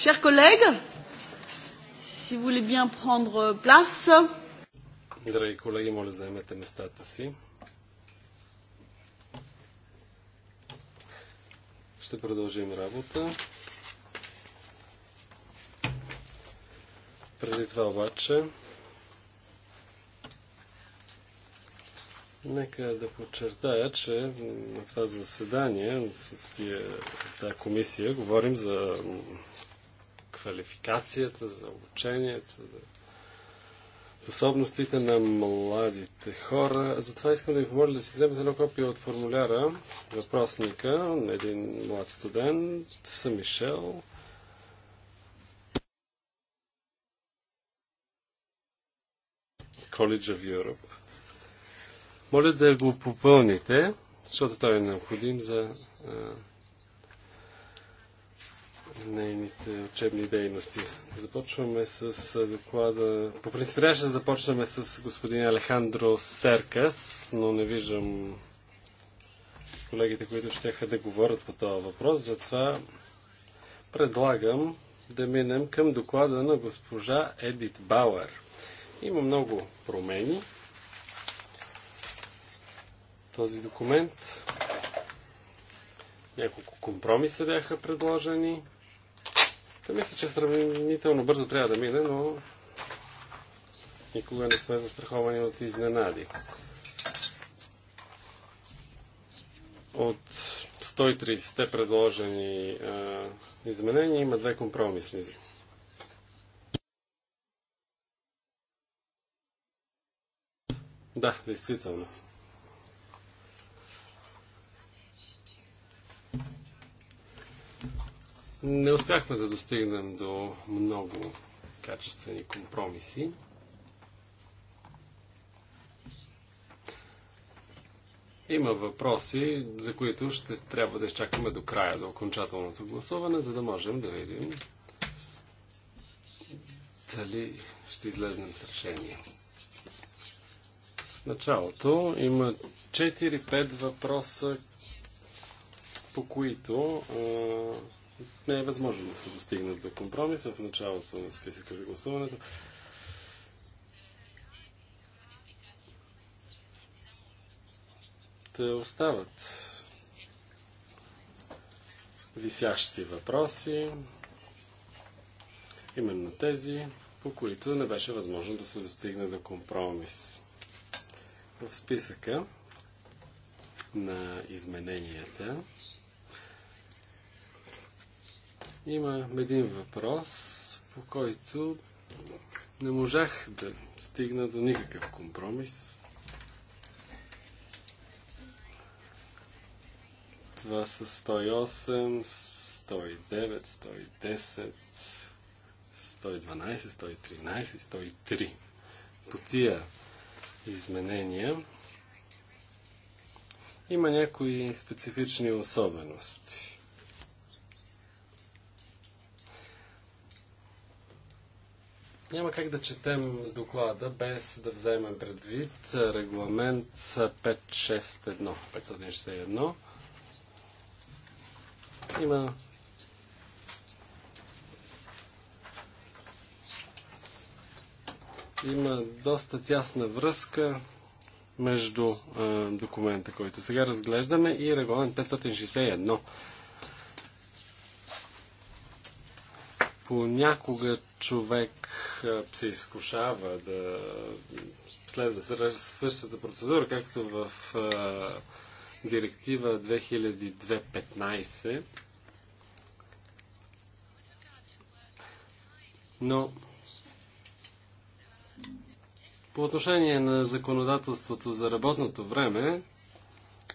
Chers collègues, si vous voulez bien prendre place. Драги колеги, моля заемете местата си. Ще продължим работа. Преди това обаче, Нека да подчертая, че на това заседание с тия, тази комисия говорим за квалификацията, за обучението, за способностите на младите хора. Затова искам да ви помоля да си вземете едно копие от формуляра, въпросника на един млад студент, съм Мишел. College of Europe. Моля да го попълните, защото той е необходим за нейните учебни дейности. Започваме с доклада. По принцип трябваше да започнем с господин Алехандро Серкас, но не виждам колегите, които ще да говорят по този въпрос. Затова предлагам да минем към доклада на госпожа Едит Бауер. Има много промени. Този документ няколко компромиса бяха предложени. Та мисля, че сравнително бързо трябва да мине, но никога не сме застраховани от изненади. От 130-те предложени а, изменения има две компромисни. Да, действително. Не успяхме да достигнем до много качествени компромиси. Има въпроси, за които ще трябва да изчакаме до края, до окончателното гласуване, за да можем да видим дали ще излезнем с решение. В началото има 4-5 въпроса, по които не е възможно да се достигне до компромис в началото на списъка за гласуването. Те остават висящи въпроси, именно тези, по които не беше възможно да се достигне до компромис. В списъка на измененията Има един въпрос, по който не можах да стигна до никакъв компромис. Това са 108, 109, 110, 112, 113, 103. По тия изменения има някои специфични особености. Няма как да четем доклада без да вземем предвид регламент 561. 561. Има има доста тясна връзка между е, документа, който сега разглеждаме и регламент 561. Понякога човек е, се изкушава да следва същата процедура, както в е, директива 2002-15. Но по отношение на законодателството за работното време,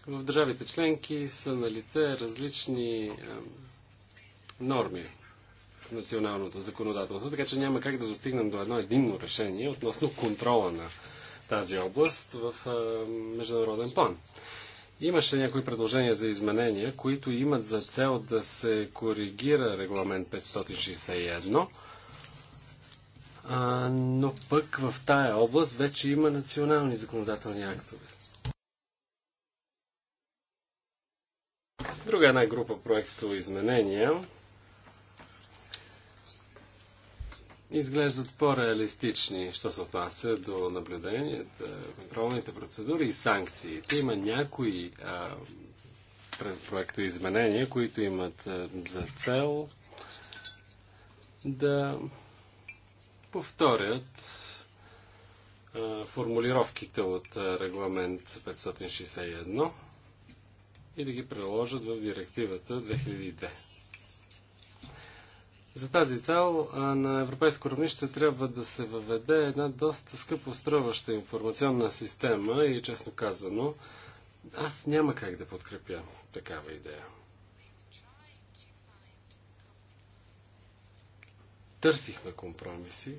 в държавите членки са на лице различни е, норми националното законодателство, така че няма как да достигнем до едно единно решение относно контрола на тази област в международен план. Имаше някои предложения за изменения, които имат за цел да се коригира регламент 561, а, но пък в тая област вече има национални законодателни актове. Друга една група проекто изменения изглеждат по-реалистични, що се отнася до наблюденията, контролните процедури и санкциите. Има някои а, проектоизменения, които имат за цел да повторят формулировките от регламент 561 и да ги приложат в директивата 2002. За тази цел на европейско равнище трябва да се въведе една доста скъпо струваща информационна система и честно казано, аз няма как да подкрепя такава идея. Търсихме компромиси,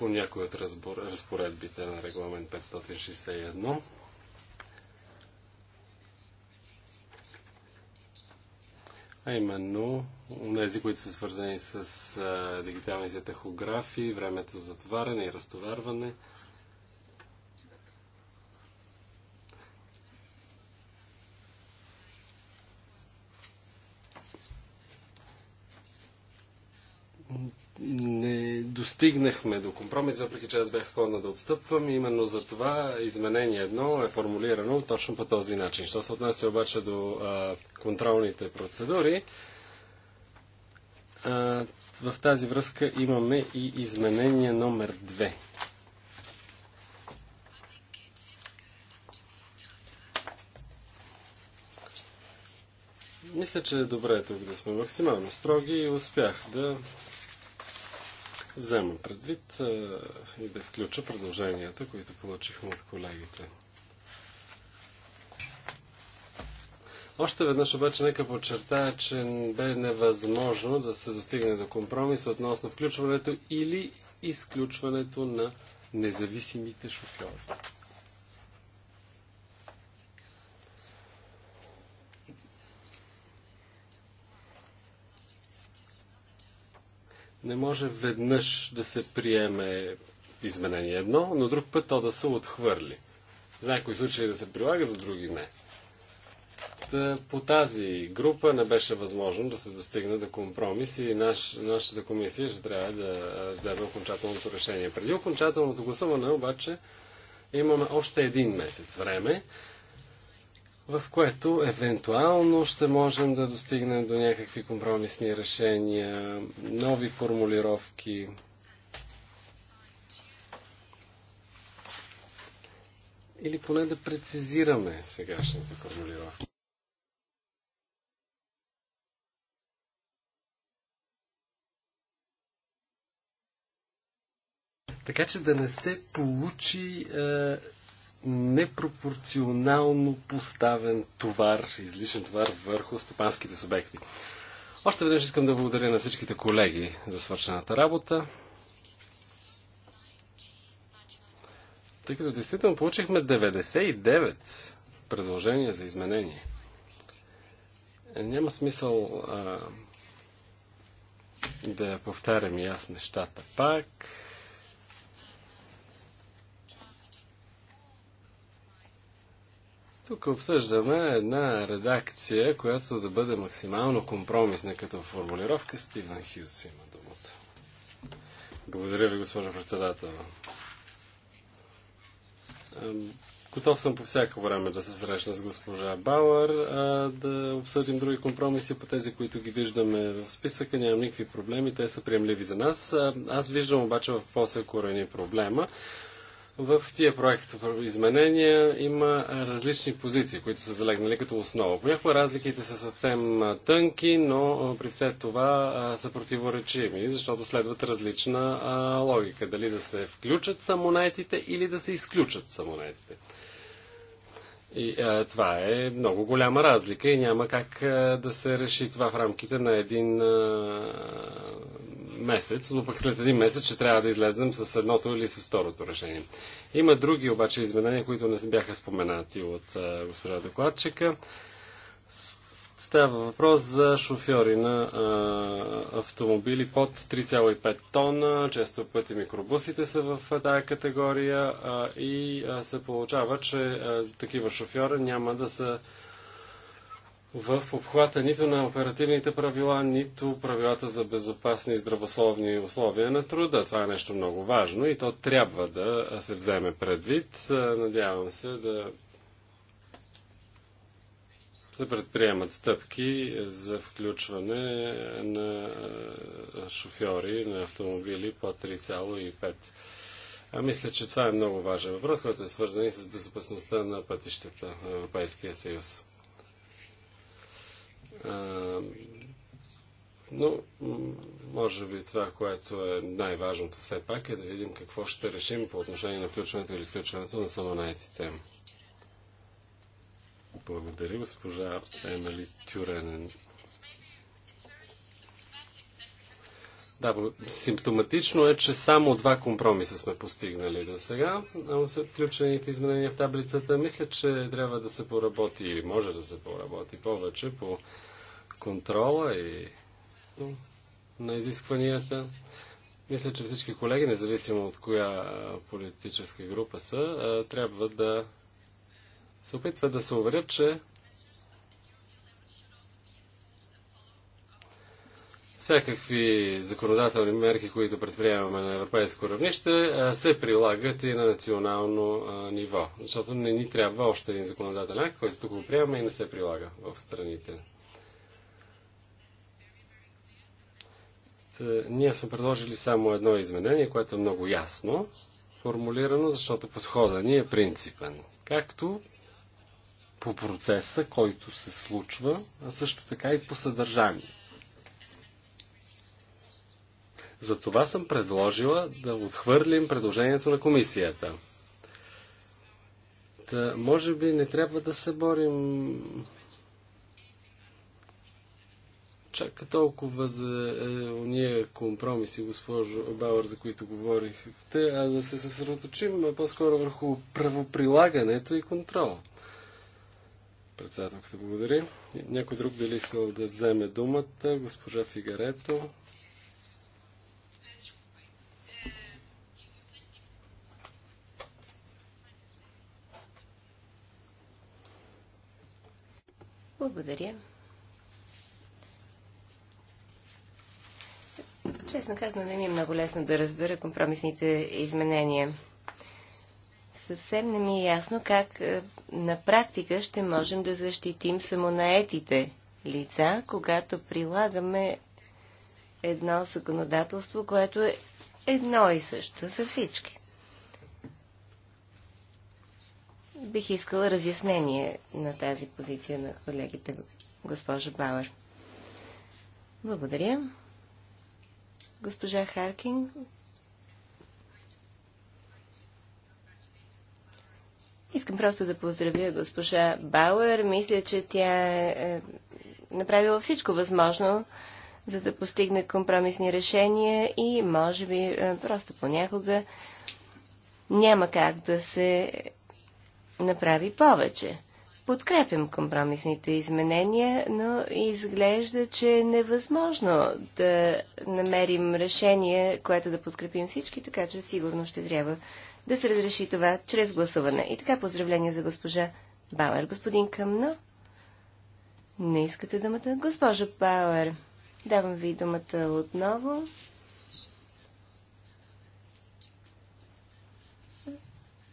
по някои от разпоредбите на регламент 561. А именно, тези, които са свързани с дигиталните тахографи, времето за и разтоварване – не достигнахме до компромис, въпреки че аз бях склонна да отстъпвам. именно за това изменение едно е формулирано точно по този начин. Що се отнася обаче до а, контролните процедури, а, в тази връзка имаме и изменение номер 2. Мисля, че е добре тук да сме максимално строги и успях да взема предвид и да включа предложенията, които получихме от колегите. Още веднъж обаче нека подчертая, че бе невъзможно да се достигне до компромис относно включването или изключването на независимите шофьори. Не може веднъж да се приеме изменение едно, но друг път то да се отхвърли. За някои случаи да се прилага, за други не. Та, по тази група не беше възможно да се достигне до компромис и наш, нашата комисия ще трябва да вземе окончателното решение. Преди окончателното гласуване обаче имаме още един месец време в което евентуално ще можем да достигнем до някакви компромисни решения, нови формулировки. Или поне да прецизираме сегашните формулировки. Така че да не се получи е, непропорционално поставен товар, излишен товар върху стопанските субекти. Още веднъж искам да благодаря на всичките колеги за свършената работа. Тъй като действително получихме 99 предложения за изменение. Няма смисъл а, да повтарям и аз нещата пак. Тук обсъждаме една редакция, която да бъде максимално компромисна като формулировка. Стивен Хюз има думата. Благодаря ви, госпожо председател. Готов съм по всяко време да се срещна с госпожа Бауър, а, да обсъдим други компромиси по тези, които ги виждаме в списъка. Нямам никакви проблеми, те са приемливи за нас. аз виждам обаче в какво се корени проблема в тия проект изменения има различни позиции, които са залегнали като основа. Понякога разликите са съвсем тънки, но при все това са противоречиви, защото следват различна логика. Дали да се включат самонетите или да се изключат самонетите. И, а, това е много голяма разлика и няма как а, да се реши това в рамките на един а, месец, но пък след един месец ще трябва да излезнем с едното или с второто решение. Има други обаче изменения, които не бяха споменати от а, госпожа докладчика. С Става въпрос за шофьори на а, автомобили под 3,5 тона. Често пъти микробусите са в тази категория а, и а, се получава, че а, такива шофьори няма да са в обхвата нито на оперативните правила, нито правилата за безопасни и здравословни условия на труда. Това е нещо много важно и то трябва да се вземе предвид. Надявам се да се предприемат стъпки за включване на шофьори на автомобили по 3,5. А мисля, че това е много важен въпрос, който е свързан и с безопасността на пътищата на Европейския съюз. А, но, може би това, което е най-важното все пак е да видим какво ще решим по отношение на включването или изключването на самонайтите. Благодаря, госпожа Емели Тюренен. Да, симптоматично е, че само два компромиса сме постигнали до сега. Но са включените изменения в таблицата, мисля, че трябва да се поработи или може да се поработи повече по контрола и ну, на изискванията. Мисля, че всички колеги, независимо от коя политическа група са, трябва да се опитва да се уверят, че всякакви законодателни мерки, които предприемаме на европейско равнище, се прилагат и на национално ниво. Защото не ни трябва още един законодателен акт, който тук го приемаме и не се прилага в страните. ние сме предложили само едно изменение, което е много ясно формулирано, защото подхода ни е принципен. Както по процеса, който се случва, а също така и по съдържание. Затова съм предложила да отхвърлим предложението на комисията. Та, може би не трябва да се борим чак толкова за е, уния компромиси, госпожо Бауър, за които говорихте, а да се съсредоточим по-скоро върху правоприлагането и контрола. Председателката, благодаря. Някой друг би ли искал да вземе думата? Госпожа Фигарето. Благодаря. Честно казано, не ми е много лесно да разбера компромисните изменения съвсем не ми е ясно как е, на практика ще можем да защитим самонаетите лица, когато прилагаме едно законодателство, което е едно и също за всички. Бих искала разяснение на тази позиция на колегите, госпожа Бауер. Благодаря. Госпожа Харкин, Искам просто да поздравя госпожа Бауер. Мисля, че тя е, е направила всичко възможно, за да постигне компромисни решения и може би е, просто понякога няма как да се направи повече. Подкрепям компромисните изменения, но изглежда, че е невъзможно да намерим решение, което да подкрепим всички, така че сигурно ще трябва да се разреши това чрез гласуване. И така поздравление за госпожа Бауер. Господин Къмно, не искате думата? Госпожа Бауер, давам ви думата отново.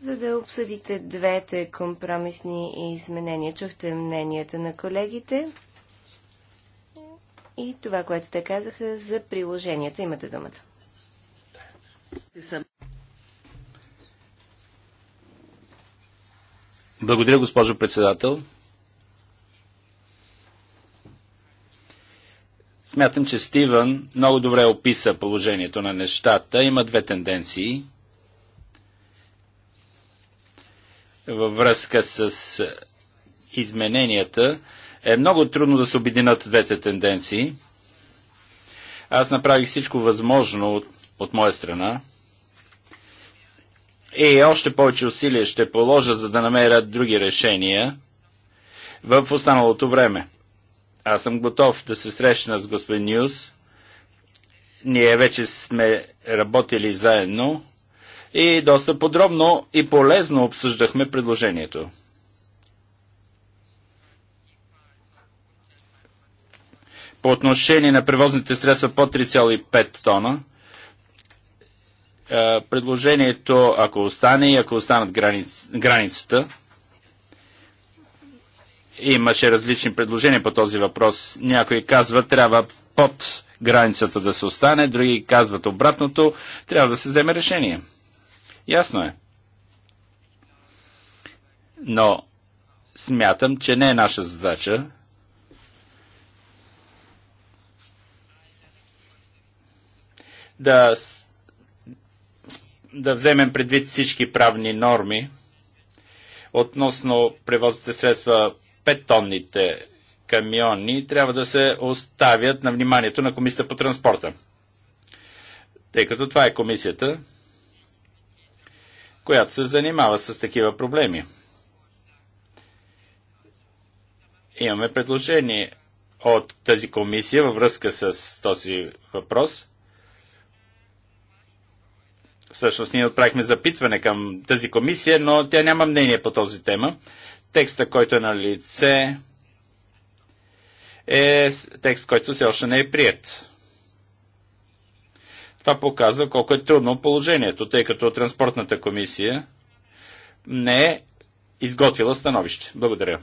за да обсъдите двете компромисни изменения. Чухте мненията на колегите и това, което те казаха за приложението. Имате думата. съм. Благодаря, госпожо председател. Смятам, че Стивън много добре описа положението на нещата. Има две тенденции във връзка с измененията. Е много трудно да се обединят двете тенденции. Аз направих всичко възможно от, от моя страна, и още повече усилия ще положа, за да намерят други решения в останалото време. Аз съм готов да се срещна с господин Нюс. Ние вече сме работили заедно и доста подробно и полезно обсъждахме предложението. По отношение на превозните средства по 3,5 тона – е, предложението, ако остане и ако останат граници, границата, имаше различни предложения по този въпрос. Някои казват, трябва под границата да се остане, други казват обратното, трябва да се вземе решение. Ясно е. Но смятам, че не е наша задача да да вземем предвид всички правни норми относно превозните средства 5 тонните камиони трябва да се оставят на вниманието на Комисията по транспорта. Тъй като това е комисията, която се занимава с такива проблеми. Имаме предложение от тази комисия във връзка с този въпрос. Всъщност ние отправихме запитване към тази комисия, но тя няма мнение по този тема. Текста, който е на лице, е текст, който все още не е прият. Това показва колко е трудно положението, тъй като Транспортната комисия не е изготвила становище. Благодаря.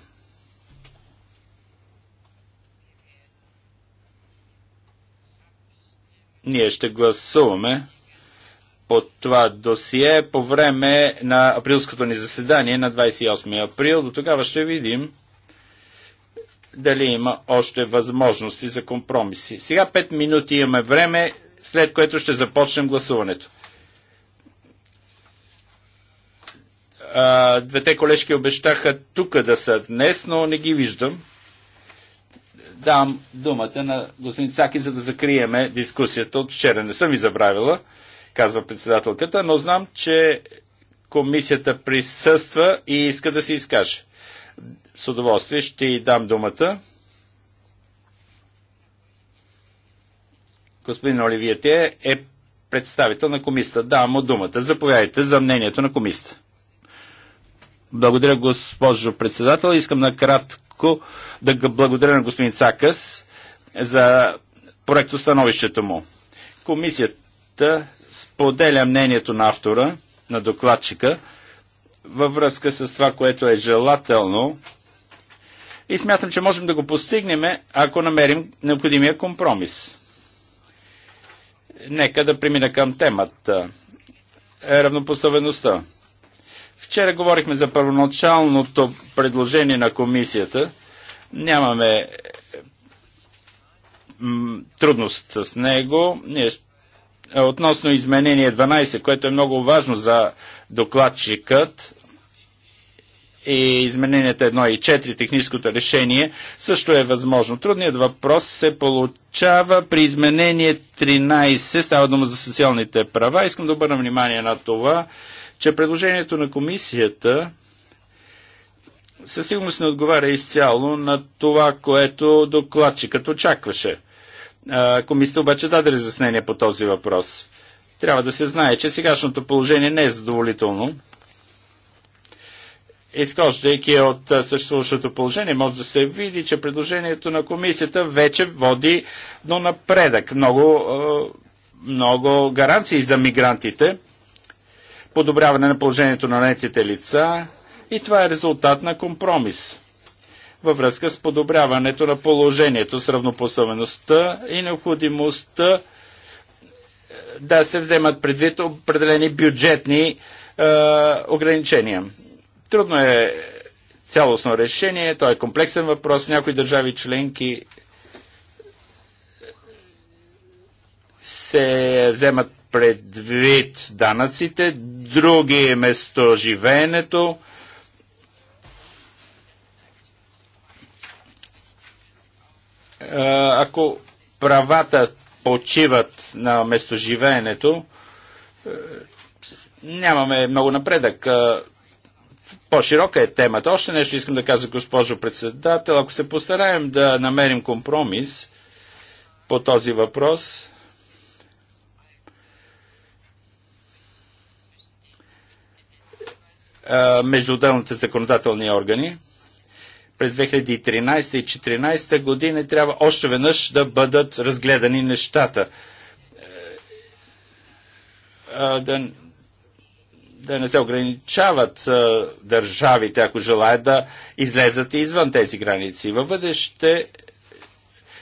Ние ще гласуваме по това досие по време на априлското ни заседание на 28 април. До тогава ще видим дали има още възможности за компромиси. Сега 5 минути имаме време, след което ще започнем гласуването. А, двете колежки обещаха тук да са днес, но не ги виждам. Дам думата на господин Цаки, за да закриеме дискусията от вчера. Не съм ви забравила казва председателката, но знам, че комисията присъства и иска да се изкаже. С удоволствие ще й дам думата. Господин Оливиете е представител на комисията. Давам му думата. Заповядайте за мнението на комисията. Благодаря, госпожо председател. Искам накратко да благодаря на господин Цакъс за становището му. Комисията да споделя мнението на автора, на докладчика, във връзка с това, което е желателно и смятам, че можем да го постигнем, ако намерим необходимия компромис. Нека да премина към темата. Равнопоставеността. Вчера говорихме за първоначалното предложение на комисията. Нямаме трудност с него. Ние е, относно изменение 12, което е много важно за докладчикът и измененията 1 и 4, техническото решение, също е възможно. Трудният въпрос се получава при изменение 13, става дума за социалните права. Искам да обърна внимание на това, че предложението на комисията със сигурност не отговаря изцяло на това, което докладчикът очакваше. Комисията обаче даде разяснение по този въпрос. Трябва да се знае, че сегашното положение не е задоволително. Изхождайки от съществуващото положение, може да се види, че предложението на комисията вече води до напредък. Много, много гаранции за мигрантите, подобряване на положението на нетите лица и това е резултат на компромис във връзка с подобряването на положението с равнопоставеността и необходимостта е, да се вземат предвид определени бюджетни е, ограничения. Трудно е цялостно решение, то е комплексен въпрос. Някои държави членки се вземат предвид данъците, други е местоживеенето, живеенето, Е, ако правата почиват на местоживеенето, е, нямаме много напредък. Е, по-широка е темата. Още нещо искам да кажа, госпожо председател. Ако се постараем да намерим компромис по този въпрос, между отделните законодателни органи, през 2013 и 2014 години трябва още веднъж да бъдат разгледани нещата. Е, да, да не се ограничават е, държавите, ако желаят да излезат извън тези граници. Във бъдеще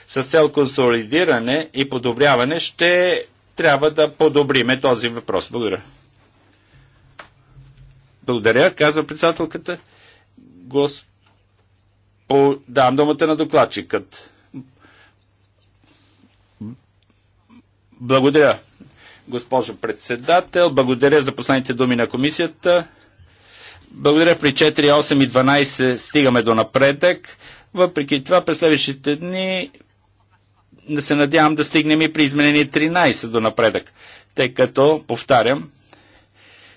с цел консолидиране и подобряване ще трябва да подобриме този въпрос. Благодаря. Благодаря, казва председателката. Господин по... Давам думата на докладчикът. Благодаря, госпожо председател. Благодаря за последните думи на комисията. Благодаря при 4, 8 и 12 стигаме до напредък. Въпреки това, през следващите дни да се надявам да стигнем и при изменение 13 до напредък. Тъй като, повтарям,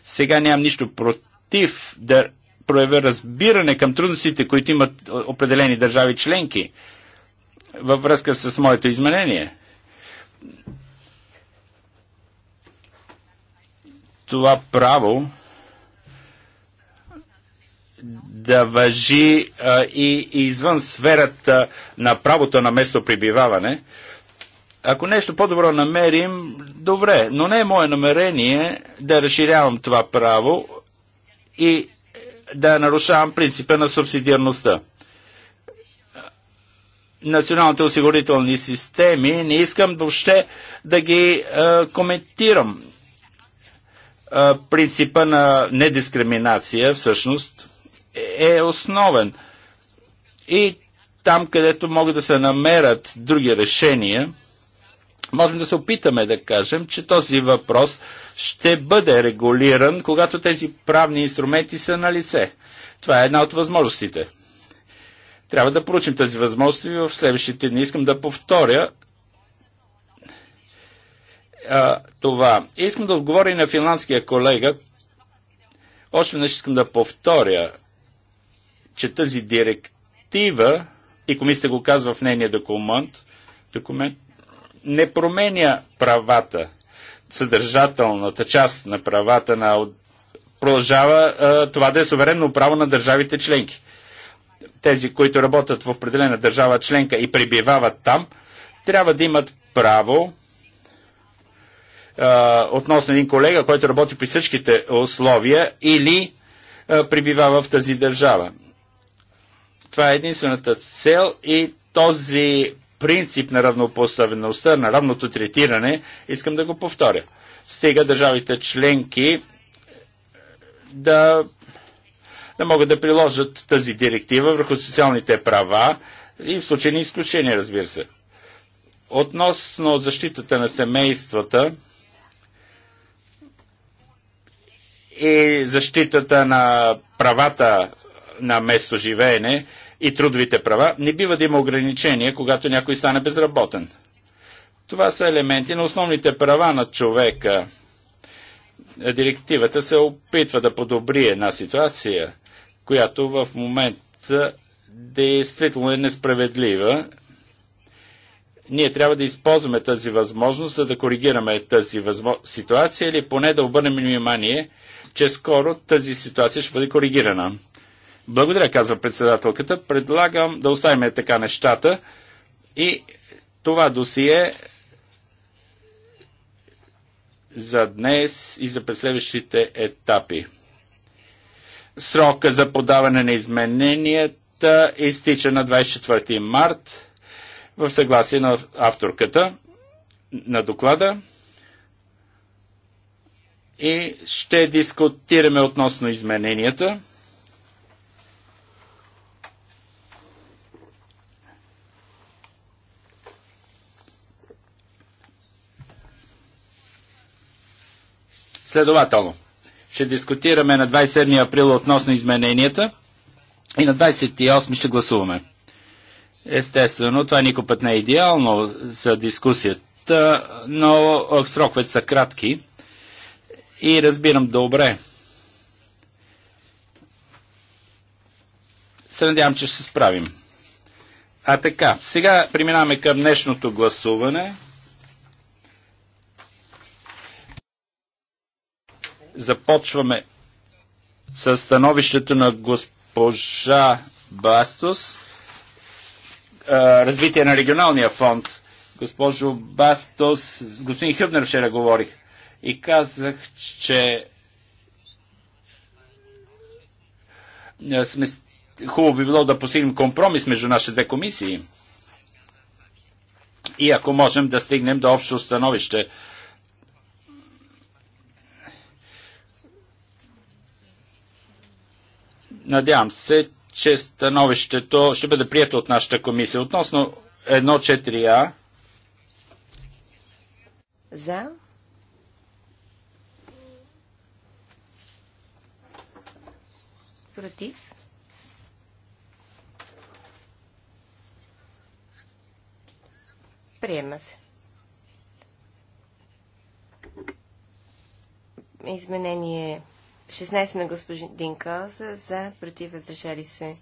сега нямам нищо против да проявя разбиране към трудностите, които имат е, определени държави членки във връзка с моето изменение. Това право да въжи а, е, и, и извън сферата на правото на место прибиваване. Ако нещо по-добро намерим, добре, но не е мое намерение да разширявам това право и да нарушавам принципа на субсидиарността. Националните осигурителни системи не искам въобще да ги а, е, коментирам. А, е, принципа на недискриминация всъщност е основен. И там, където могат да се намерят други решения, можем да се опитаме да кажем, че този въпрос ще бъде регулиран, когато тези правни инструменти са на лице. Това е една от възможностите. Трябва да проучим тази възможност и в следващите дни. Искам да повторя а, това. Искам да отговоря и на финландския колега. Още веднъж искам да повторя, че тази директива, и комисията го казва в нейния документ, документ не променя правата съдържателната част на правата на продължава а, това да е суверенно право на държавите членки. Тези, които работят в определена държава членка и пребивават там, трябва да имат право а, относно един колега, който работи при всичките условия или а, пребивава в тази държава. Това е единствената цел и този принцип на равнопоставеността, на равното третиране, искам да го повторя. Стига държавите членки да, да могат да приложат тази директива върху социалните права и в случай на изключение, разбира се. Относно защитата на семействата и защитата на правата на живеене и трудовите права, не бива да има ограничения, когато някой стане безработен. Това са елементи на основните права на човека. Директивата се опитва да подобри една ситуация, която в момента действително е несправедлива. Ние трябва да използваме тази възможност, за да коригираме тази възмо... ситуация или поне да обърнем внимание, че скоро тази ситуация ще бъде коригирана. Благодаря, казва председателката. Предлагам да оставим така нещата и това досие за днес и за преследващите етапи. Срока за подаване на измененията изтича на 24 март в съгласие на авторката на доклада и ще дискутираме относно измененията. Следователно, ще дискутираме на 27 април относно измененията и на 28 ще гласуваме. Естествено, това никой път не е идеално за дискусията, но сроковете са кратки и разбирам добре. Се надявам, че ще се справим. А така, сега преминаваме към днешното гласуване – Започваме с становището на госпожа Бастос. Развитие на регионалния фонд. Госпожо Бастос, с господин Хюбнер вчера говорих и казах, че сме... хубаво би било да постигнем компромис между нашите две комисии и ако можем да стигнем до общо становище Надявам се, че становището ще бъде прието от нашата комисия. Относно 1.4а. За. Против. Приема се. Изменение 16 на господин Коза, за, против, въздържали се.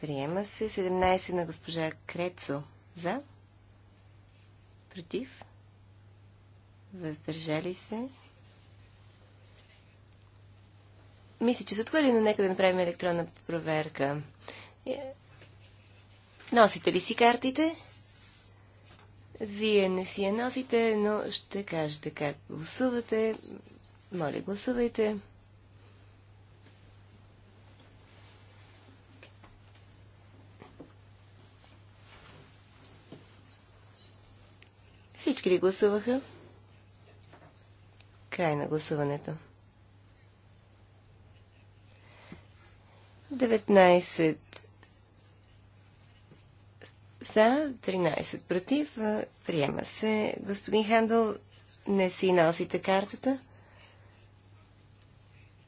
Приема се. 17 на госпожа Крецо, за, против, въздържали се. Мисля, че са отхвърли, но нека да направим електронна проверка. Е, носите ли си картите? Вие не си я носите, но ще кажете как гласувате. Моля, гласувайте. Всички ли гласуваха? Край на гласуването. 19 за, 13 против. Приема се. Господин Хандъл, не си носите картата.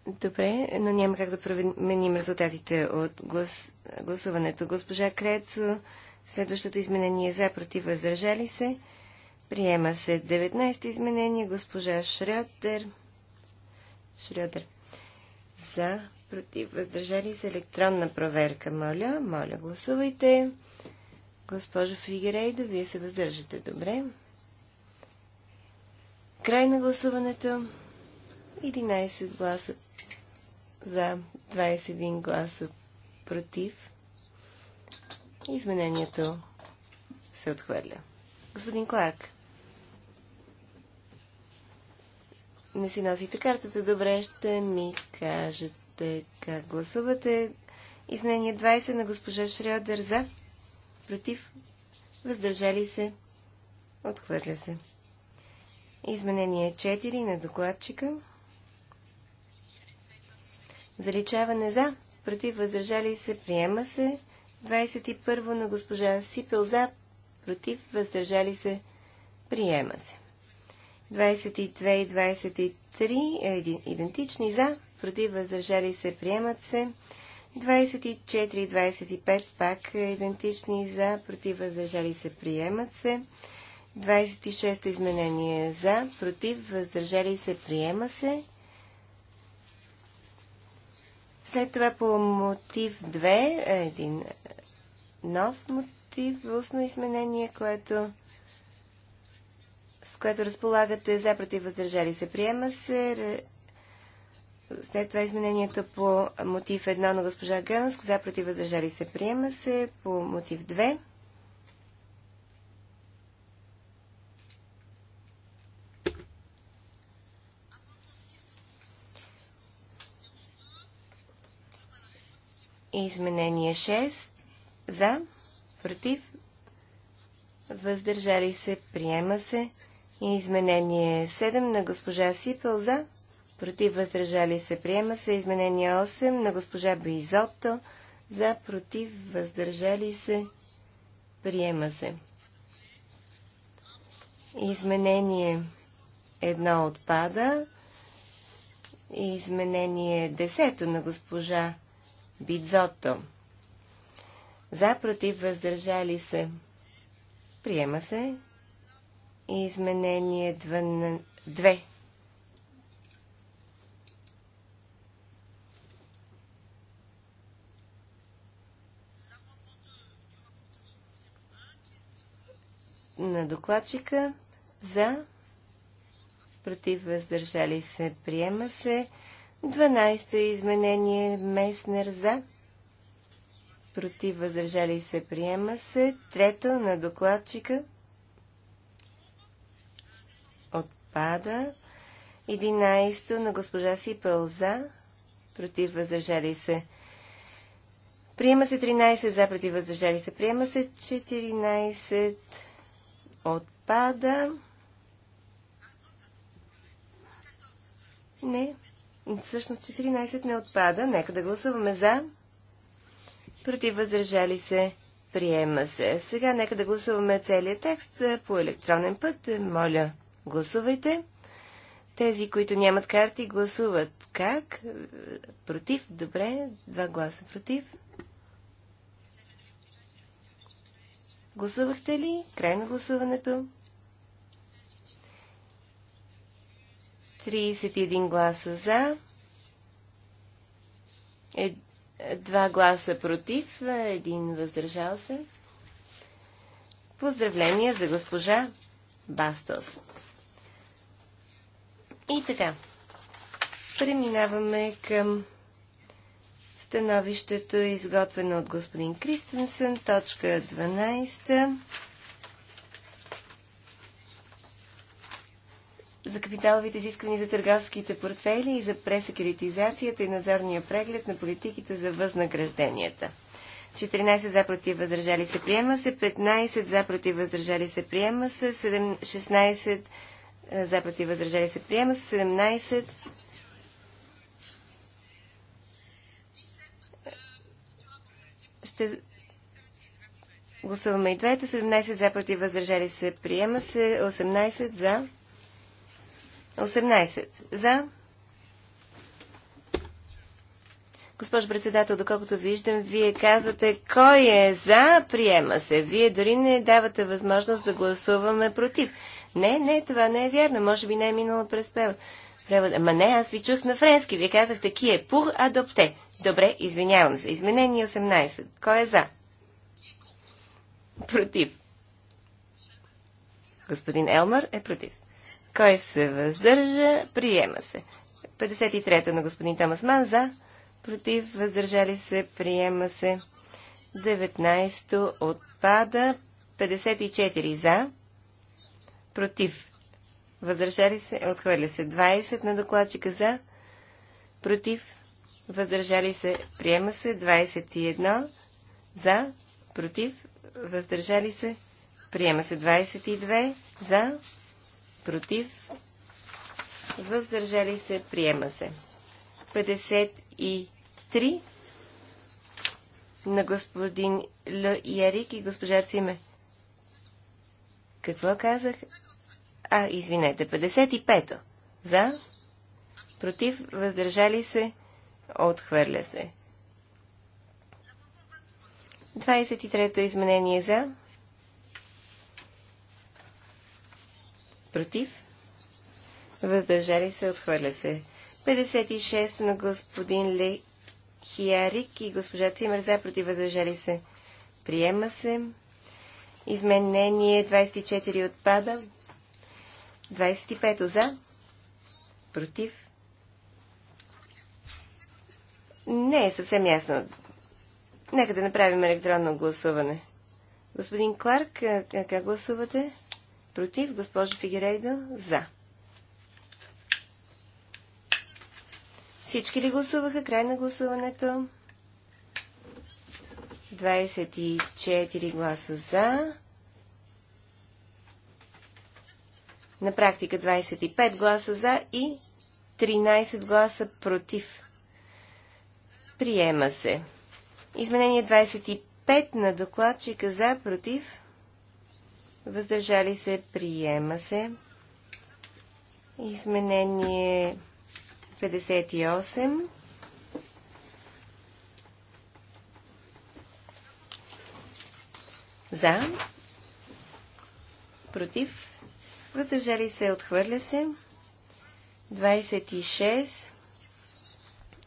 Добре, но няма как да променим резултатите от глас... гласуването. Госпожа Крецо, следващото изменение е за, против, въздържали се. Приема се 19 те изменение. Госпожа Шрёдер. Шрёдер. За, против, въздържали се електронна проверка. Моля, моля, гласувайте. Госпожо Фигерейдо, вие се въздържате добре. Край на гласуването. 11 гласа за, 21 гласа против. Изменението се отхвърля. Господин Кларк. не си носите картата, добре ще ми кажете как гласувате. Изменение 20 на госпожа Шриодер за, против, въздържали се, отхвърля се. Изменение 4 на докладчика. Заличаване за, против, въздържали се, приема се. 21 на госпожа Сипел за, против, въздържали се, приема се. 22 и 23 е идентични за, против въздържали се, приемат се. 24 и 25 пак е идентични за, против въздържали се, приемат се. 26-то изменение за, против въздържали се, приема се. След това по мотив 2, един нов мотив, устно изменение, което с което разполагате за против въздържали се. Приема се. След това изменението по мотив 1 на госпожа Гънск. За против въздържали се. Приема се. По мотив 2. Изменение 6. За, против, въздържали се, приема се. Изменение 7 на госпожа Сипълза. за. Против въздържали се приема се. Изменение 8 на госпожа Бизотто за. Против въздържали се приема се. Изменение 1 отпада. Изменение 10 на госпожа Бидзото. За, против, въздържали се. Приема се изменение 2. на докладчика за против въздържали се приема се 12-то изменение Меснер за против въздържали се приема се 3-то на докладчика отпада. 11 на госпожа Сипъл за, против въздържали се. Приема се 13 за, против въздържали се. Приема се 14 отпада. Не, всъщност 14 не отпада. Нека да гласуваме за. Против въздържали се. Приема се. Сега нека да гласуваме целият текст е, по електронен път. Е, моля, гласувайте. Тези, които нямат карти, гласуват как? Против? Добре. Два гласа против. Гласувахте ли? Край на гласуването. 31 гласа за. Е, два гласа против. Един въздържал се. Поздравления за госпожа Бастос. И така, преминаваме към становището, изготвено от господин Кристенсен, точка 12. за капиталовите изисквания за търговските портфели и за пресекюритизацията и надзорния преглед на политиките за възнагражденията. 14 за против въздържали се приема се, 15 за против въздържали се приема се, 16 за против въздържали се приема се 17 ще гласуваме и двете 17 за против въздържали се приема се 18 за 18 за Госпожо председател, доколкото виждам, вие казвате кой е за, приема се. Вие дори не давате възможност да гласуваме против. Не, не, това не е вярно. Може би не е минало през превод. превод. Ама не, аз ви чух на френски. Вие казахте ки е пур адопте. Добре, извинявам се. Изменение 18. Кой е за? Против. Господин Елмър е против. Кой се въздържа, приема се. 53 та на господин Томас Ман за, против, въздържали се, приема се. 19-то отпада, 54 за, против, въздържали се, отхвърля се. 20 на докладчика за, против, въздържали се, приема се. 21 за, против, въздържали се, приема се. 22 за, против, въздържали се, приема се. 53 на господин Л. Ярик и госпожа Циме. Какво казах? а, извинете, 55-то. За, против, въздържали се, отхвърля се. 23-то изменение за, против, въздържали се, отхвърля се. 56 на господин Ле Хиарик и госпожа Цимер за, против, въздържали се, приема се. Изменение 24 отпада. 25 за. Против. Не е съвсем ясно. Нека да направим електронно гласуване. Господин Кларк, как гласувате? Против. Госпожа Фигерейдо? За. Всички ли гласуваха? Край на гласуването. 24 гласа за, На практика 25 гласа за и 13 гласа против. Приема се. Изменение 25 на докладчика за, против. Въздържали се, приема се. Изменение 58. За. Против въздържали се, отхвърля се. 26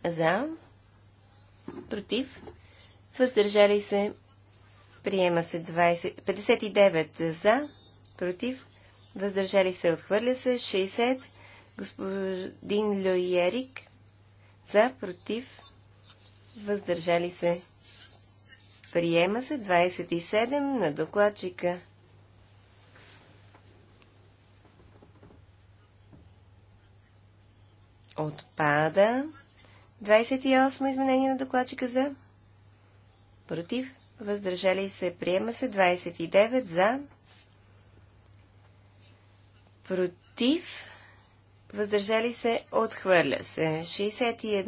за, против, въздържали се, приема се 20, 59 за, против, въздържали се, отхвърля се, 60, господин Лойерик, за, против, въздържали се, приема се, 27 на докладчика Отпада. 28 изменение на докладчика за. Против. Въздържали се. Приема се. 29 за. Против. Въздържали се. Отхвърля се. 61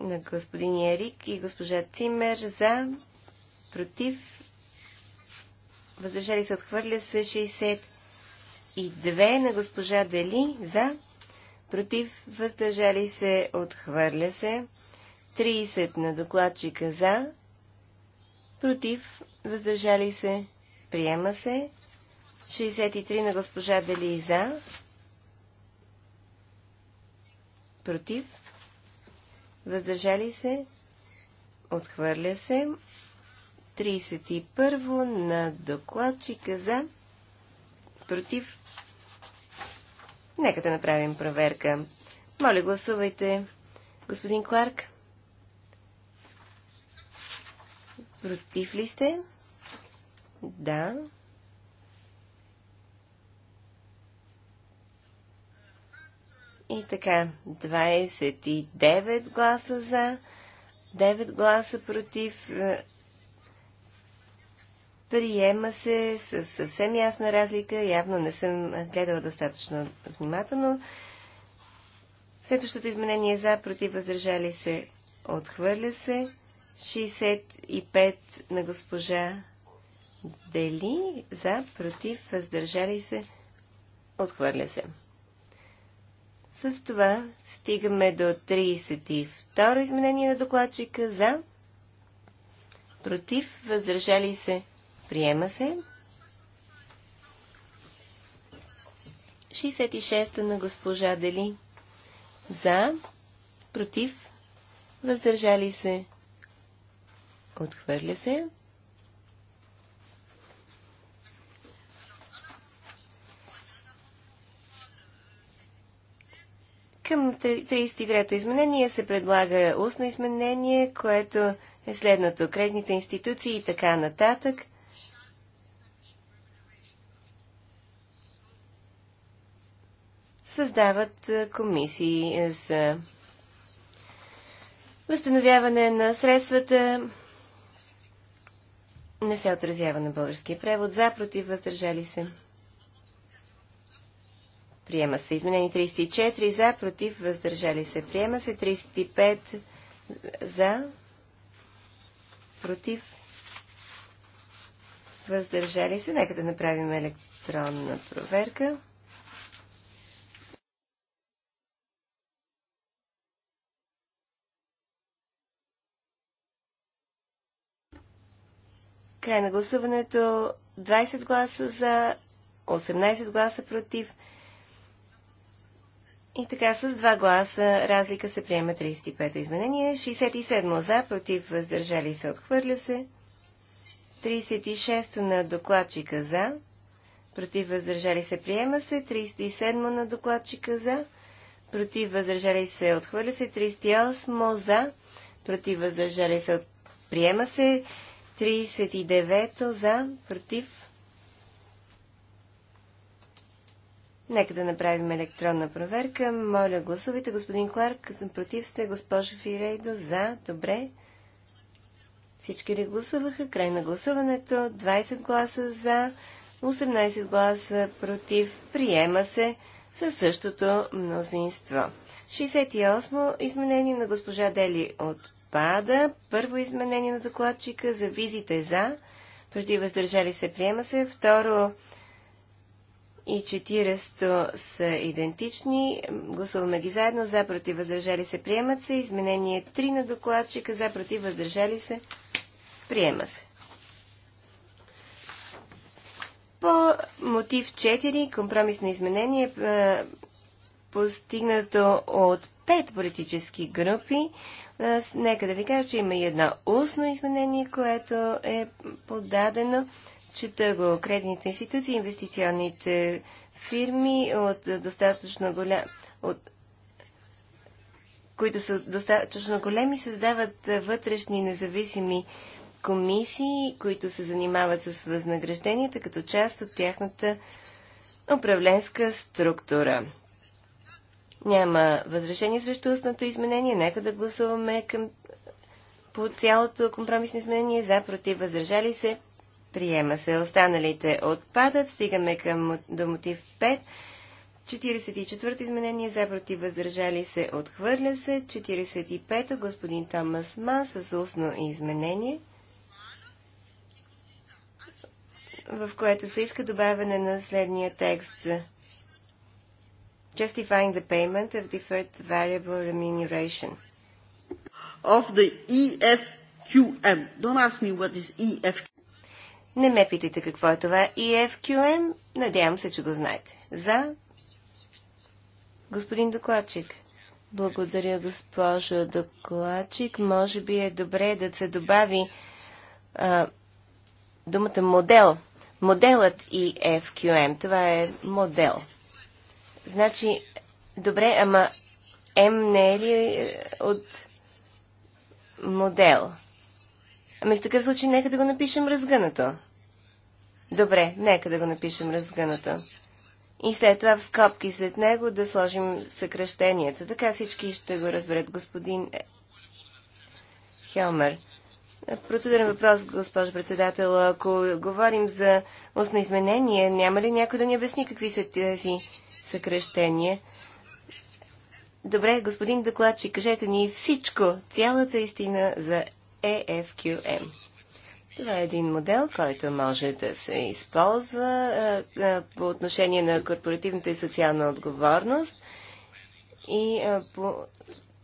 на господин Ерик и госпожа Цимер за. Против. Въздържали се. Отхвърля се. 60 и 2 на госпожа Дели за, против, въздържали се, отхвърля се. 30 на докладчика за, против, въздържали се, приема се. 63 на госпожа Дали за, против, въздържали се, отхвърля се. 31 на докладчика за, против, Нека да направим проверка. Моля, гласувайте. Господин Кларк? Против ли сте? Да. И така, 29 гласа за, 9 гласа против, Приема се с съвсем ясна разлика. Явно не съм гледала достатъчно внимателно. Следващото изменение за, против, въздържали се, отхвърля се. 65 на госпожа Дели, за, против, въздържали се, отхвърля се. С това стигаме до 32 изменение на докладчика за, против, въздържали се, Приема се. 66-то на госпожа Дели. За. Против. Въздържали се. Отхвърля се. Към 33-то изменение се предлага устно изменение, което е следното. Кредитните институции и така нататък създават е, комисии е, за възстановяване на средствата. Не се отразява на българския превод. За, против, въздържали се. Приема се. Изменени 34 за, против, въздържали се. Приема се 35 за, против, въздържали се. Нека да направим електронна проверка. Край на гласуването 20 гласа за, 18 гласа против. И така с 2 гласа разлика се приема 35-то изменение. 67 за, против, въздържали се, отхвърля се. 36 на докладчика за, против, въздържали се, приема се. 37 на докладчика за, против, въздържали се, отхвърля се. 38 за, против, въздържали се, приема се. 39 за, против. Нека да направим електронна проверка. Моля, гласувайте, господин Кларк. Против сте, госпожа Фирейдо. За, добре. Всички ли гласуваха? Край на гласуването. 20 гласа за, 18 гласа против. Приема се със същото мнозинство. 68 изменение на госпожа Дели от отпада. Първо изменение на докладчика за визите за, против въздържали се, приема се. Второ и 40 са идентични. Гласуваме ги заедно. За, против въздържали се, приемат се. Изменение 3 на докладчика за, против въздържали се, приема се. По мотив 4, компромисно изменение, е, постигнато от 5 политически групи. Аз нека да ви кажа, че има и едно устно изменение, което е подадено. че търго кредитните институции, инвестиционните фирми от достатъчно голям... От, които са достатъчно големи, създават вътрешни независими комисии, които се занимават с възнагражденията като част от тяхната управленска структура. Няма възрешение срещу устното изменение. Нека да гласуваме към... по цялото компромисно изменение. За, против, възражали се. Приема се. Останалите отпадат. Стигаме към до мотив 5. 44-то изменение за против въздържали се отхвърля се. 45-то господин Томас Ма с устно изменение, в което се иска добавяне на следния текст – justifying the payment of deferred variable remuneration. Of the EFQM. Don't ask me what is EFQM. Не ме питайте какво е това EFQM. Надявам се, че го знаете. За господин докладчик. Благодаря, госпожо докладчик. Може би е добре да се добави а, думата модел. Моделът EFQM. Това е модел. Значи, добре, ама М не е ли е, от модел? Ами в такъв случай нека да го напишем разгънато. Добре, нека да го напишем разгънато. И след това в скобки след него да сложим съкръщението. Така всички ще го разберат, господин Хелмер. Процедурен въпрос, госпожо председател. Ако говорим за устно изменение, няма ли някой да ни обясни какви са тези съкръщение. Добре, господин докладчик, кажете ни всичко, цялата истина за EFQM. Това е един модел, който може да се използва а, а, по отношение на корпоративната и социална отговорност и а, по,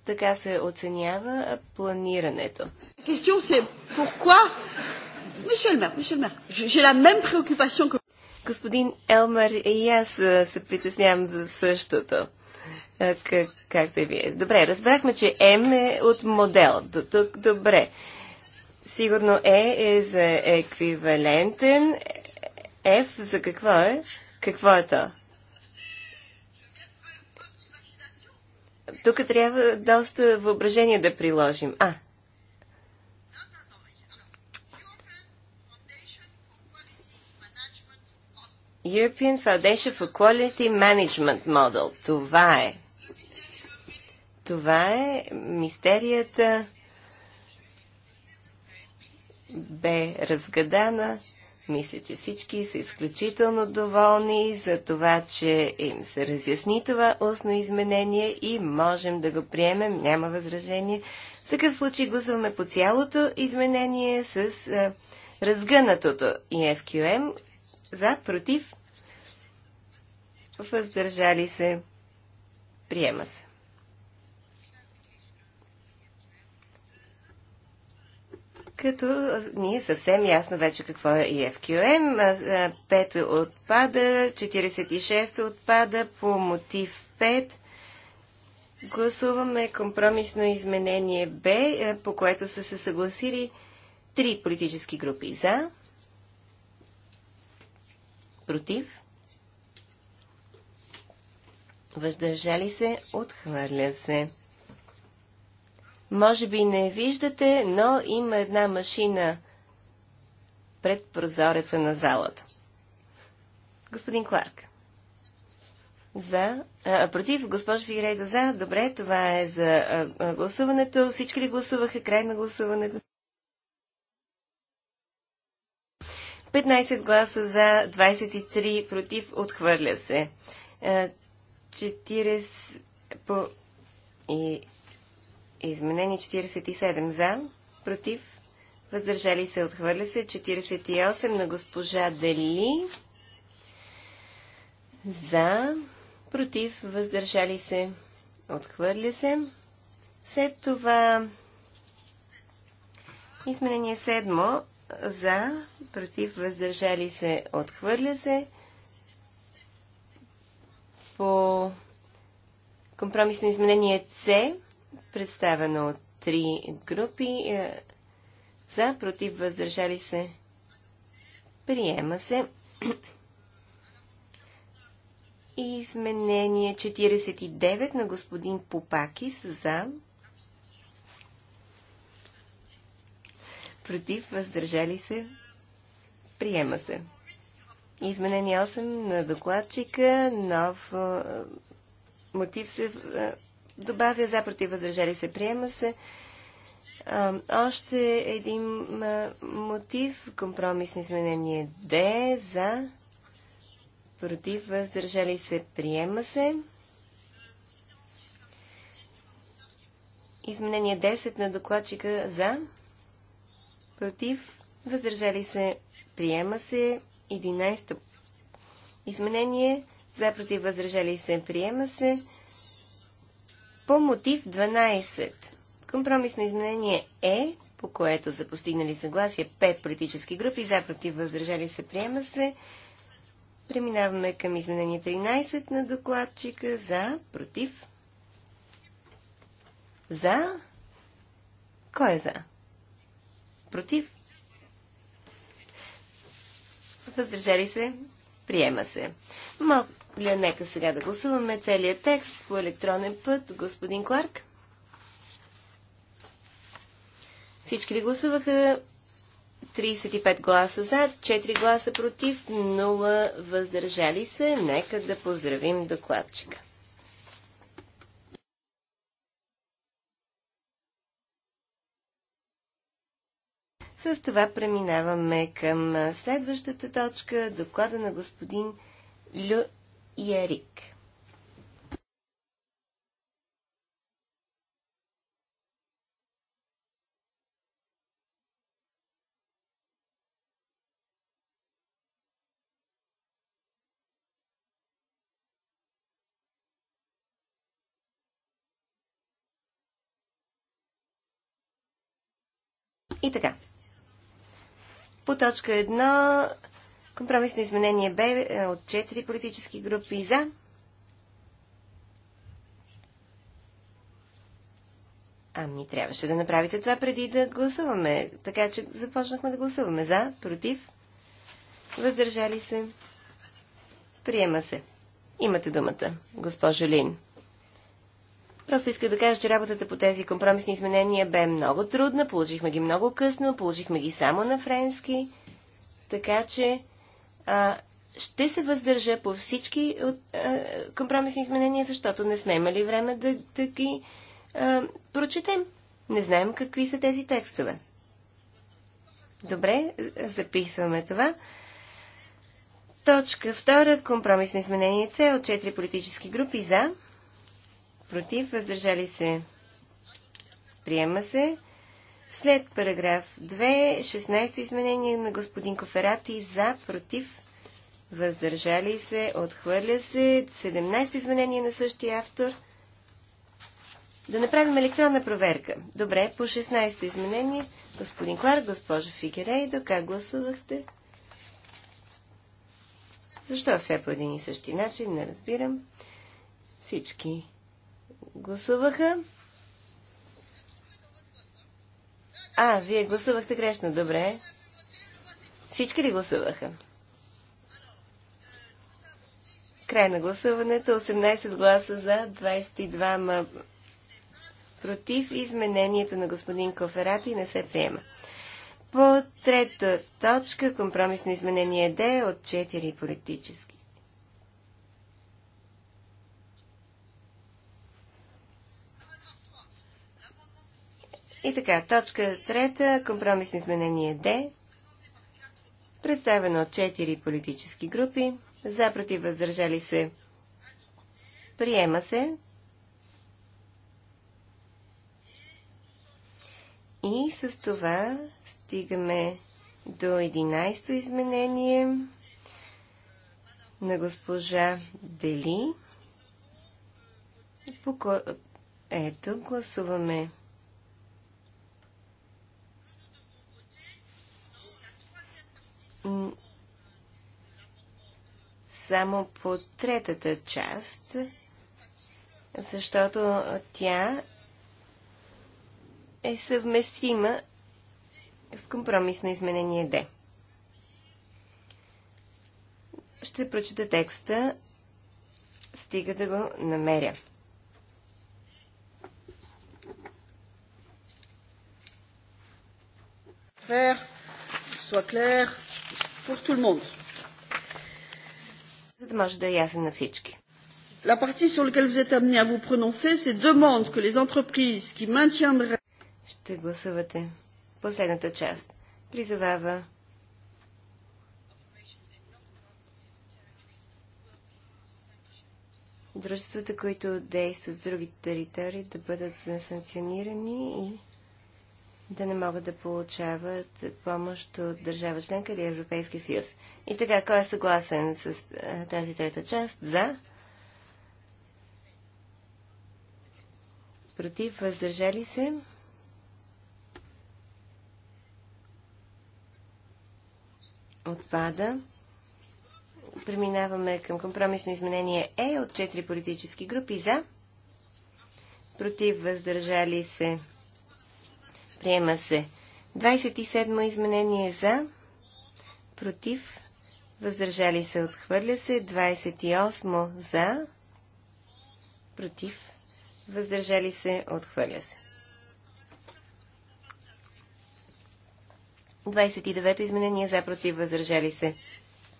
така се оценява планирането. Question се, pourquoi Monsieur le maire, monsieur le j'ai la même préoccupation que Господин Елмар и аз се притеснявам за същото. Как, както и вие. Добре, разбрахме, че М е от модел. До тук добре. Сигурно Е е за еквивалентен. F за какво е? Какво е то? Тук трябва доста въображение да приложим. А, European Foundation for Quality Management Model. Това е. Това е мистерията бе разгадана. Мисля, че всички са изключително доволни за това, че им се разясни това устно изменение и можем да го приемем. Няма възражение. В такъв случай гласуваме по цялото изменение с разгънатото EFQM, за, против, въздържали се, приема се. Като ние съвсем ясно вече какво е EFQM. 5 отпада, 46 отпада по мотив 5. Гласуваме компромисно изменение Б, по което са се съгласили три политически групи за, против, въздържали се, отхвърля се. Може би не виждате, но има една машина пред прозореца на залата. Господин Кларк. За. А, против, госпожо Фигрейдо, за. Добре, това е за а, а, гласуването. Всички ли гласуваха край на гласуването? 15 гласа за, 23 против, отхвърля се. 40 е, по... И... Изменени 47 за, против, въздържали се, отхвърля се. 48 на госпожа Дели за, против, въздържали се, отхвърля се. След това изменение 7 за, против, въздържали се, отхвърля се. По компромисно изменение С, представено от три групи, е, за, против, въздържали се, приема се. изменение 49 на господин Попакис за, против, въздържали се, приема се. Изменение 8 на докладчика, нов мотив се добавя за против, въздържали се, приема се. Още един мотив, компромисно изменение Д за против, въздържали се, приема се. Изменение 10 на докладчика за против, въздържали се, приема се. 11-то изменение, за, против, въздържали се, приема се. По мотив 12. Компромисно изменение е, по което за постигнали съгласие 5 политически групи, за, против, въздържали се, приема се. Преминаваме към изменение 13 на докладчика. За, против. За. Кой е за? Против? Въздържали се? Приема се. Моля, нека сега да гласуваме целият текст по електронен път. Господин Кларк? Всички ли гласуваха? 35 гласа за, 4 гласа против, 0 въздържали се. Нека да поздравим докладчика. С това преминаваме към следващата точка, доклада на господин Лю Ярик. И така. По точка 1 компромисно изменение Б е, от 4 политически групи за. Ами, трябваше да направите това преди да гласуваме. Така че започнахме да гласуваме за, против, въздържали се. Приема се. Имате думата, госпожо Лин. Просто исках да кажа, че работата по тези компромисни изменения бе много трудна. Получихме ги много късно, получихме ги само на френски. Така че а, ще се въздържа по всички от, а, компромисни изменения, защото не сме имали време да, да ги а, прочетем. Не знаем какви са тези текстове. Добре, записваме това. Точка втора Компромисно изменение С от четири политически групи за против, въздържали се, приема се. След параграф 2, 16 изменение на господин Коферати за, против, въздържали се, отхвърля се, 17 изменение на същия автор. Да направим електронна проверка. Добре, по 16-то изменение, господин Кларк, госпожа Фигерейдо, как гласувахте? Защо все по един и същи начин? Не разбирам. Всички гласуваха? А, вие гласувахте грешно, добре. Всички ли гласуваха? Край на гласуването. 18 гласа за, 22 ма... против. Изменението на господин Коферати не се приема. По трета точка, компромисно изменение Д от 4 политически И така, точка трета, компромисно изменение Д, представено от 4 политически групи, за против въздържали се, приема се. И с това стигаме до 11-то изменение на госпожа Дели. Ето, гласуваме само по третата част, защото тя е съвместима с компромис на изменение Д. Ще прочета текста, стига да го намеря. Faire, soit clair, pour tout le monde. За да може да е ясен La partie sur laquelle vous êtes amené à vous prononcer, c'est demande que les entreprises qui maintiendraient... Ще гласувате. Последната част. Призовава дружествата, които действат в другите територии, да бъдат санкционирани и да не могат да получават помощ от държава членка или Европейския съюз. И така, кой е съгласен с тази трета част? За? Против? Въздържали се? Отпада. Преминаваме към компромисно изменение Е от 4 политически групи. За? Против? Въздържали се? Приема се. 27 изменение е за. Против. Въздържали се. Отхвърля се. 28 за. Против. Въздържали се. Отхвърля се. 29 изменение е за. Против. Въздържали се.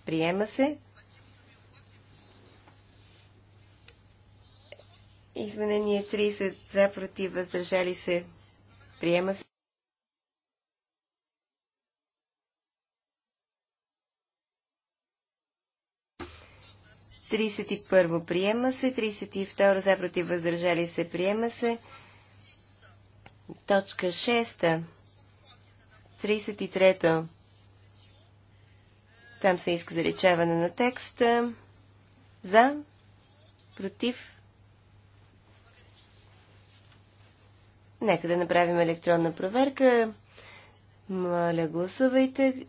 Приема се. Изменение 30 за. Против. Въздържали се. Приема се. Тридесет и първо приема се, 32 за против въздържали се приема се. Точка 6. 33. Там се иска заличаване на текста. За, против, Нека да направим електронна проверка. Моля, гласувайте.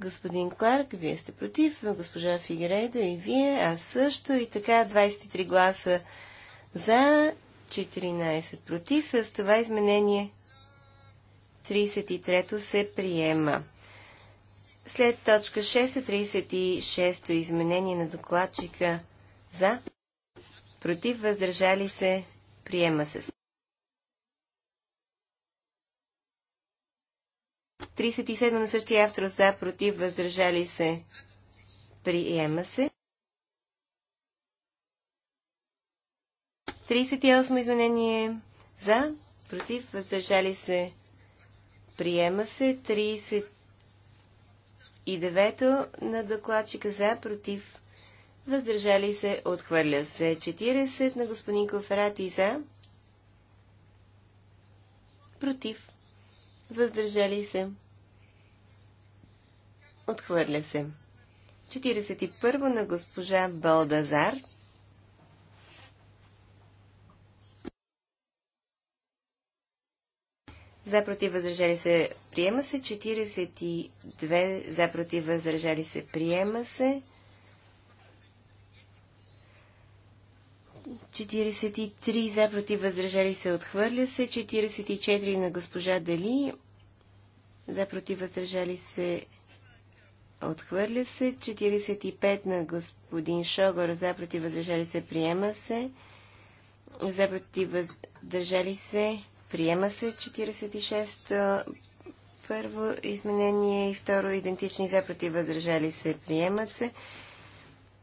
Господин Кларк, вие сте против, госпожа Фигерейдо и вие, аз също. И така, 23 гласа за, 14 против. С това изменение 33-то се приема. След точка 6, 36-то изменение на докладчика за, против, въздържали се, приема се. 37 на същия автор за, против, въздържали се. Приема се. 38 изменение за, против, въздържали се. Приема се. 39 на докладчика за, против, въздържали се. Отхвърля се. 40 на господин Коферати за, против, въздържали се. Отхвърля се. 41 на госпожа Балдазар. За против възражали се приема се. 42 за против възражали се приема се. 43 за против възражали се отхвърля се. 44 на госпожа Дали. За против възражали се Отхвърля се. 45 на господин Шогор. За против въздържали се. Приема се. За против въздържали се. Приема се. 46 първо изменение и второ идентични за против въздържали се. приема се.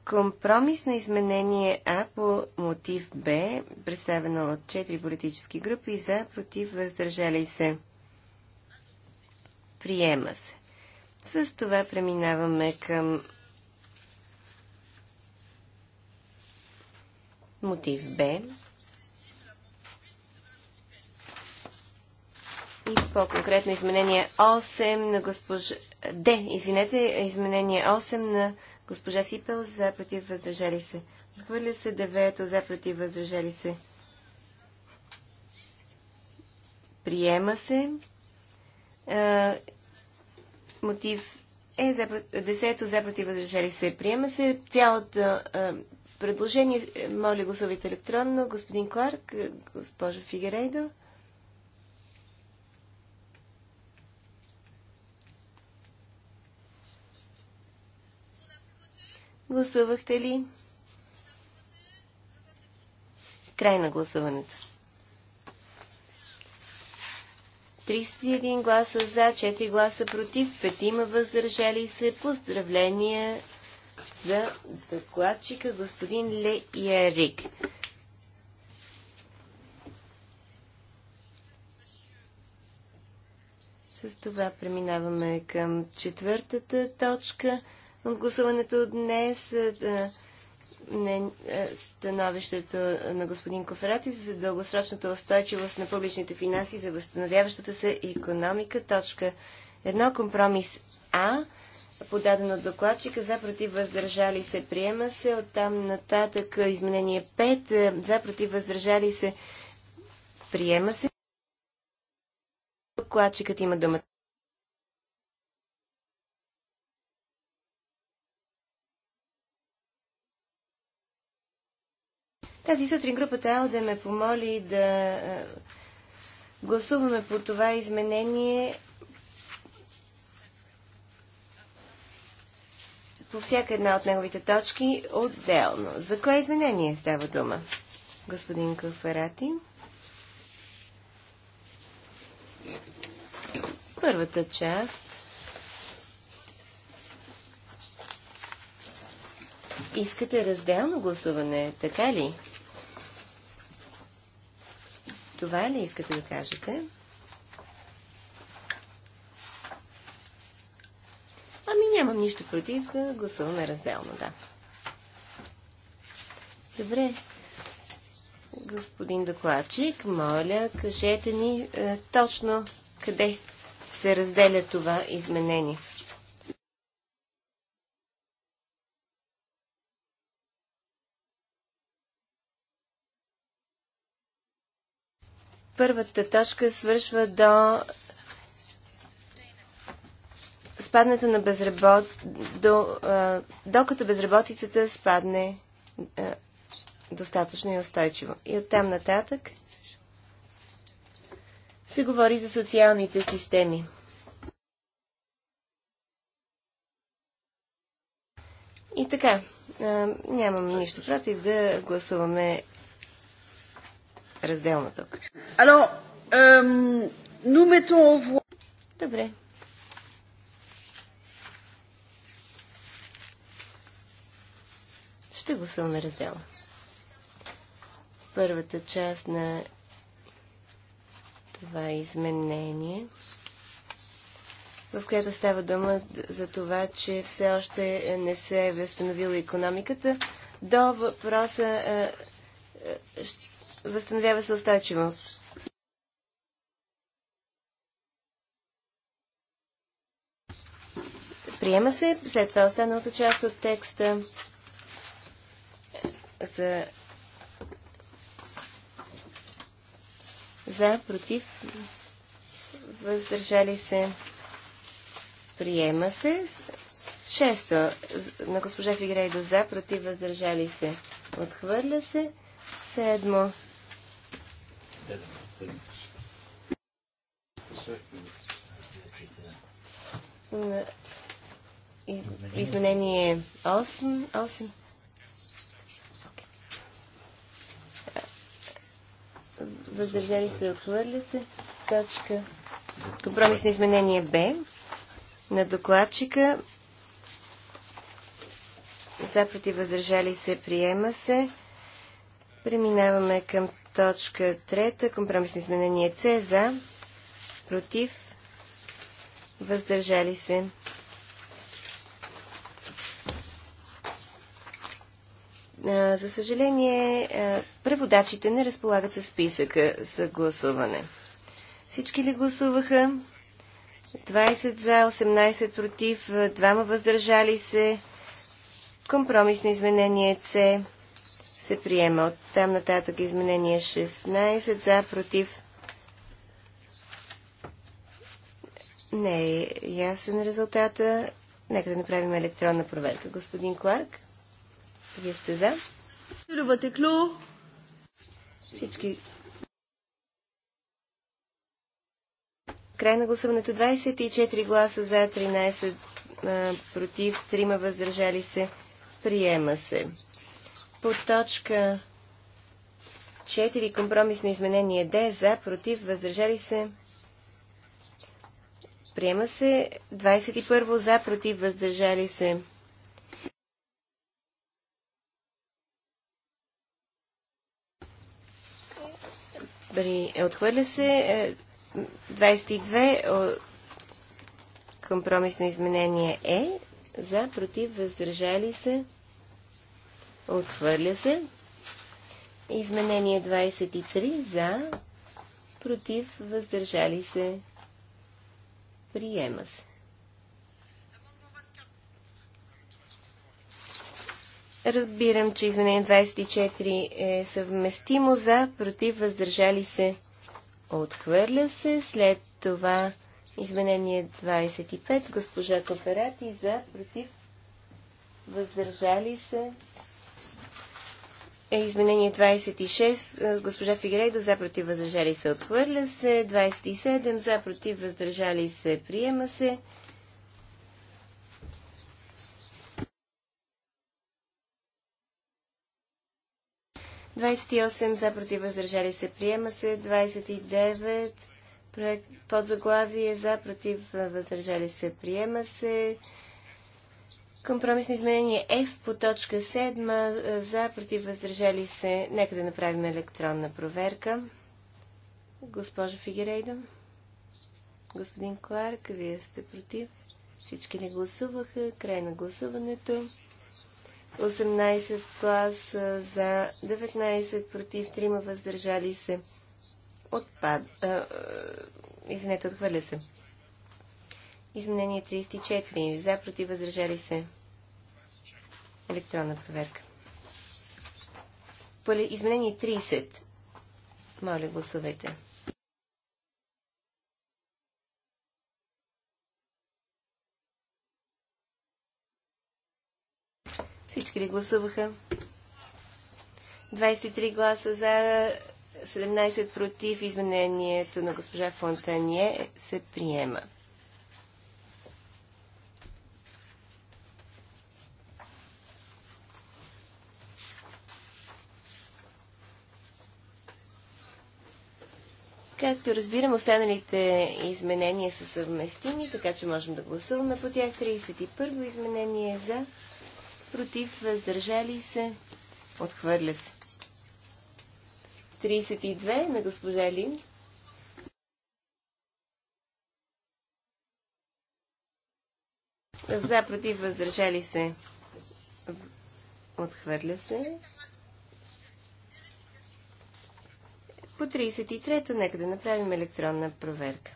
Компромис на изменение А по мотив Б, представено от 4 политически групи за против въздържали се. Приема се. С това преминаваме към мотив Б. И по-конкретно изменение 8 на госпожа... Д, извинете, изменение 8 на госпожа Сипел за против въздържали се. Отхвърля се 9 за против въздържали се. Приема се мотив е десето за против въздържали се. Приема се цялото а, предложение. Моля гласувайте електронно. Господин Кларк, госпожа Фигерейдо. Гласувахте ли? Край на гласуването. 31 гласа за, 4 гласа против, 5 въздържали се. Поздравления за докладчика господин Ле Ярик. С това преминаваме към четвъртата точка от гласуването днес. Да е, е, становището на господин Коферати за дългосрочната устойчивост на публичните финанси за възстановяващата се економика. Точка 1. Компромис А. Подаден от докладчика за против въздържали се приема се. Оттам нататък изменение 5. Е, за против въздържали се приема се. Докладчикът има думата. Тази сутрин групата Алда ме помоли да гласуваме по това изменение по всяка една от неговите точки отделно. За кое изменение става дума, господин Кафарати? Първата част Искате разделно гласуване, така ли? Това ли искате да кажете? Ами нямам нищо против да гласуваме разделно, да. Добре. Господин докладчик, моля, кажете ни е, точно къде се разделя това изменение. първата точка свършва до спадането на безработ... до, а, докато безработицата спадне а, достатъчно и устойчиво. И оттам нататък се говори за социалните системи. И така, а, нямам нищо против да гласуваме разделно тук. Ало, нумето... Euh, Добре. Ще гласуваме раздела. Първата част на това изменение, в което става дума за това, че все още не се е възстановила економиката, до въпроса е, е, възстановява се устойчивост. Приема се, след това останалата част от текста за за, против, въздържали се, приема се. Шесто на госпожа Фигрейдо за, против, въздържали се, отхвърля се. Седмо 7, 7. 6, 6 Изменение 8. 8. Въздържали се, отхвърля се. Точка. Компромис на изменение Б на докладчика. Запроти, против въздържали се, приема се. Преминаваме към точка 3. Компромисно изменение С за, против, въздържали се. За съжаление, преводачите не разполагат с списъка за гласуване. Всички ли гласуваха? 20 за, 18 против, 2 въздържали се. Компромисно изменение С се приема. От там нататък изменение 16 за, против. Не е ясен резултата. Нека да направим електронна проверка. Господин Кларк, вие сте за. Всички. Край на гласуването 24 гласа за, 13 против, 3 въздържали се. Приема се. По точка 4 компромисно изменение Д за, против, въздържали се. Приема се 21 за, против, въздържали се. При, е, отхвърля се 22 е, компромисно изменение Е за, против, въздържали се. Отхвърля се. Изменение 23 за, против, въздържали се, приема се. Разбирам, че изменение 24 е съвместимо за, против, въздържали се, отхвърля се. След това изменение 25, госпожа Коферати за, против, въздържали се, е изменение 26. Е, госпожа Фигрейдо за против въздържали се отхвърля се. 27 за против въздържали се приема се. Двадесет осем за против въздържали се приема се. 29 девет проект подзаглавие за против въздържали се приема се. Компромисно изменение F по точка 7 е, за против въздържали се. Нека да направим електронна проверка. Госпожа Фигерейдо. Господин Кларк, вие сте против. Всички не гласуваха. Край на гласуването. 18 гласа за, 19 против, 3 въздържали се. Отпад. А, извинете, отхвърля се. Изменение 34. За, против, въздържали се. Електронна проверка. Поле изменение 30. Моля, гласувайте. Всички ли гласуваха? 23 гласа за, 17 против. Изменението на госпожа Фонтание се приема. Както разбирам, останалите изменения са съвместими, така че можем да гласуваме по тях. 31 изменение за, против, въздържали се, отхвърля се. 32 на госпожа Лин. За, против, въздържали се, отхвърля се. По 33-то нека да направим електронна проверка.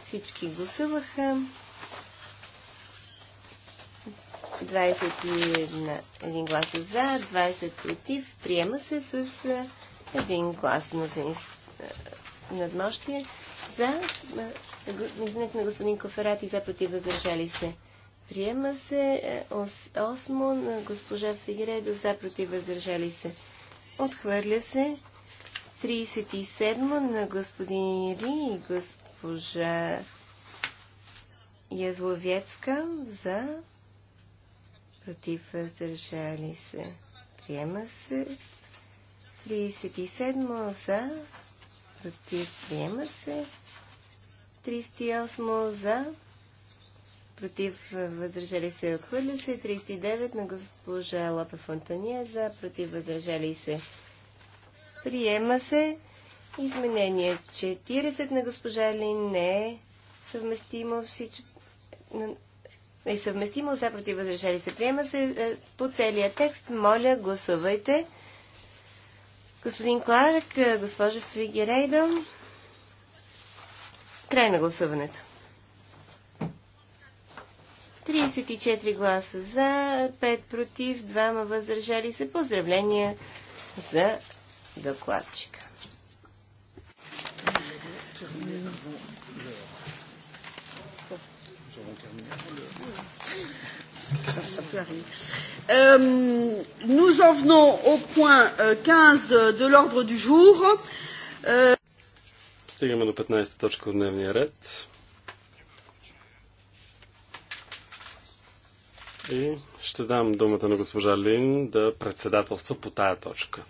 Всички гласуваха. 21 един глас е за, 20 против. Приема се с един глас надмощие за. на господин Коферати за против възражали се. Приема се е, осмо на госпожа Фигередо за против въздържали се. Отхвърля се 37 на господин Ири и госпожа Язловецка за против въздържали се. Приема се 37 за против. Приема се 38 за против, въздържали се, отхвърля се. 39 на госпожа Лапе Фонтания за, против, въздържали се, приема се. Изменение 40 на госпожа Лин не е съвместимо всичко. Е съвместимо, за против, въздържали се, приема се. Е, по целия текст, моля, гласувайте. Господин Кларък, е, госпожа Фригерейдо. Край на гласуването. 34 гласа за, 5 против, 2 въздържали се. Поздравления за докладчика. nous en venons au point 15 euh, de l'ordre du jour. Euh, Стигаме до 15 точка от дневния ред. И ще дам думата на госпожа Лин да председателства по тая точка.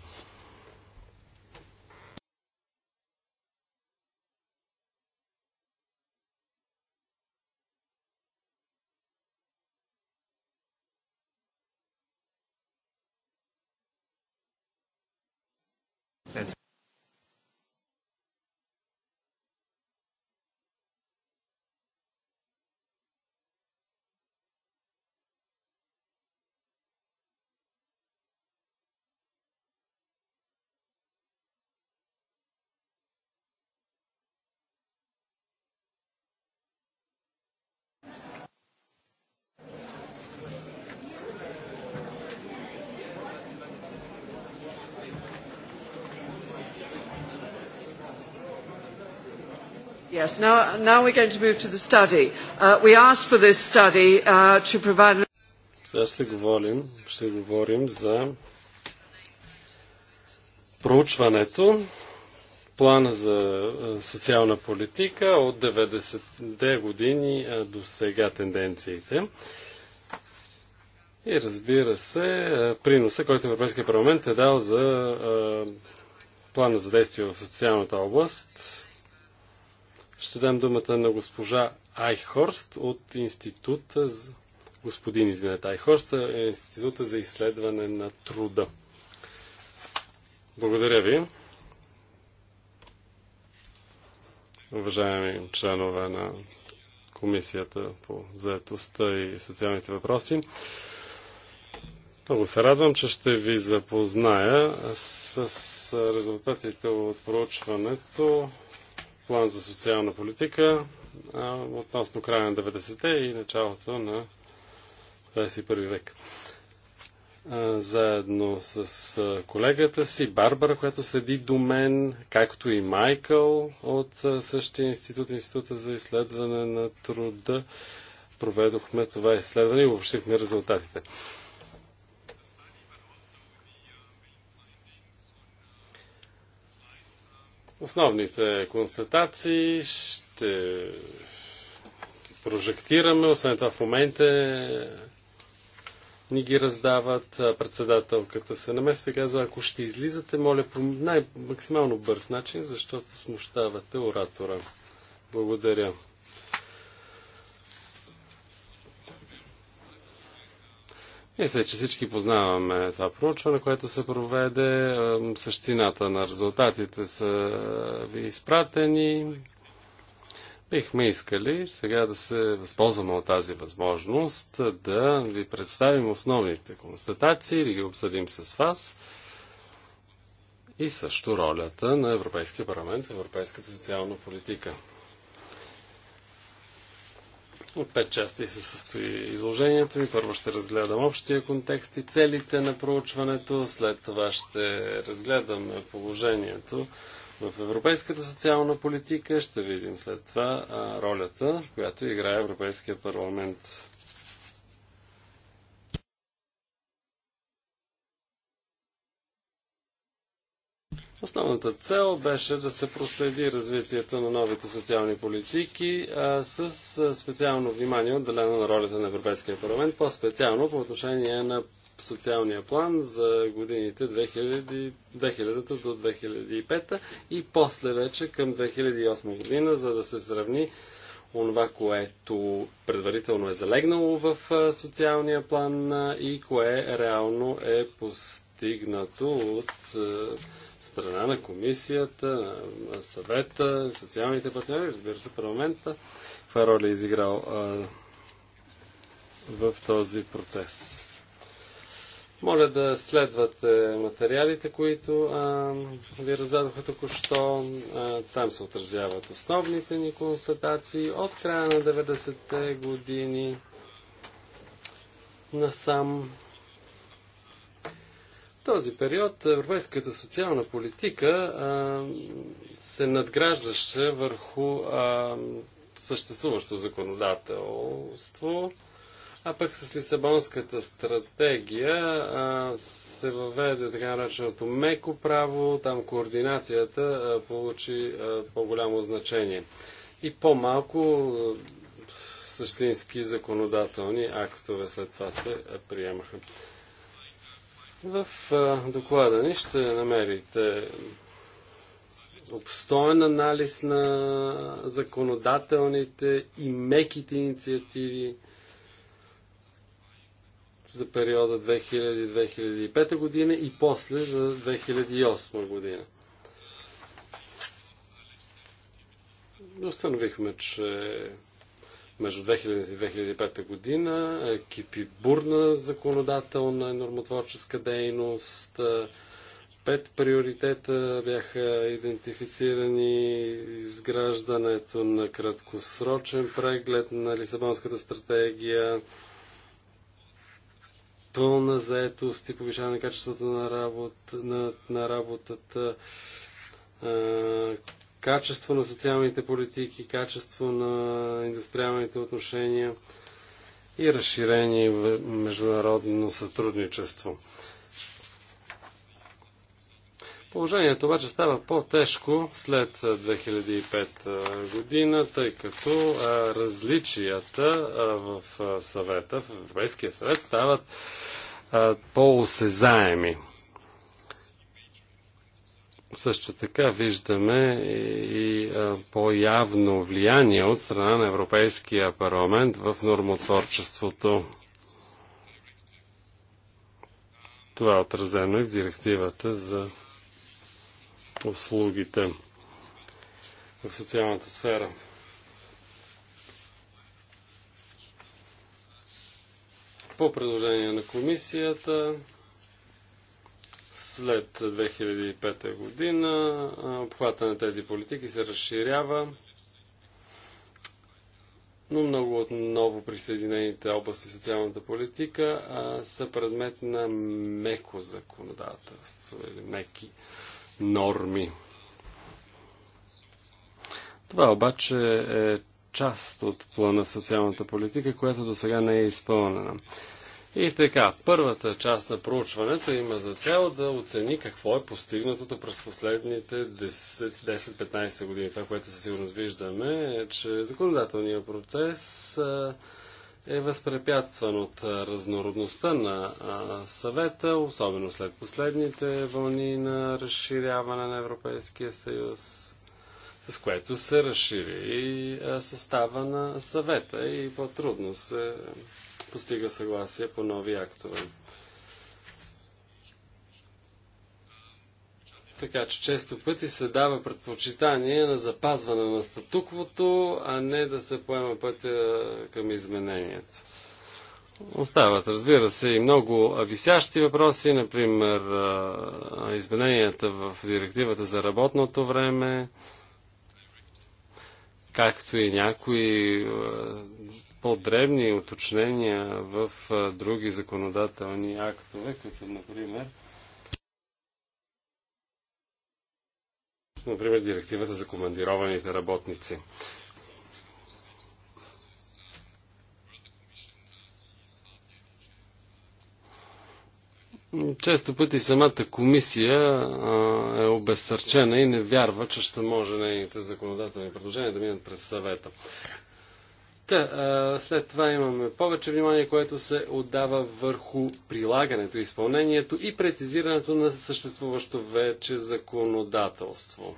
Yes, now, now we're going to move to the study. Uh, we asked for this study uh, to provide... Сега ще говорим, ще говорим за проучването, плана за социална политика от 90-те години до сега тенденциите. И разбира се, приноса, който Европейския парламент е дал за плана за действие в социалната област ще дам думата на госпожа Айхорст от Института за... Господин, извинете, Айхорст е Института за изследване на труда. Благодаря ви. Уважаеми членове на Комисията по заедостта и социалните въпроси, много се радвам, че ще ви запозная с резултатите от проучването план за социална политика а, относно края на 90-те и началото на 21 век. А, заедно с колегата си Барбара, която седи до мен, както и Майкъл от същия институт, Института за изследване на труда, проведохме това изследване и обобщихме резултатите. Основните констатации ще прожектираме. Освен това в момента ни ги раздават. Председателката се намесва и казва, ако ще излизате, моля по най-максимално бърз начин, защото смущавате оратора. Благодаря. Мисля, че всички познаваме това проучване, което се проведе. Същината на резултатите са ви изпратени. Бихме искали сега да се възползваме от тази възможност, да ви представим основните констатации, да ги обсъдим с вас и също ролята на Европейския парламент в европейската социална политика. От пет части се състои изложението ми. Първо ще разгледам общия контекст и целите на проучването. След това ще разгледаме положението в европейската социална политика. Ще видим след това ролята, която играе Европейския парламент Основната цел беше да се проследи развитието на новите социални политики а, с специално внимание отделено на ролята на Европейския парламент, по-специално по отношение на социалния план за годините 2000, 2000 до 2005 и после вече към 2008 година, за да се сравни онова, което предварително е залегнало в социалния план и кое реално е постигнато от страна на комисията, на съвета, социалните партньори, разбира се, парламента, каква роля е изиграл а, в този процес. Моля да следвате материалите, които а, ви раздадоха току-що. Там се отразяват основните ни констатации от края на 90-те години насам този период европейската социална политика а, се надграждаше върху а, съществуващо законодателство, а пък с Лисабонската стратегия а, се въведе така нареченото меко право, там координацията а, получи а, по-голямо значение и по-малко същински законодателни актове след това се приемаха. В доклада ни ще намерите обстоен анализ на законодателните и меките инициативи за периода 2000-2005 година и после за 2008 година. Установихме, че между 2000 и 2005 година, екипи бурна законодателна и нормотворческа дейност, пет приоритета бяха идентифицирани изграждането на краткосрочен преглед на Лисабонската стратегия, пълна заетост и повишаване на качеството на, работ, на, на работата, качество на социалните политики, качество на индустриалните отношения и разширение в международно сътрудничество. Положението обаче става по-тежко след 2005 година, тъй като различията в съвета, в Европейския съвет, стават по-осезаеми. Също така виждаме и по-явно влияние от страна на Европейския парламент в нормотворчеството. Това е отразено и в директивата за услугите в социалната сфера. По предложение на комисията след 2005 година обхвата на тези политики се разширява, но много от ново присъединените области в социалната политика а, са предмет на меко законодателство или меки норми. Това обаче е част от плана в социалната политика, която до сега не е изпълнена. И така, първата част на проучването има за цел да оцени какво е постигнатото през последните 10-15 години. Това, което със сигурност виждаме, е, че законодателният процес е възпрепятстван от разнородността на съвета, особено след последните вълни на разширяване на Европейския съюз, с което се разшири състава на съвета и по-трудно се постига съгласие по нови актове. Така че често пъти се дава предпочитание на запазване на статуквото, а не да се поема пътя към изменението. Остават, разбира се, и много висящи въпроси, например измененията в директивата за работното време, както и някои по-древни уточнения в други законодателни актове, като например например директивата за командированите работници. Често пъти самата комисия е обезсърчена и не вярва, че ще може нейните законодателни предложения да минат през съвета. Та, а, след това имаме повече внимание, което се отдава върху прилагането, изпълнението и прецизирането на съществуващо вече законодателство.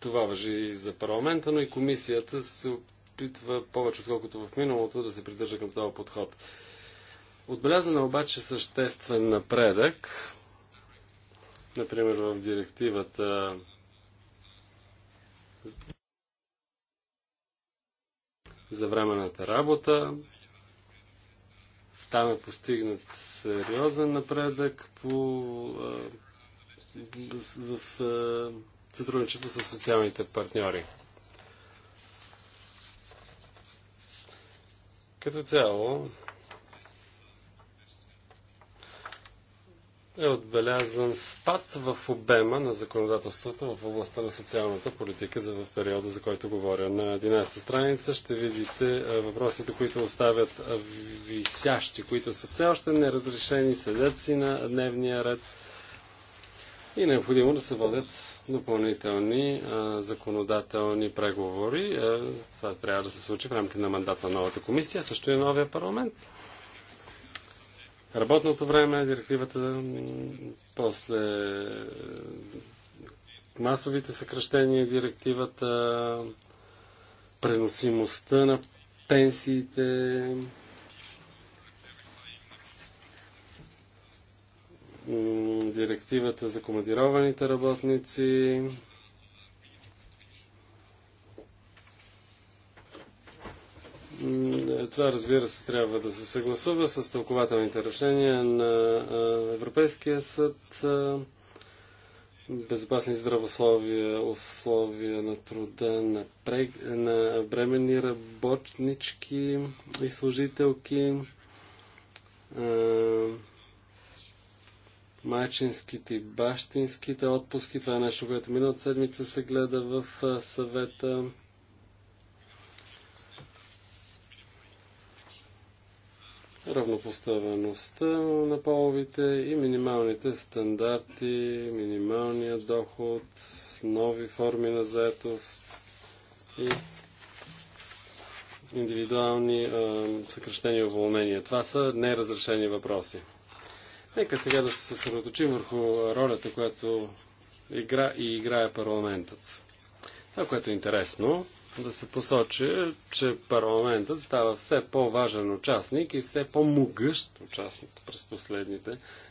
Това въжи и за парламента, но и комисията се опитва повече отколкото в миналото да се придържа към този подход. Отбелязан е обаче съществен напредък, например в директивата за временната работа. Там е постигнат сериозен напредък по, в, в сътрудничество с социалните партньори. Като цяло, е отбелязан спад в обема на законодателството в областта на социалната политика за в периода, за който говоря. На 11-та страница ще видите е, въпросите, които оставят е, висящи, които са все още неразрешени, седят си на дневния ред и необходимо да се водят допълнителни а, е, законодателни преговори. А, това трябва да се случи в рамките на мандата на новата комисия, също и новия парламент работното време, директивата, после масовите съкръщения, директивата, преносимостта на пенсиите, директивата за командированите работници, Е, това, разбира се, трябва да се съгласува с тълкователните решения на Европейския съд. Безопасни здравословия, условия на труда на, прег... на бремени работнички и служителки, майчинските и бащинските отпуски. Това е нещо, което миналата седмица се гледа в съвета равнопоставеността на половите и минималните стандарти, минималния доход, нови форми на заетост и индивидуални а, уволнения. Това са неразрешени въпроси. Нека сега да се съсредоточим върху ролята, която игра и играе парламентът. Това, което е интересно, да се посочи, че парламентът става все по-важен участник и все по-могъщ участник през последните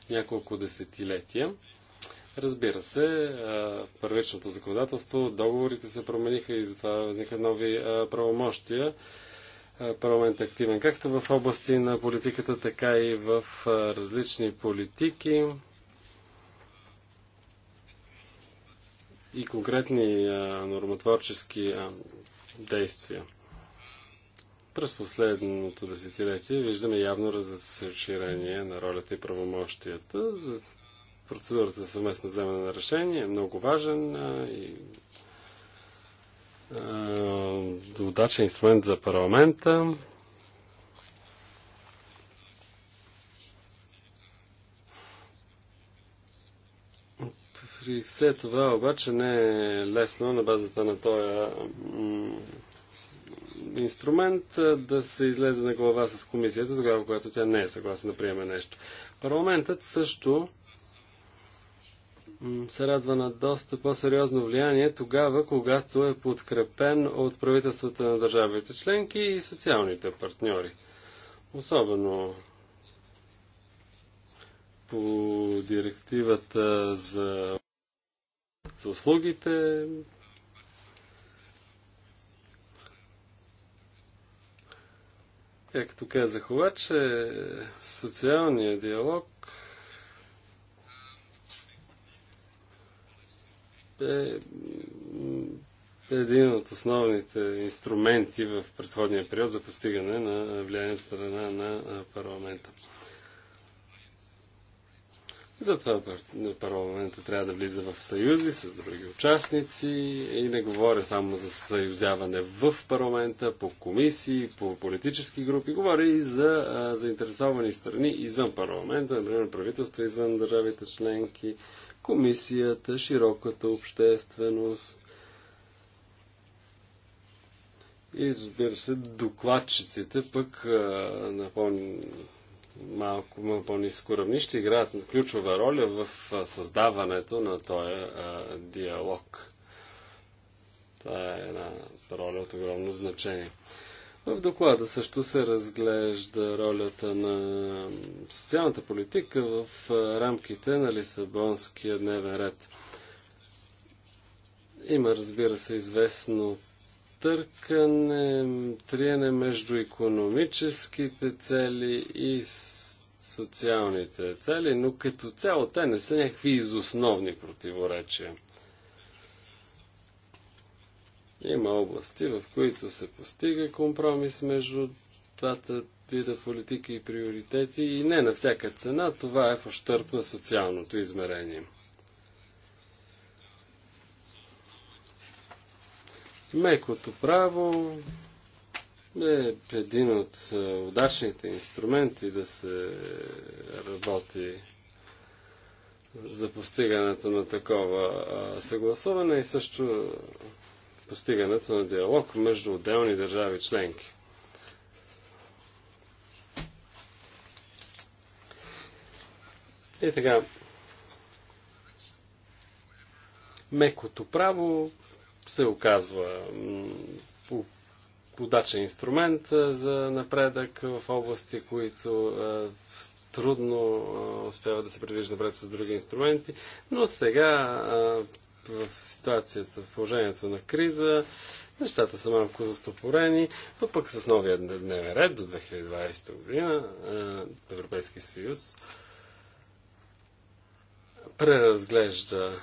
няколко десетилетия. Разбира се, първичното законодателство, договорите се промениха и затова възникат нови правомощия. Парламент е активен както в области на политиката, така и в различни политики. и конкретни а, нормотворчески а, действия. През последното десетилетие виждаме явно разширение на ролята и правомощията. Процедурата за съвместно вземане на решение е много важен и удачен инструмент за парламента. При все това обаче не е лесно на базата на този инструмент да се излезе на глава с комисията, тогава, когато тя не е съгласна да приеме нещо. Парламентът също се радва на доста по-сериозно влияние тогава, когато е подкрепен от правителствата на държавите членки и социалните партньори. Особено по директивата за за услугите. като казах обаче, социалният диалог е един от основните инструменти в предходния период за постигане на влияние в страна на парламента. Затова парламента трябва да влиза в съюзи с други участници и не говоря само за съюзяване в парламента, по комисии, по политически групи. Говоря и за а, заинтересовани страни извън парламента, например правителства извън държавите членки, комисията, широката общественост. И разбира се, докладчиците пък а, на малко, малко по-низко равнище играят ключова роля в създаването на този диалог. Това е една роля от огромно значение. В доклада също се разглежда ролята на социалната политика в рамките на Лисабонския дневен ред. Има, разбира се, известно търкане, триене между економическите цели и социалните цели, но като цяло те не са някакви изосновни противоречия. Има области, в които се постига компромис между двата вида политики и приоритети и не на всяка цена това е в ощърп на социалното измерение. Мекото право е един от е, удачните инструменти да се работи за постигането на такова съгласуване и също постигането на диалог между отделни държави членки. И така, мекото право се оказва удачен инструмент за напредък в области, които трудно успява да се предвижда напред с други инструменти, но сега в ситуацията, в положението на криза, нещата са малко застопорени, но пък с новия дневен ред до 2020 година Европейския съюз преразглежда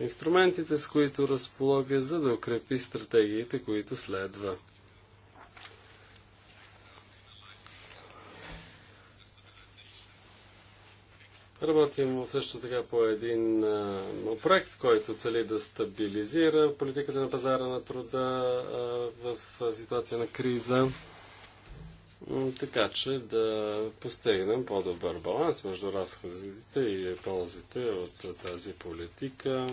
инструментите, с които разполага, за да укрепи стратегиите, които следва. Работим също така по един проект, който цели да стабилизира политиката на пазара на труда в ситуация на криза така че да постигнем по-добър баланс между разходите и ползите от тази политика.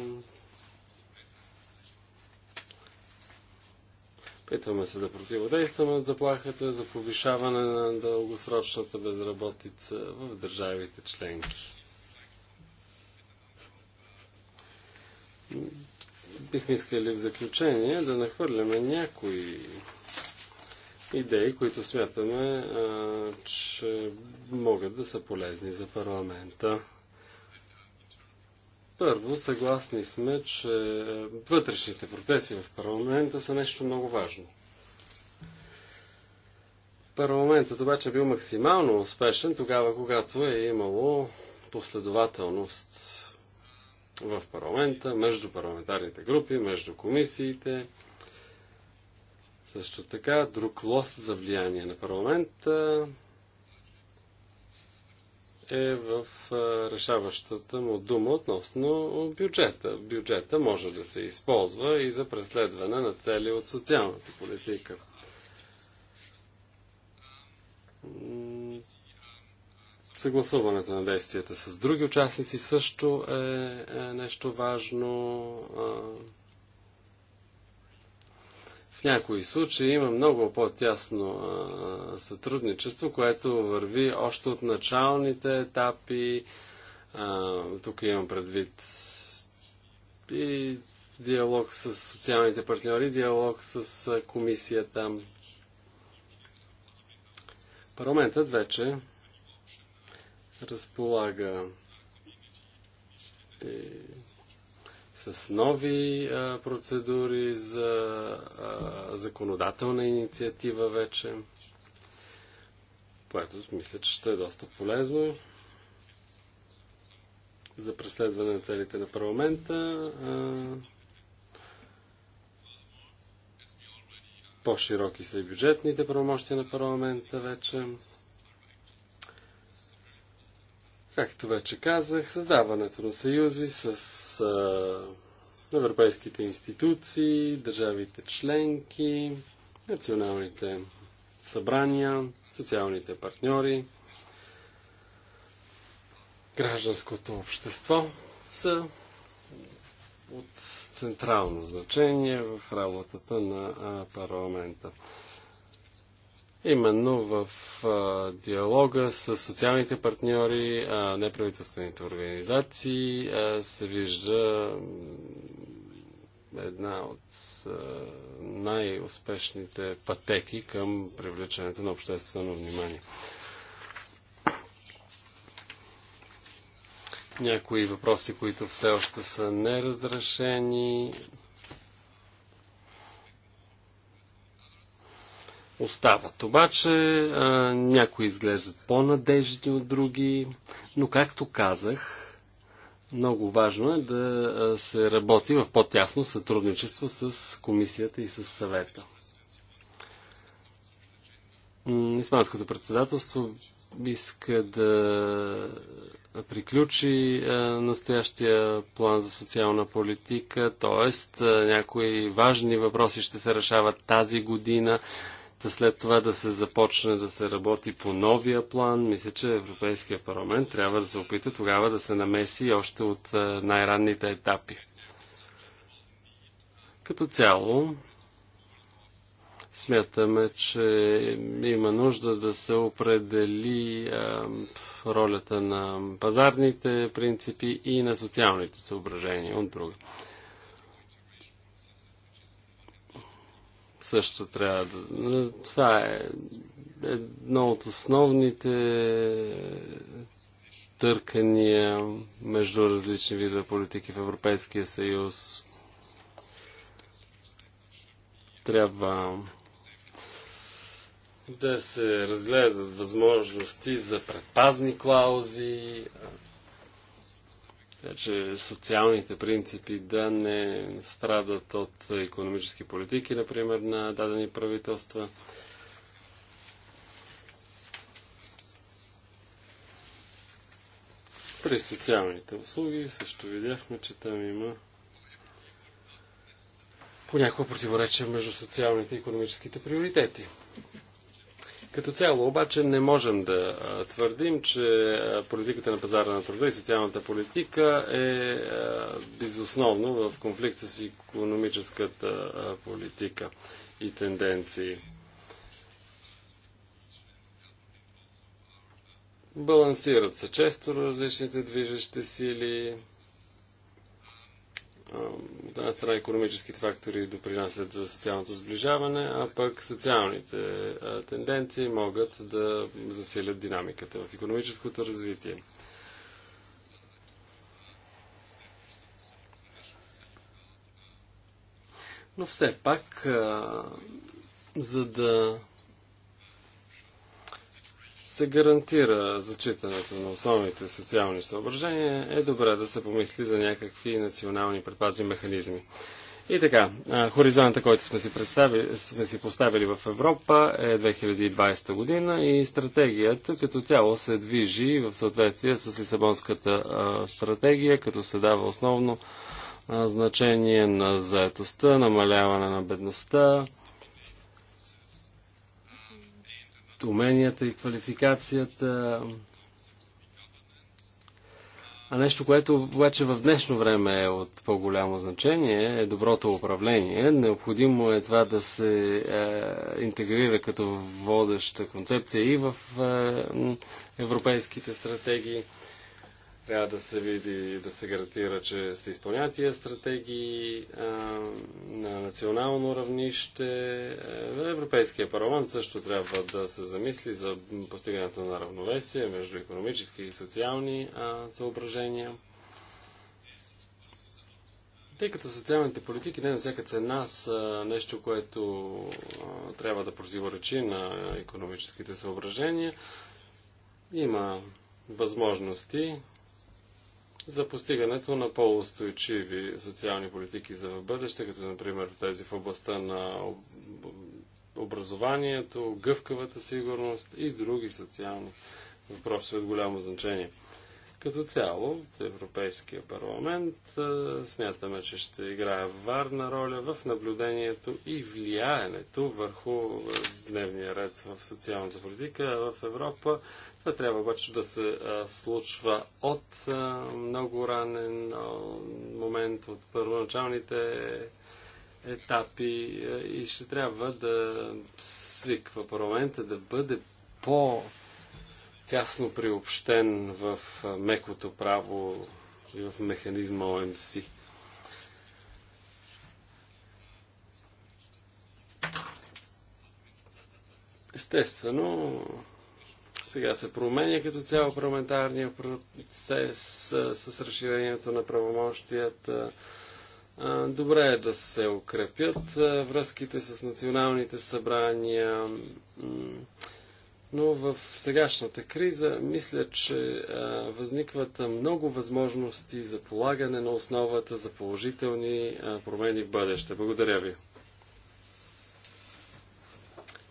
Питваме се да противодействаме от заплахата за повишаване на дългосрочната безработица в държавите членки. Бихме искали в заключение да нахвърляме някои идеи, които смятаме, а, че могат да са полезни за парламента. Първо, съгласни сме, че вътрешните процеси в парламента са нещо много важно. Парламентът обаче е бил максимално успешен тогава, когато е имало последователност в парламента, между парламентарните групи, между комисиите, също така, друг лос за влияние на парламента е в решаващата му дума относно бюджета. Бюджета може да се използва и за преследване на цели от социалната политика. Съгласуването на действията с други участници също е, е нещо важно някои случаи има много по-тясно сътрудничество, което върви още от началните етапи. А, тук имам предвид и диалог с социалните партньори, диалог с а, комисията. Парламентът вече разполага и с нови а, процедури за а, законодателна инициатива вече, което мисля, че ще е доста полезно за преследване на целите на парламента. По-широки са и бюджетните правомощия на парламента вече. Както вече казах, създаването на съюзи с а, европейските институции, държавите членки, националните събрания, социалните партньори, гражданското общество са от централно значение в работата на парламента именно в а, диалога с социалните партньори, а, неправителствените организации а, се вижда една от най-успешните пътеки към привличането на обществено внимание. Някои въпроси, които все още са неразрешени. остават. Обаче някои изглеждат по-надежни от други, но както казах, много важно е да се работи в по-тясно сътрудничество с комисията и с съвета. Испанското председателство иска да приключи настоящия план за социална политика, т.е. някои важни въпроси ще се решават тази година след това да се започне да се работи по новия план. Мисля, че Европейския парламент трябва да се опита тогава да се намеси още от е, най-ранните етапи. Като цяло, смятаме, че има нужда да се определи е, ролята на пазарните принципи и на социалните съображения от друга. също трябва да... Това е едно от основните търкания между различни видове политики в Европейския съюз. Трябва да се разгледат възможности за предпазни клаузи, че социалните принципи да не страдат от економически политики, например, на дадени правителства. При социалните услуги също видяхме, че там има понякога противоречия между социалните и економическите приоритети. Като цяло обаче не можем да твърдим, че политиката на пазара на труда и социалната политика е безусловно в конфликт с економическата политика и тенденции. Балансират се често различните движещи сили от една страна економическите фактори допринасят за социалното сближаване, а пък социалните тенденции могат да засилят динамиката в економическото развитие. Но все пак, за да се гарантира зачитането на основните социални съображения, е добре да се помисли за някакви национални предпазни механизми. И така, хоризонта, който сме си, сме си поставили в Европа е 2020 година и стратегията като цяло се движи в съответствие с Лисабонската стратегия, като се дава основно значение на заетостта, намаляване на бедността, уменията и квалификацията. А нещо, което обаче в днешно време е от по-голямо значение, е доброто управление. Необходимо е това да се е, интегрира като водеща концепция и в е, европейските стратегии. Трябва да се види, да се гарантира, че се изпълняват тия стратегии а, на национално равнище. Е, Европейския парламент също трябва да се замисли за постигането на равновесие между економически и социални а, съображения. Тъй като социалните политики не на всяка цена са нещо, което а, трябва да противоречи на економическите съображения, има възможности за постигането на по-устойчиви социални политики за бъдеще, като например тези в областта на образованието, гъвкавата сигурност и други социални въпроси от голямо значение. Като цяло, Европейския парламент смятаме, че ще играе варна роля в наблюдението и влиянето върху дневния ред в социалната политика в Европа. Това трябва обаче да се случва от много ранен момент, от първоначалните етапи и ще трябва да свиква парламента да бъде по тясно приобщен в мекото право и в механизма ОМС. Естествено, сега се променя като цяло парламентарния процес с разширението на правомощията. Добре е да се укрепят връзките с националните събрания. Но в сегашната криза мисля, че а, възникват много възможности за полагане на основата за положителни а, промени в бъдеще. Благодаря ви.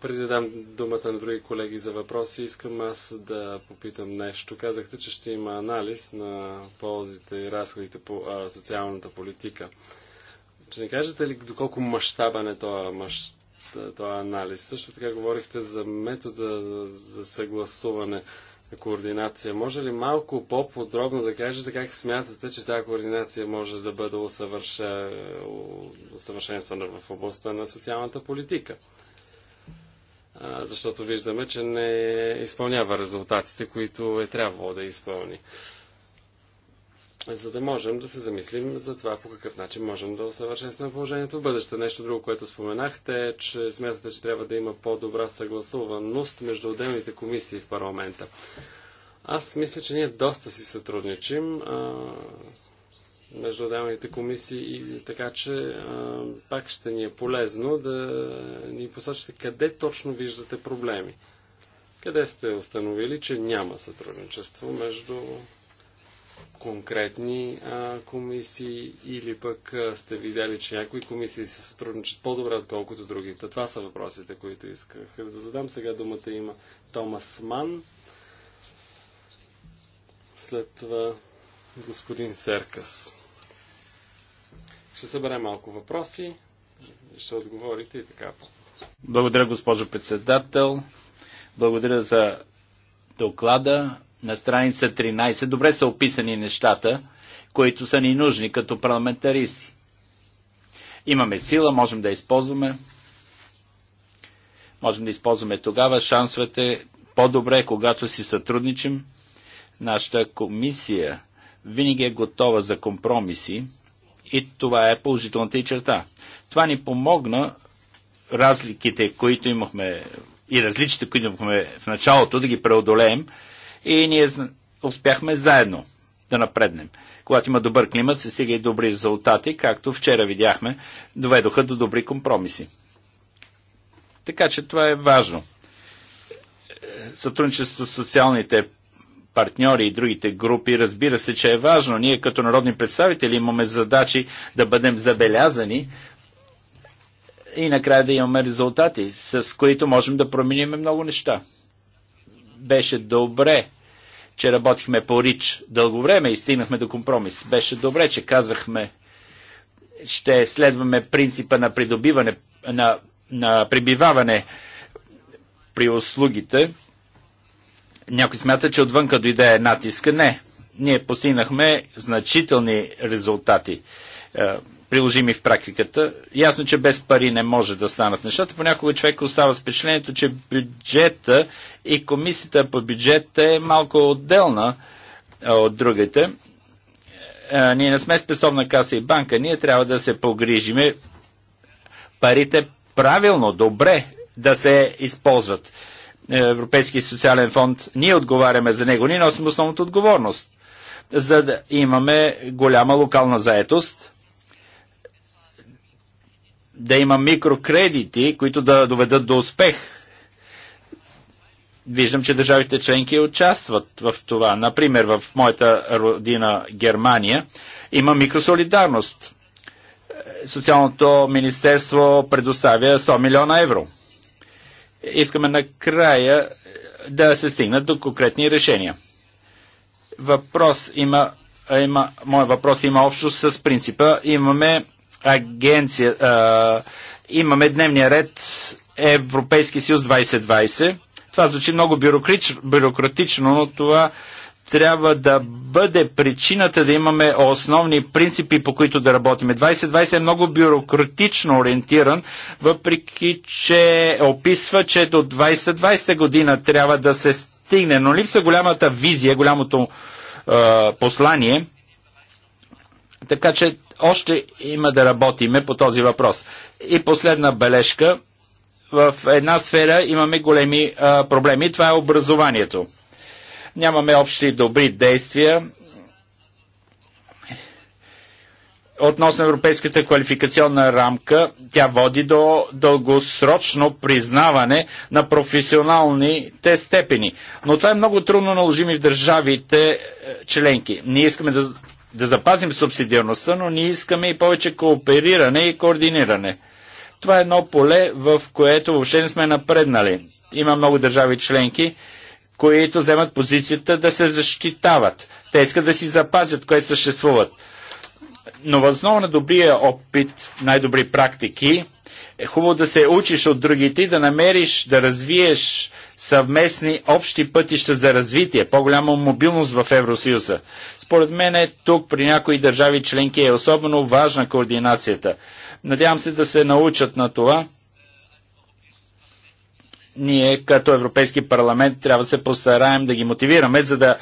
Преди да дам думата на други колеги за въпроси, искам аз да попитам нещо. Казахте, че ще има анализ на ползите и разходите по а, социалната политика. Ще не кажете ли доколко мащабен е този мащаб? Е, този анализ. Също така говорихте за метода за съгласуване координация. Може ли малко по-подробно да кажете как смятате, че тази координация може да бъде усъвършенствана в областта на социалната политика? А, защото виждаме, че не изпълнява резултатите, които е трябвало да изпълни за да можем да се замислим за това по какъв начин можем да усъвършенстваме положението в бъдеще. Нещо друго, което споменахте е, че смятате, че трябва да има по-добра съгласуваност между отделните комисии в парламента. Аз мисля, че ние доста си сътрудничим а, между отделните комисии и така, че а, пак ще ни е полезно да ни посочите къде точно виждате проблеми. Къде сте установили, че няма сътрудничество между конкретни а, комисии или пък а, сте видели, че някои комисии се сътрудничат по-добре, отколкото другите. това са въпросите, които исках да задам. Сега думата има Томас Ман. След това господин Серкас. Ще съберем малко въпроси, ще отговорите и така. Благодаря, госпожо председател. Благодаря за доклада. На страница 13 добре са описани нещата, които са ни нужни като парламентаристи. Имаме сила, можем да използваме. Можем да използваме тогава шансовете по-добре, когато си сътрудничим. Нашата комисия винаги е готова за компромиси и това е положителната и черта. Това ни помогна разликите, които имахме и различите, които имахме в началото, да ги преодолеем – и ние успяхме заедно да напреднем. Когато има добър климат, се стига и добри резултати, както вчера видяхме, доведоха до добри компромиси. Така че това е важно. Сътрудничеството с социалните партньори и другите групи, разбира се, че е важно. Ние като народни представители имаме задачи да бъдем забелязани и накрая да имаме резултати, с които можем да променим много неща. Беше добре, че работихме по Рич дълго време и стигнахме до компромис. Беше добре, че казахме, ще следваме принципа на придобиване, на, на прибиваване при услугите. Някой смята, че отвънка дойде натиска. Не. Ние постигнахме значителни резултати е, приложими в практиката. Ясно, че без пари не може да станат нещата. Понякога човек остава с впечатлението, че бюджета и комисията по бюджета е малко отделна от другите. Е, ние не сме спестовна каса и банка. Ние трябва да се погрижиме парите правилно, добре да се използват. Е, Европейски социален фонд, ние отговаряме за него, ние носим основната отговорност, за да имаме голяма локална заетост – да има микрокредити, които да доведат до успех. Виждам, че държавите членки участват в това. Например, в моята родина Германия има микросолидарност. Социалното министерство предоставя 100 милиона евро. Искаме накрая да се стигнат до конкретни решения. Въпрос има, има, моят въпрос има общо с принципа. Имаме агенция. А, имаме дневния ред Европейски съюз 2020. Това звучи много бюрократично, бюрократично, но това трябва да бъде причината да имаме основни принципи, по които да работиме. 2020 е много бюрократично ориентиран, въпреки че описва, че до 2020 година трябва да се стигне, но липса голямата визия, голямото е, послание. Така че още има да работиме по този въпрос. И последна бележка. В една сфера имаме големи а, проблеми. Това е образованието. Нямаме общи добри действия относно Европейската квалификационна рамка. Тя води до дългосрочно признаване на професионалните степени. Но това е много трудно наложими в държавите е, членки. Ние искаме да да запазим субсидиарността, но ние искаме и повече коопериране и координиране. Това е едно поле, в което въобще не сме напреднали. Има много държави членки, които вземат позицията да се защитават. Те искат да си запазят, което съществуват. Но възможно на добрия опит, най-добри практики, е хубаво да се учиш от другите и да намериш, да развиеш съвместни общи пътища за развитие, по-голяма мобилност в Евросъюза. Според мен тук при някои държави членки е особено важна координацията. Надявам се да се научат на това. Ние като Европейски парламент трябва да се постараем да ги мотивираме, за да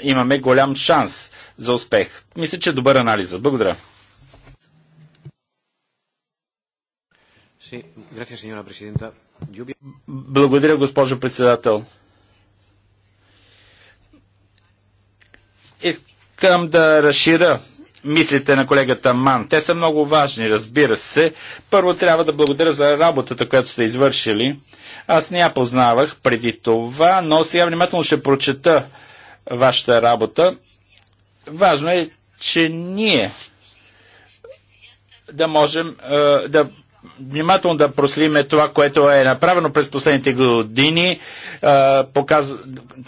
имаме голям шанс за успех. Мисля, че е добър анализ. Благодаря. Sí, gracias, señora presidenta. Благодаря, госпожо председател. Искам да разширя мислите на колегата Ман. Те са много важни, разбира се. Първо трябва да благодаря за работата, която сте извършили. Аз не я познавах преди това, но сега внимателно ще прочета вашата работа. Важно е, че ние да можем е, да внимателно да проследиме това, което е направено през последните години, а, показ...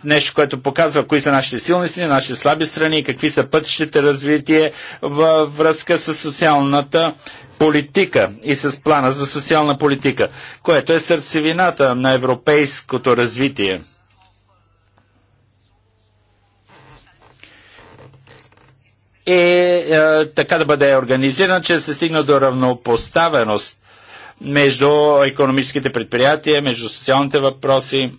нещо, което показва кои са нашите силни страни, нашите слаби страни, какви са пътищите развитие във връзка с социалната политика и с плана за социална политика, което е сърцевината на европейското развитие. И е, така да бъде организиран, че се стигне до равнопоставеност между економическите предприятия, между социалните въпроси.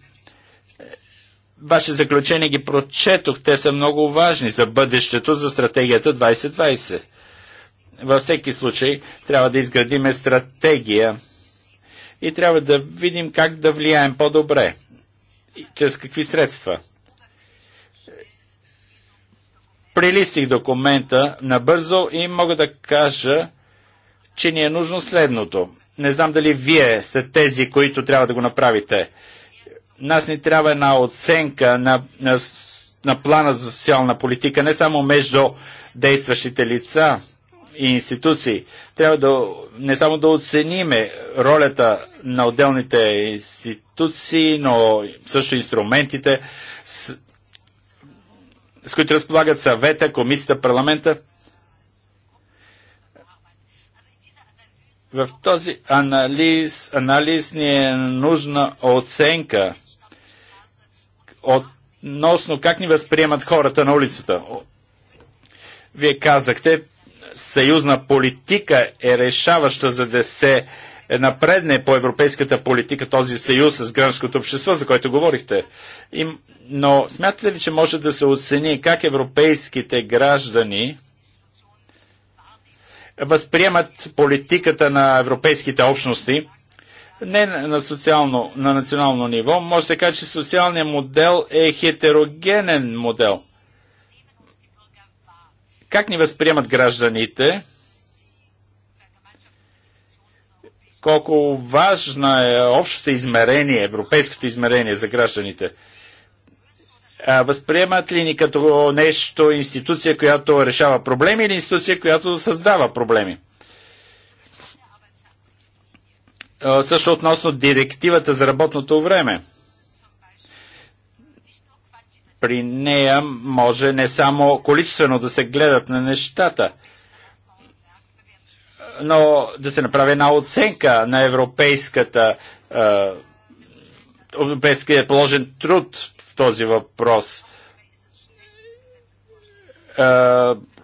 Ваше заключение ги прочетох. Те са много важни за бъдещето, за стратегията 2020. Във всеки случай трябва да изградиме стратегия и трябва да видим как да влияем по-добре. и Чрез какви средства. Прилистих документа набързо и мога да кажа, че ни е нужно следното. Не знам дали вие сте тези, които трябва да го направите. Нас ни трябва една оценка на, на, на плана за социална политика, не само между действащите лица и институции. Трябва да не само да оцениме ролята на отделните институции, но също инструментите, с, с които разполагат съвета, комисията, парламента – В този анализ, анализ ни е нужна оценка относно как ни възприемат хората на улицата. Вие казахте, съюзна политика е решаваща за да се напредне по европейската политика този съюз с гражданското общество, за който говорихте. но смятате ли, че може да се оцени как европейските граждани възприемат политиката на европейските общности, не на, социално, на национално ниво. Може да се каже, че социалният модел е хетерогенен модел. Как ни възприемат гражданите? Колко важно е общото измерение, европейското измерение за гражданите – възприемат ли ни като нещо институция, която решава проблеми или институция, която създава проблеми? също относно директивата за работното време. При нея може не само количествено да се гледат на нещата, но да се направи една оценка на европейската европейския положен труд този въпрос. Е,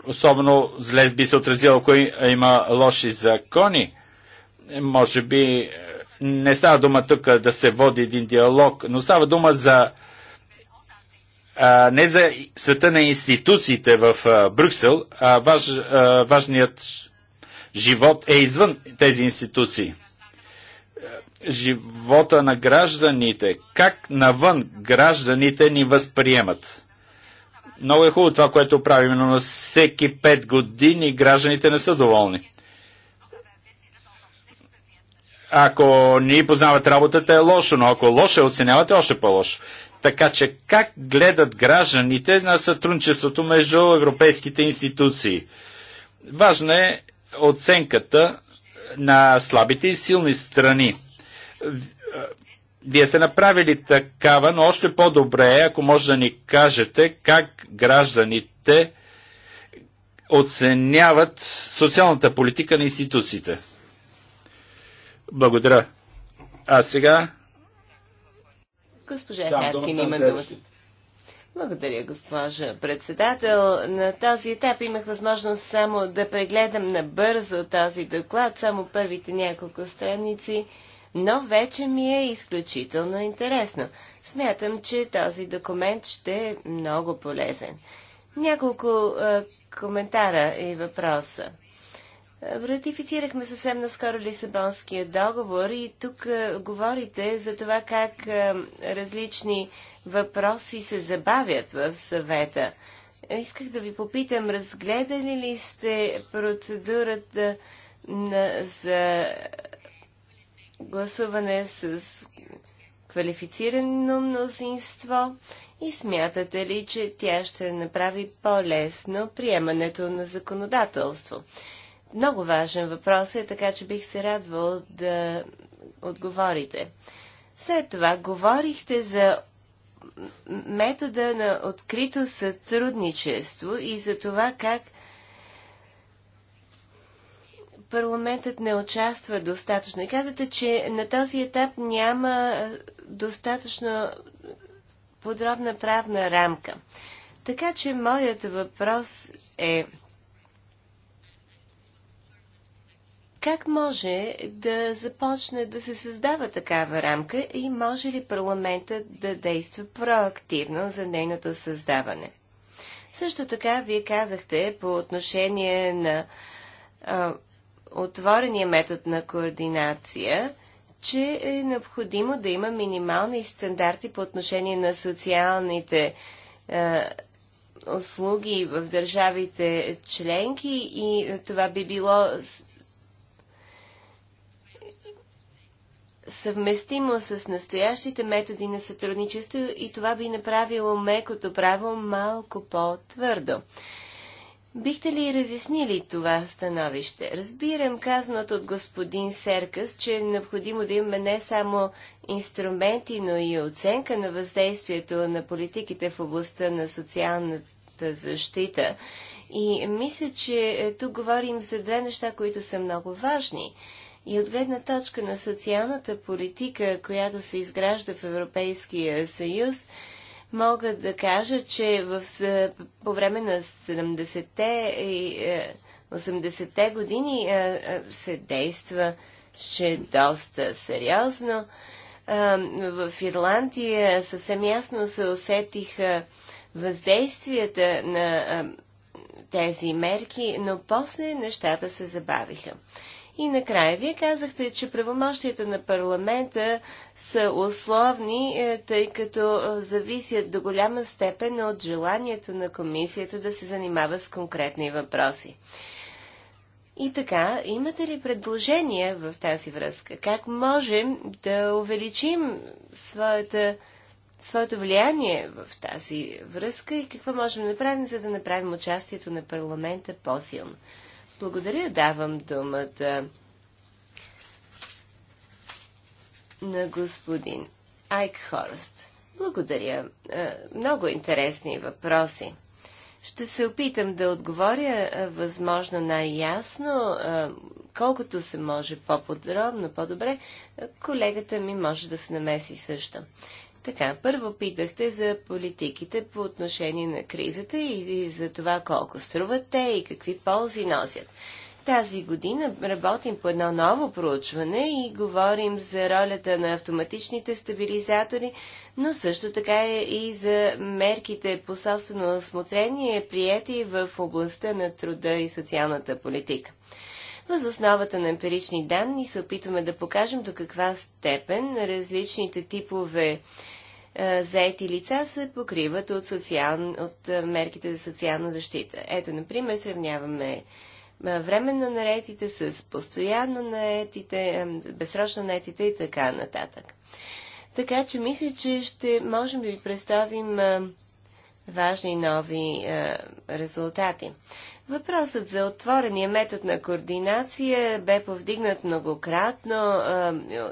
особено зле би се отразило, ако има лоши закони. Може би е, не става дума тук да се води един диалог, но става дума за а, е, не за света на институциите в а, Брюксел, а, важ, а важният живот е извън тези институции живота на гражданите, как навън гражданите ни възприемат. Много е хубаво това, което правим, но на всеки пет години гражданите не са доволни. Ако ни познават работата е лошо, но ако лошо е, оценявате, още по-лошо. Така че как гледат гражданите на сътрудничеството между европейските институции? Важна е оценката на слабите и силни страни вие сте направили такава, но още по-добре е, ако може да ни кажете как гражданите оценяват социалната политика на институциите. Благодаря. А сега... Госпожа да, Харкин има думата. Благодаря, госпожа председател. На този етап имах възможност само да прегледам набързо този доклад, само първите няколко страници но вече ми е изключително интересно. Смятам, че този документ ще е много полезен. Няколко а, е, коментара и въпроса. Е, ратифицирахме съвсем наскоро Лисабонския договор и тук а, е, говорите за това как а, различни въпроси се забавят в съвета. Исках да ви попитам, разгледали ли сте процедурата на, за гласуване с квалифицирано мнозинство и смятате ли, че тя ще направи по-лесно приемането на законодателство? Много важен въпрос е, така че бих се радвал да отговорите. След това говорихте за метода на открито сътрудничество и за това как парламентът не участва достатъчно. И казвате, че на този етап няма достатъчно подробна правна рамка. Така че моят въпрос е как може да започне да се създава такава рамка и може ли парламентът да действа проактивно за нейното създаване? Също така, вие казахте по отношение на а, отворения метод на координация, че е необходимо да има минимални стандарти по отношение на социалните е, услуги в държавите членки и това би било съвместимо с настоящите методи на сътрудничество и това би направило мекото право малко по-твърдо. Бихте ли разяснили това становище? Разбирам казаното от господин Серкас, че е необходимо да имаме не само инструменти, но и оценка на въздействието на политиките в областта на социалната защита. И мисля, че е, тук говорим за две неща, които са много важни. И от гледна точка на социалната политика, която се изгражда в Европейския съюз, мога да кажа, че в, по време на 70-те и 80-те е, години е, е, се действа ще доста сериозно. В Ирландия съвсем ясно се усетиха въздействията на тези мерки, но после нещата се забавиха. И накрая, вие казахте, че правомощията на парламента са условни, е, тъй като е, зависят до голяма степен от желанието на комисията да се занимава с конкретни въпроси. И така, имате ли предложения в тази връзка? Как можем да увеличим своята, своето влияние в тази връзка и какво можем да направим, за да направим участието на парламента по-силно? Благодаря. Давам думата на господин Айк Хорст. Благодаря. Е, много интересни въпроси. Ще се опитам да отговоря е, възможно най-ясно, е, колкото се може по-подробно, по-добре. Колегата ми може да се намеси също. Така, първо питахте за политиките по отношение на кризата и за това колко струват те и какви ползи носят. Тази година работим по едно ново проучване и говорим за ролята на автоматичните стабилизатори, но също така е и за мерките по собствено осмотрение, прияти в областта на труда и социалната политика. Въз основата на емпирични данни се опитваме да покажем до каква степен различните типове е, заети лица се покриват от, социал... от е, мерките за социална защита. Ето, например, сравняваме е, временно наетите с постоянно наетите, безсрочно наетите и така нататък. Така че мисля, че ще можем да ви представим а, важни нови е, резултати. Въпросът за отворения метод на координация бе повдигнат многократно. Е,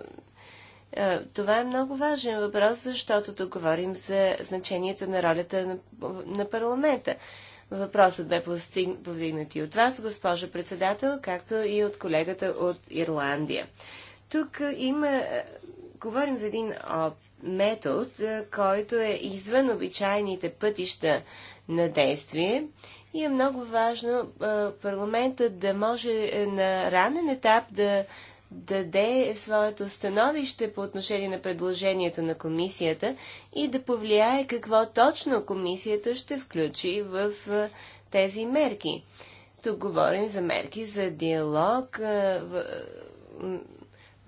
е, това е много важен въпрос, защото тук говорим за значението на ролята на, на парламента. Въпросът бе повдигнат и от вас, госпожа председател, както и от колегата от Ирландия. Тук има. Е, говорим за един опит метод, е, който е извън обичайните пътища на действие и е много важно е, парламентът да може е, на ранен етап да даде своето становище по отношение на предложението на комисията и да повлияе какво точно комисията ще включи в тези мерки. Тук говорим за мерки за диалог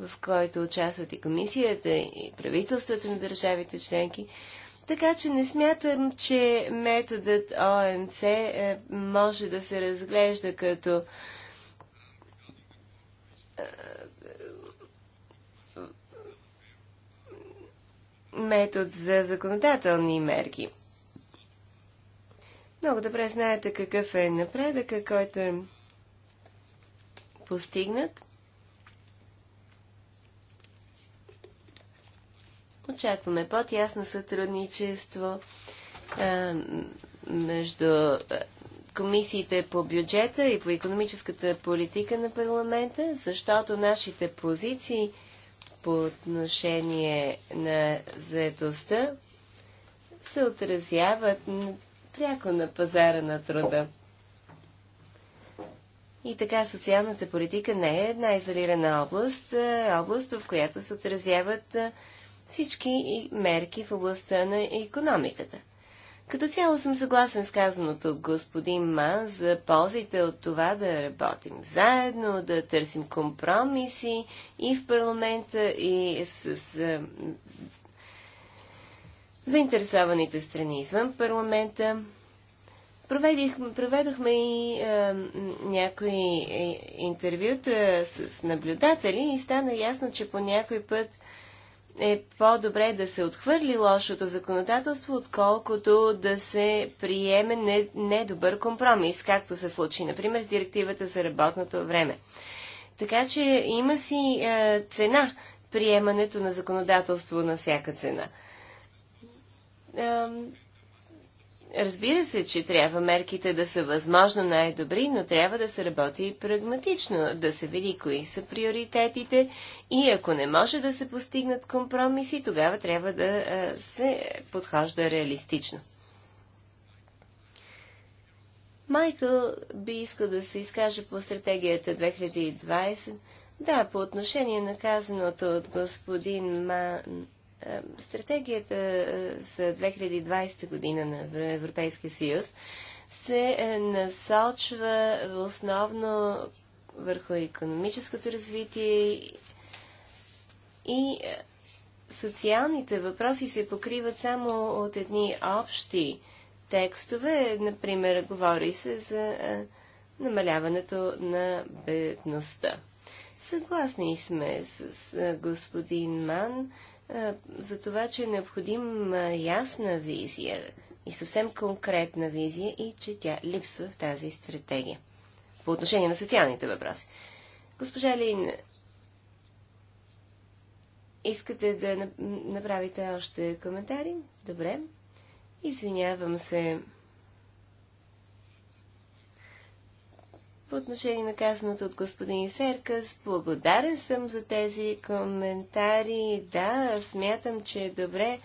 в който участват и комисията, и правителствата на държавите членки. Така че не смятам, че методът ОМЦ е, може да се разглежда като е, метод за законодателни мерки. Много добре знаете какъв е напредъка, който е постигнат. Очакваме по-тясно сътрудничество а, между комисиите по бюджета и по економическата политика на парламента, защото нашите позиции по отношение на заедостта се отразяват пряко на пазара на труда. И така социалната политика не е една изолирана област, област, в която се отразяват всички мерки в областта на економиката. Като цяло съм съгласен с казаното от господин Ма за ползите от това да работим заедно, да търсим компромиси и в парламента, и с, с заинтересованите страни извън парламента. Проведих, проведохме и а, някои е, интервюта с наблюдатели и стана ясно, че по някой път а, е по-добре да се отхвърли лошото законодателство, отколкото да се приеме недобър компромис, както се случи, например, с директивата за работното време. Така че има си е, цена приемането на законодателство на всяка цена. Е, Разбира се, че трябва мерките да са възможно най-добри, но трябва да се работи и прагматично, да се види кои са приоритетите и ако не може да се постигнат компромиси, тогава трябва да се подхожда реалистично. Майкъл би искал да се изкаже по стратегията 2020. Да, по отношение на казаното от господин Ман е, стратегията е, за 2020 година на Европейския съюз се е, насочва основно върху економическото развитие и социалните въпроси се покриват само от едни общи текстове. Например, говори се за намаляването на бедността. Съгласни сме с господин Ман, за това, че е необходима ясна визия и съвсем конкретна визия и че тя липсва в тази стратегия. По отношение на социалните въпроси. Госпожа Лин, искате да направите още коментари? Добре. Извинявам се. По отношение на казаното от господин Серкас, благодарен съм за тези коментари. Да, смятам, че е добре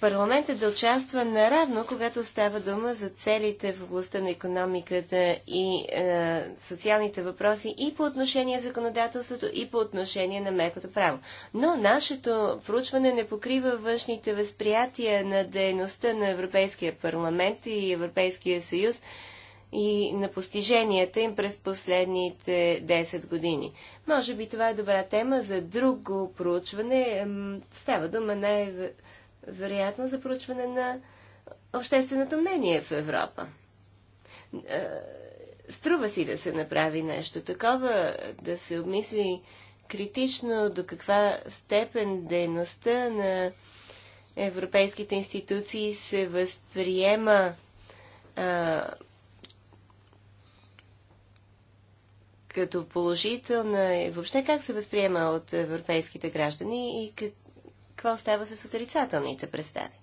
парламентът да участва наравно, когато става дума за целите в областта на економиката и е, социалните въпроси и по отношение на законодателството, и по отношение на мекото право. Но нашето проучване не покрива външните възприятия на дейността на Европейския парламент и Европейския съюз и на постиженията им през последните 10 години. Може би това е добра тема за друго проучване. Става дума най- вероятно за проучване на общественото мнение в Европа. Е, струва си да се направи нещо такова, да се обмисли критично до каква степен дейността на европейските институции се възприема а, е, като положителна и въобще как се възприема от европейските граждани и как, какво става с отрицателните представи.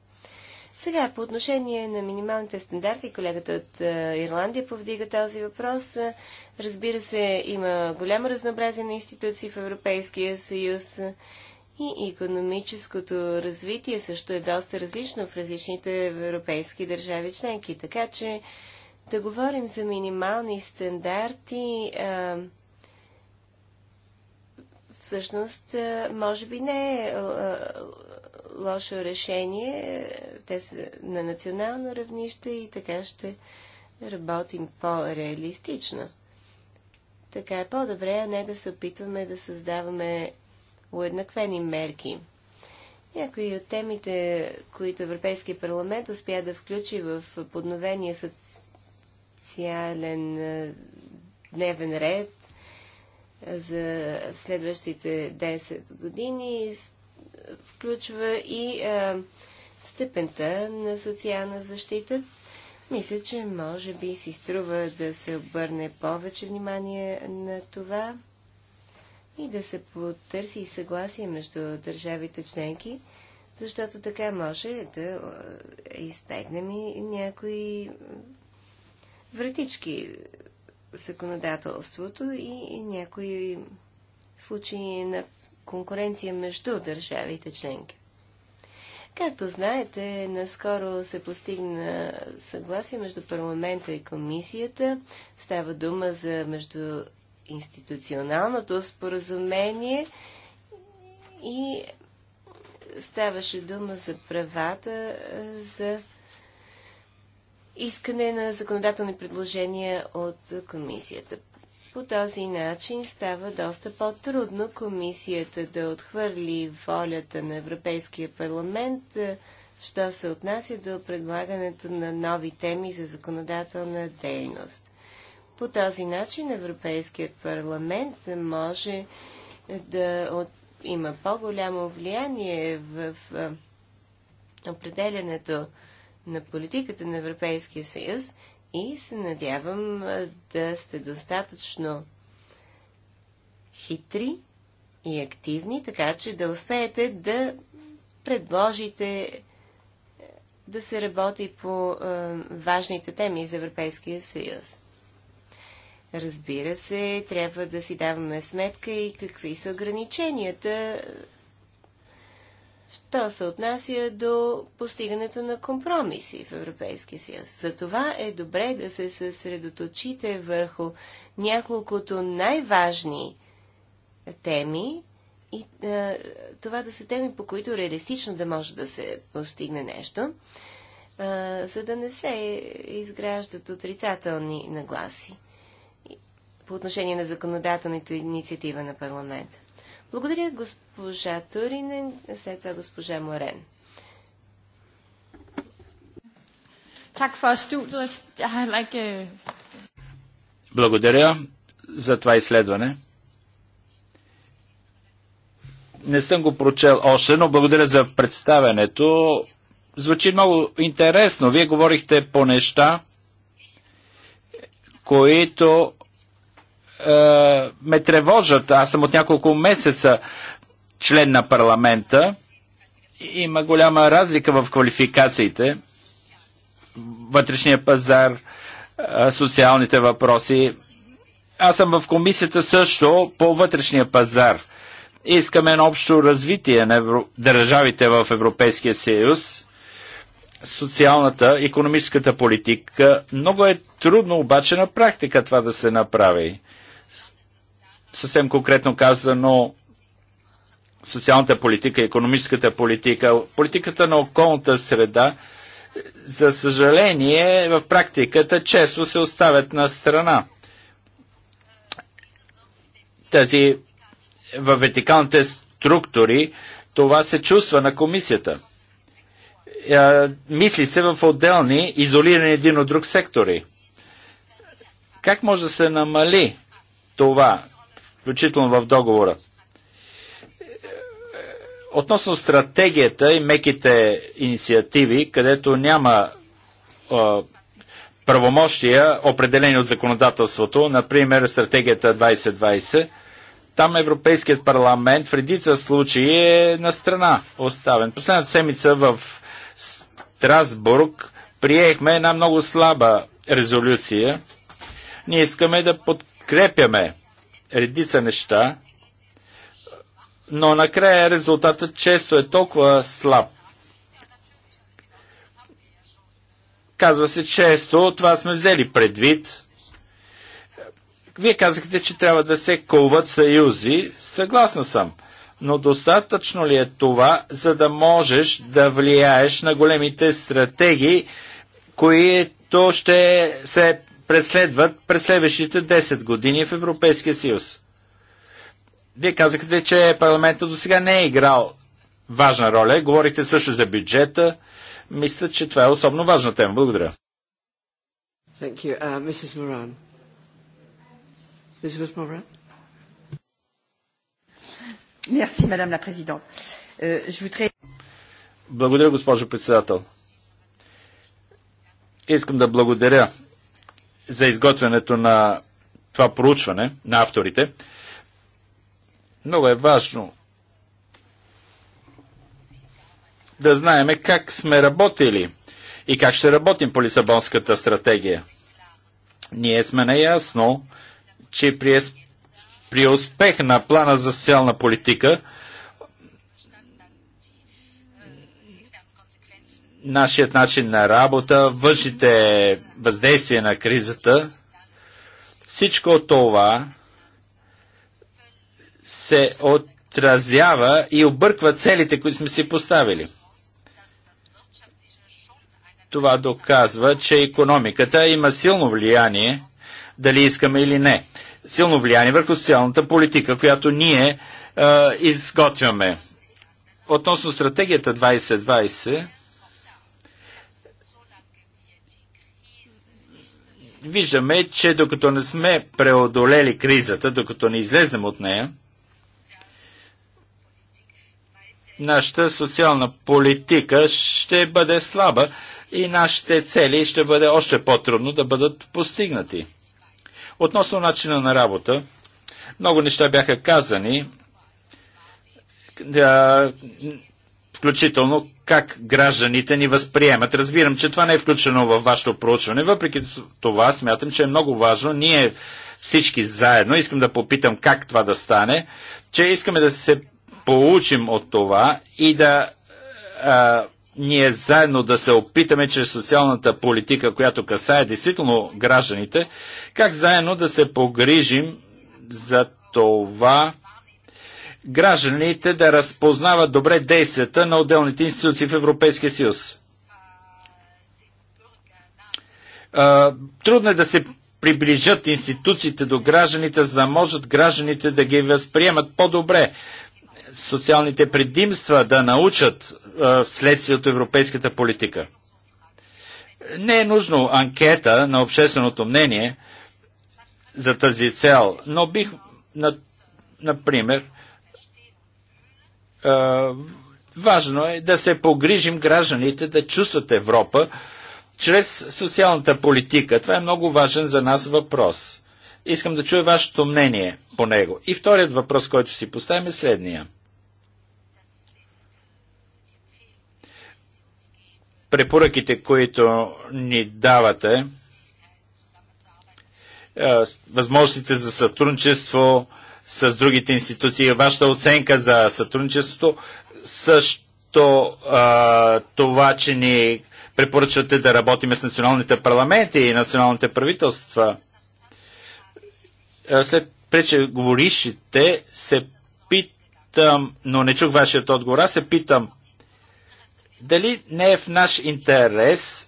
Сега, по отношение на минималните стандарти, колегата от е, Ирландия повдига този въпрос. Е, разбира се, има голямо разнообразие на институции в Европейския съюз е, и економическото развитие също е доста различно в различните европейски държави членки. Така че да говорим за минимални стандарти. А, всъщност може би не е лошо решение. Те са на национално равнище и така ще работим по-реалистично. Така е по-добре, а не да се опитваме да създаваме уеднаквени мерки. Някои от темите, които Европейския парламент успя да включи в подновения социален дневен ред за следващите 10 години включва и а, степента на социална защита. Мисля, че може би си струва да се обърне повече внимание на това и да се потърси съгласие между държавите членки, защото така може да избегнем и някои вратички законодателството и някои случаи на конкуренция между държавите членки. Както знаете, наскоро се постигна съгласие между парламента и комисията. Става дума за междуинституционалното споразумение и ставаше дума за правата за искане на законодателни предложения от комисията. По този начин става доста по-трудно комисията да отхвърли волята на Европейския парламент, е, що се отнася до предлагането на нови теми за законодателна дейност. По този начин Европейският парламент може да от... има по-голямо влияние в е, определенето на политиката на Европейския съюз и се надявам да сте достатъчно хитри и активни, така че да успеете да предложите е, да се работи по е, важните теми за Европейския съюз. Разбира се, трябва да си даваме сметка и какви са ограниченията що се отнася до постигането на компромиси в Европейския съюз. Затова е добре да се съсредоточите върху няколкото най-важни теми и а, това да са теми, по които реалистично да може да се постигне нещо, а, за да не се изграждат отрицателни нагласи по отношение на законодателната инициатива на парламента. Благодаря госпожа Туринен, след това госпожа Морен. Øh, благодаря за това изследване. Не съм го прочел още, но благодаря за представенето. Звучи много интересно. Вие говорихте по неща, които е, ме тревожат. Аз съм от няколко месеца член на парламента. Има голяма разлика в квалификациите. Вътрешния пазар, е, социалните въпроси. Аз съм в комисията също по вътрешния пазар. Искаме едно общо развитие на евро... държавите в Европейския съюз социалната, економическата политика. Много е трудно обаче на практика това да се направи съвсем конкретно казано, социалната политика, економическата политика, политиката на околната среда, за съжаление, в практиката често се оставят на страна. Тази в вертикалните структури това се чувства на комисията. Е, мисли се в отделни, изолирани един от друг сектори. Как може да се намали това включително в договора. Относно стратегията и меките инициативи, където няма а, правомощия, определени от законодателството, например стратегията 2020, там Европейският парламент в редица случаи е на страна оставен. Последната седмица в Страсбург приехме една много слаба резолюция. Ние искаме да подкрепяме редица неща, но накрая резултатът често е толкова слаб. Казва се често, това сме взели предвид. Вие казахте, че трябва да се кълват съюзи. Съгласна съм. Но достатъчно ли е това, за да можеш да влияеш на големите стратегии, които ще се преследват през следващите 10 години в Европейския съюз. Вие казахте, че парламентът до сега не е играл важна роля. Говорите също за бюджета. Мисля, че това е особено важна тема. Благодаря. Thank you. Uh, Mrs. Moran. Elizabeth Moran. Merci, Madame la Présidente. Euh, je voudrais... Благодаря, госпожо председател. Искам да благодаря за изготвянето на това проучване на авторите. Много е важно да знаеме как сме работили и как ще работим по Лисабонската стратегия. Ние сме наясно, че при, при успех на плана за социална политика – нашият начин на работа, външните въздействия на кризата, всичко това се отразява и обърква целите, които сме си поставили. Това доказва, че економиката има силно влияние, дали искаме или не. Силно влияние върху социалната политика, която ние е, изготвяме. Относно стратегията 2020, виждаме, че докато не сме преодолели кризата, докато не излезем от нея, нашата социална политика ще бъде слаба и нашите цели ще бъде още по-трудно да бъдат постигнати. Относно начина на работа, много неща бяха казани включително как гражданите ни възприемат. Разбирам, че това не е включено във вашето проучване. Въпреки това, смятам, че е много важно ние всички заедно, искам да попитам как това да стане, че искаме да се получим от това и да а, ние заедно да се опитаме чрез социалната политика, която касае действително гражданите, как заедно да се погрижим за това, гражданите да разпознават добре действията на отделните институции в Европейския съюз. Трудно е да се приближат институциите до гражданите, за да можат гражданите да ги възприемат по-добре. Социалните предимства да научат вследствие от европейската политика. Не е нужно анкета на общественото мнение за тази цел, но бих, например, Важно е да се погрижим гражданите да чувстват Европа чрез социалната политика. Това е много важен за нас въпрос. Искам да чуя вашето мнение по него. И вторият въпрос, който си поставим е следния. Препоръките, които ни давате, възможностите за сътрудничество, с другите институции. Вашата оценка за сътрудничеството също а, това, че ни препоръчвате да работиме с националните парламенти и националните правителства. След пречеговорившите се питам, но не чух вашият отговор, аз се питам дали не е в наш интерес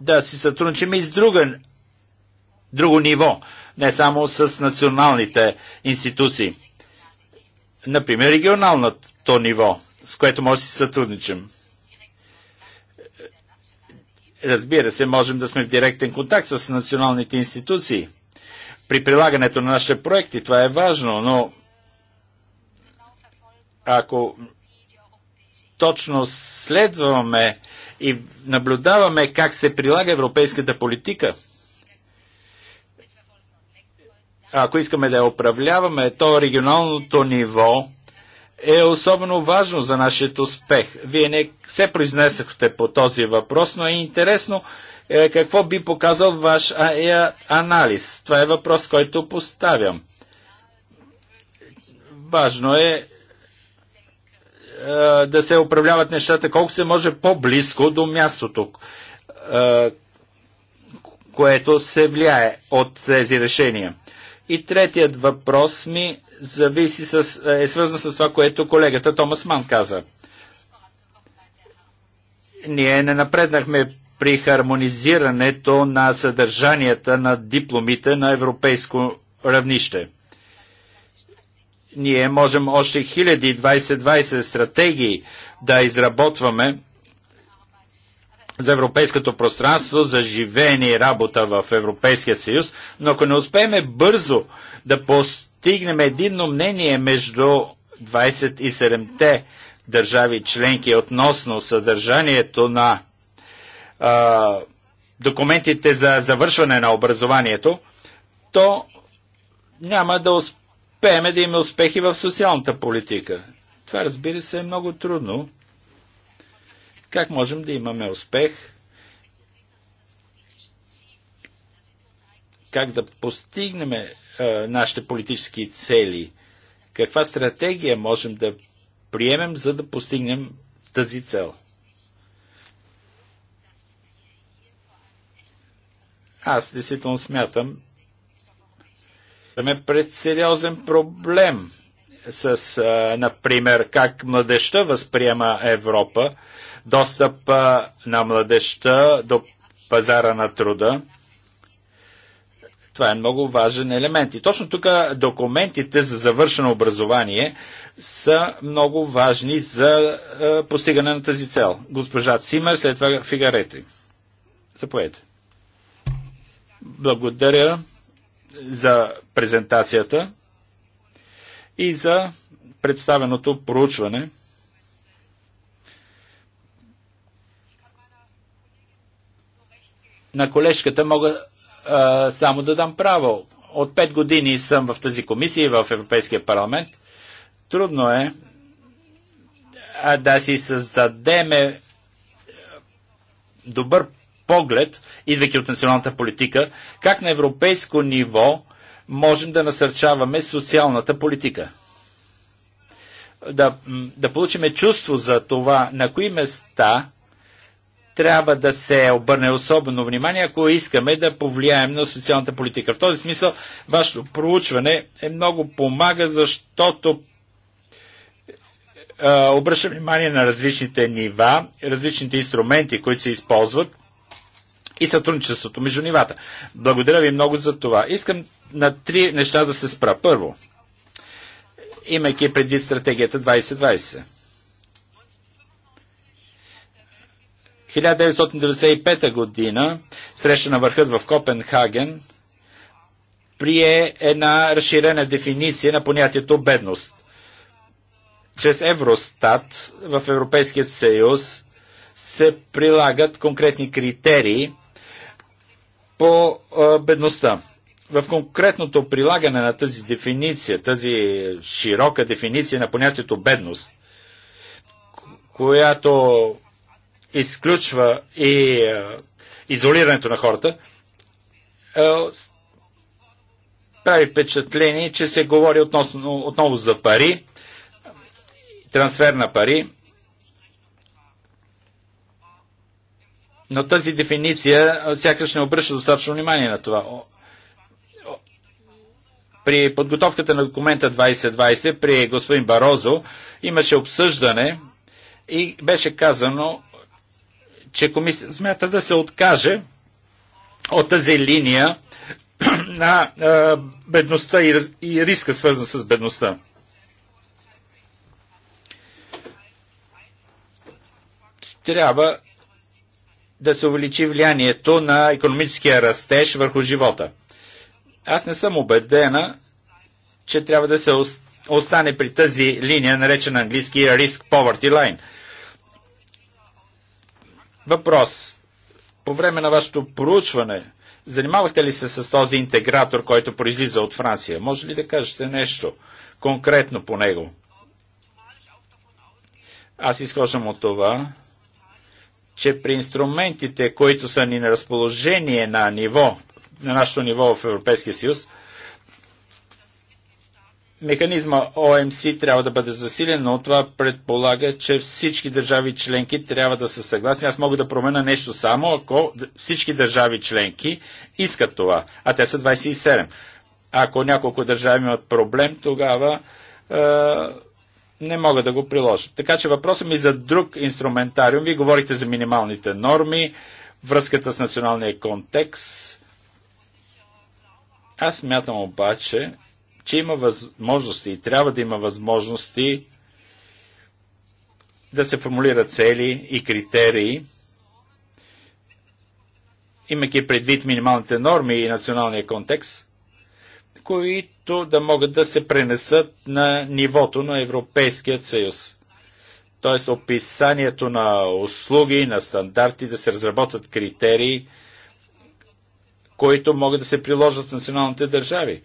да си сътрудничим и с друга, друго ниво, не само с националните институции. Например, регионалното ниво, с което може да си сътрудничим. Разбира се, можем да сме в директен контакт с националните институции при прилагането на нашите проекти. Това е важно, но ако точно следваме и наблюдаваме как се прилага европейската политика – ако искаме да я управляваме, то регионалното ниво е особено важно за нашия успех. Вие не се произнесахте по този въпрос, но е интересно е, какво би показал ваш а, е, анализ. Това е въпрос, който поставям. Важно е, е да се управляват нещата колко се може по-близко до мястото, е, което се влияе от тези решения. И третият въпрос ми зависи с, е свързан с това, което колегата Томас Ман каза. Ние не напреднахме при хармонизирането на съдържанията на дипломите на европейско равнище. Ние можем още 1020-20 стратегии да изработваме, за европейското пространство, за живеене и работа в Европейския съюз, но ако не успееме бързо да постигнем единно мнение между 27-те държави членки относно съдържанието на а, документите за завършване на образованието, то няма да успеем да имаме успехи в социалната политика. Това, разбира се, е много трудно. Как можем да имаме успех? Как да постигнем е, нашите политически цели? Каква стратегия можем да приемем, за да постигнем тази цел? Аз действително смятам, ме пред сериозен проблем с, а, е, например, как младеща възприема Европа, достъп на младеща до пазара на труда. Това е много важен елемент. И точно тук документите за завършено образование са много важни за постигане на тази цел. Госпожа Цимер, след това Фигарети. Заповедайте. Благодаря за презентацията и за представеното проучване. на колежката мога а, само да дам право. От 5 години съм в тази комисия и в Европейския парламент. Трудно е а, да си създадеме добър поглед, идвайки от националната политика, как на европейско ниво можем да насърчаваме социалната политика. Да, да получиме чувство за това на кои места трябва да се обърне особено внимание, ако искаме да повлияем на социалната политика. В този смисъл, вашето проучване е много помага, защото е, обръща внимание на различните нива, различните инструменти, които се използват и сътрудничеството между нивата. Благодаря ви много за това. Искам на три неща да се спра. Първо, имайки предвид стратегията 2020. 1995 година среща на върхът в Копенхаген прие една разширена дефиниция на понятието бедност. Чрез Евростат в Европейският съюз се прилагат конкретни критерии по бедността. В конкретното прилагане на тази дефиниция, тази широка дефиниция на понятието бедност, която изключва и а, е, изолирането на хората, а, е, прави впечатление, че се говори относно, отново за пари, трансфер на пари. Но тази дефиниция е, сякаш не обръща достатъчно внимание на това. При подготовката на документа 2020 при господин Барозо имаше обсъждане и беше казано, че комисията смята да се откаже от тази линия на бедността и, и риска, свързан с бедността. Трябва да се увеличи влиянието на економическия растеж върху живота. Аз не съм убедена, че трябва да се остане при тази линия, наречена английски риск poverty line – Въпрос. По време на вашето проучване, занимавахте ли се с този интегратор, който произлиза от Франция? Може ли да кажете нещо конкретно по него? Аз изхождам от това, че при инструментите, които са ни на разположение на ниво, на нашето ниво в Европейския съюз, Механизма ОМС трябва да бъде засилен, но това предполага, че всички държави членки трябва да са съгласни. Аз мога да променя нещо само, ако всички държави членки искат това, а те са 27. Ако няколко държави имат проблем, тогава е, не могат да го приложат. Така че въпросът ми за друг инструментариум. Вие говорите за минималните норми, връзката с националния контекст. Аз мятам обаче, че има възможности и трябва да има възможности да се формулират цели и критерии, имайки предвид минималните норми и националния контекст, които да могат да се пренесат на нивото на Европейският съюз. Тоест описанието на услуги, на стандарти, да се разработят критерии, които могат да се приложат в националните държави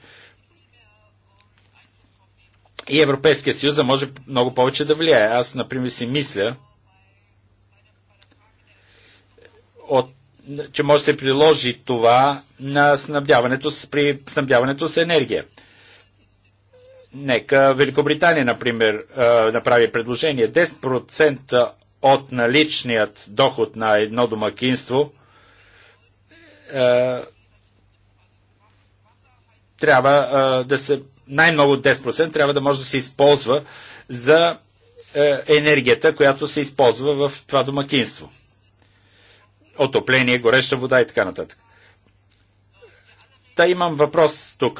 и Европейския съюз да може много повече да влияе. Аз, например, си мисля, от, че може да се приложи това на снабдяването с, при снабдяването с енергия. Нека Великобритания, например, направи предложение 10% от наличният доход на едно домакинство трябва да се най-много 10% трябва да може да се използва за е, енергията, която се използва в това домакинство. Отопление, гореща вода и така нататък. Та имам въпрос тук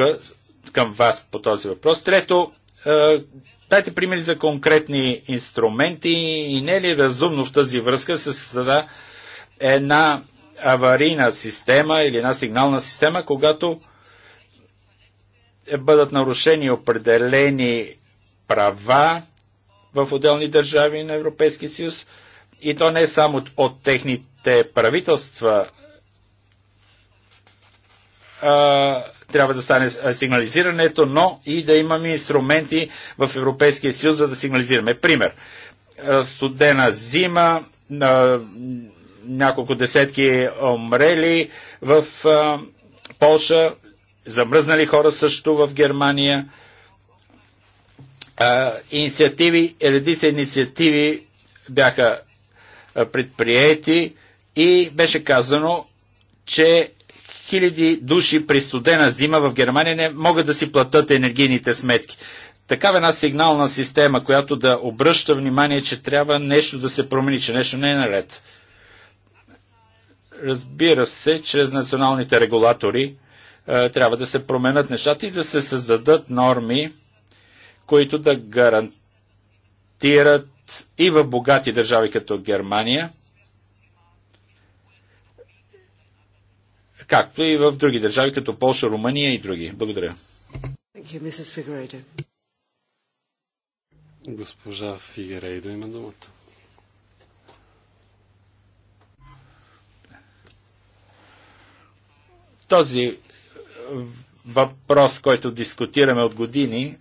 към вас по този въпрос. Трето, е, дайте примери за конкретни инструменти и не е ли разумно в тази връзка се създада една аварийна система или една сигнална система, когато бъдат нарушени определени права в отделни държави на Европейския съюз и то не само от, от техните правителства а, трябва да стане сигнализирането, но и да имаме инструменти в Европейския съюз, за да сигнализираме. Пример, студена зима, а, няколко десетки умрели е, в а, Полша, замръзнали хора също в Германия. А, инициативи, редица инициативи бяха предприети и беше казано, че хиляди души при студена зима в Германия не могат да си платят енергийните сметки. Такава една сигнална система, която да обръща внимание, че трябва нещо да се промени, че нещо не е наред. Разбира се, чрез националните регулатори, е, трябва да се променят нещата и да се създадат норми, които да гарантират и в богати държави като Германия, както и в други държави като Польша, Румъния и други. Благодаря. Госпожа Фигерейдо има думата. Този въпрос, който дискутираме от години.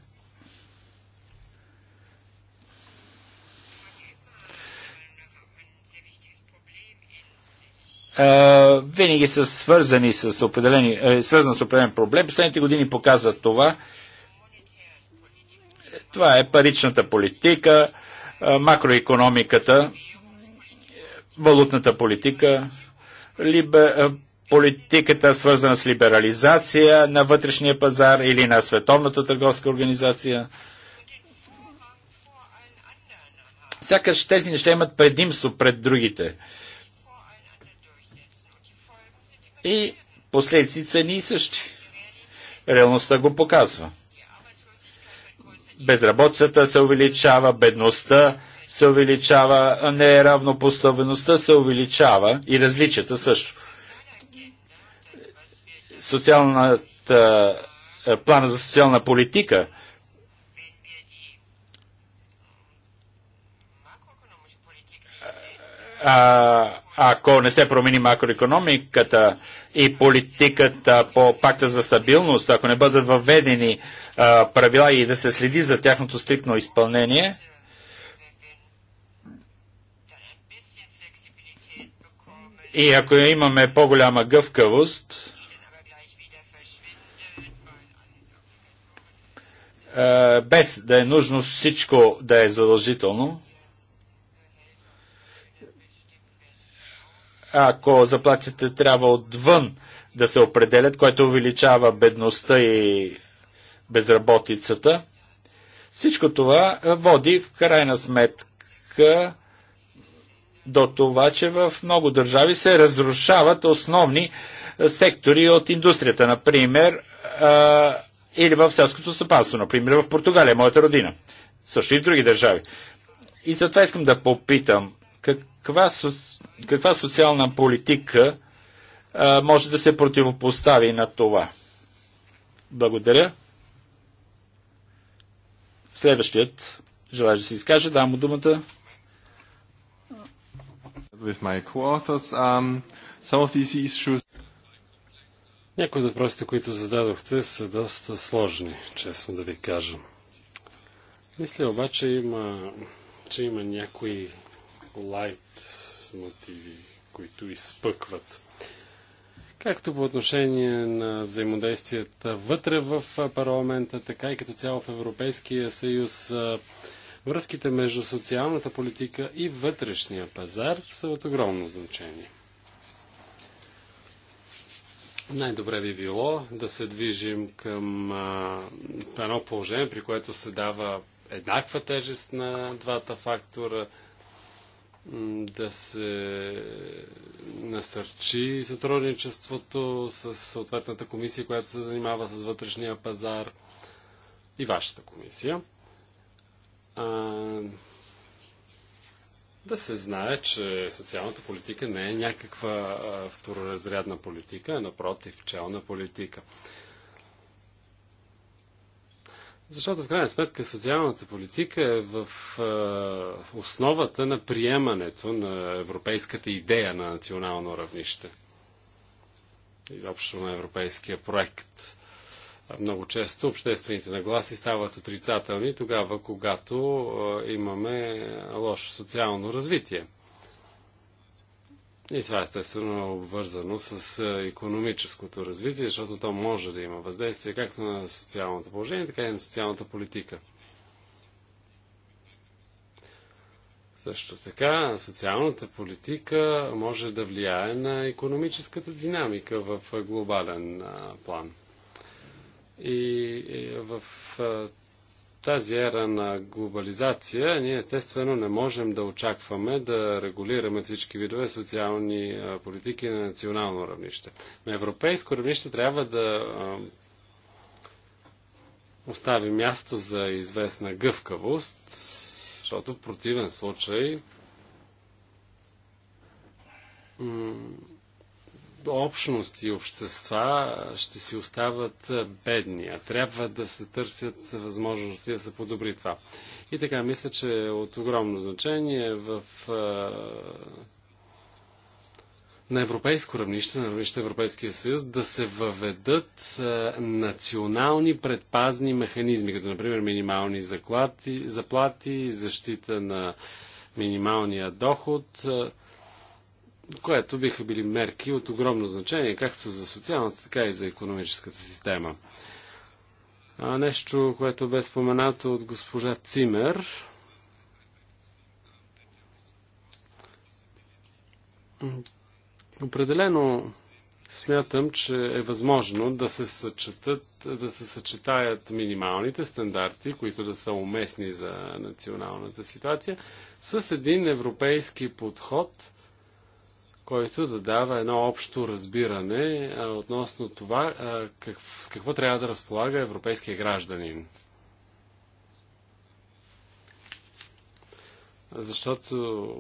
винаги са свързани с определени, е, свързан с определен проблем. Последните години показват това. Това е паричната политика, макроекономиката, валутната политика, либе, политиката, свързана с либерализация на вътрешния пазар или на Световната търговска организация. Сякаш тези неща имат предимство пред другите. И последици цени и същи. Реалността го показва. Безработицата се увеличава, бедността се увеличава, неравнопоставеността се увеличава и различията също социалната, е, плана за социална политика, а, ако не се промени макроекономиката и политиката по пакта за стабилност, ако не бъдат въведени а, правила и да се следи за тяхното стрикно изпълнение, и ако имаме по-голяма гъвкавост, Е, без да е нужно всичко да е задължително. Ако заплатите трябва отвън да се определят, което увеличава бедността и безработицата, всичко това е, води в крайна сметка до това, че в много държави се разрушават основни е, сектори от индустрията. Например, или в селското стопанство, например в Португалия, моята родина. Също и в други държави. И затова искам да попитам, каква, каква социална политика а, може да се противопостави на това? Благодаря. Следващият желая да се изкаже, дам му думата. With my co-authors, um, some of these issues някои от въпросите, които зададохте, са доста сложни, честно да ви кажа. Мисля обаче, има, че има някои лайт мотиви, които изпъкват. Както по отношение на взаимодействията вътре в парламента, така и като цяло в Европейския съюз, връзките между социалната политика и вътрешния пазар са от огромно значение най-добре би било да се движим към а, едно положение, при което се дава еднаква тежест на двата фактора, да се насърчи сътрудничеството с съответната комисия, която се занимава с вътрешния пазар и вашата комисия. А, да се знае, че социалната политика не е някаква второразрядна политика, а напротив, челна политика. Защото в крайна сметка социалната политика е в а, основата на приемането на европейската идея на национално равнище. Изобщо на европейския проект много често обществените нагласи стават отрицателни тогава, когато е, имаме е, лошо социално развитие. И това естествено е обвързано с економическото развитие, защото то може да има въздействие както на социалното положение, така и на социалната политика. Също така, социалната политика може да влияе на економическата динамика в е, глобален план. И в тази ера на глобализация ние естествено не можем да очакваме да регулираме всички видове социални политики на национално равнище. На европейско равнище трябва да остави място за известна гъвкавост, защото в противен случай общности и общества ще си остават бедни, а трябва да се търсят възможности да се подобри това. И така, мисля, че е от огромно значение в на европейско равнище, на равнище Европейския съюз, да се въведат а, национални предпазни механизми, като например минимални заплати, защита на минималния доход което биха били мерки от огромно значение, както за социалната, така и за економическата система. А, нещо, което бе споменато от госпожа Цимер. Определено смятам, че е възможно да се, съчетат, да се съчетаят минималните стандарти, които да са уместни за националната ситуация, с един европейски подход – който задава едно общо разбиране а, относно това а, как, с какво трябва да разполага европейския гражданин. Защото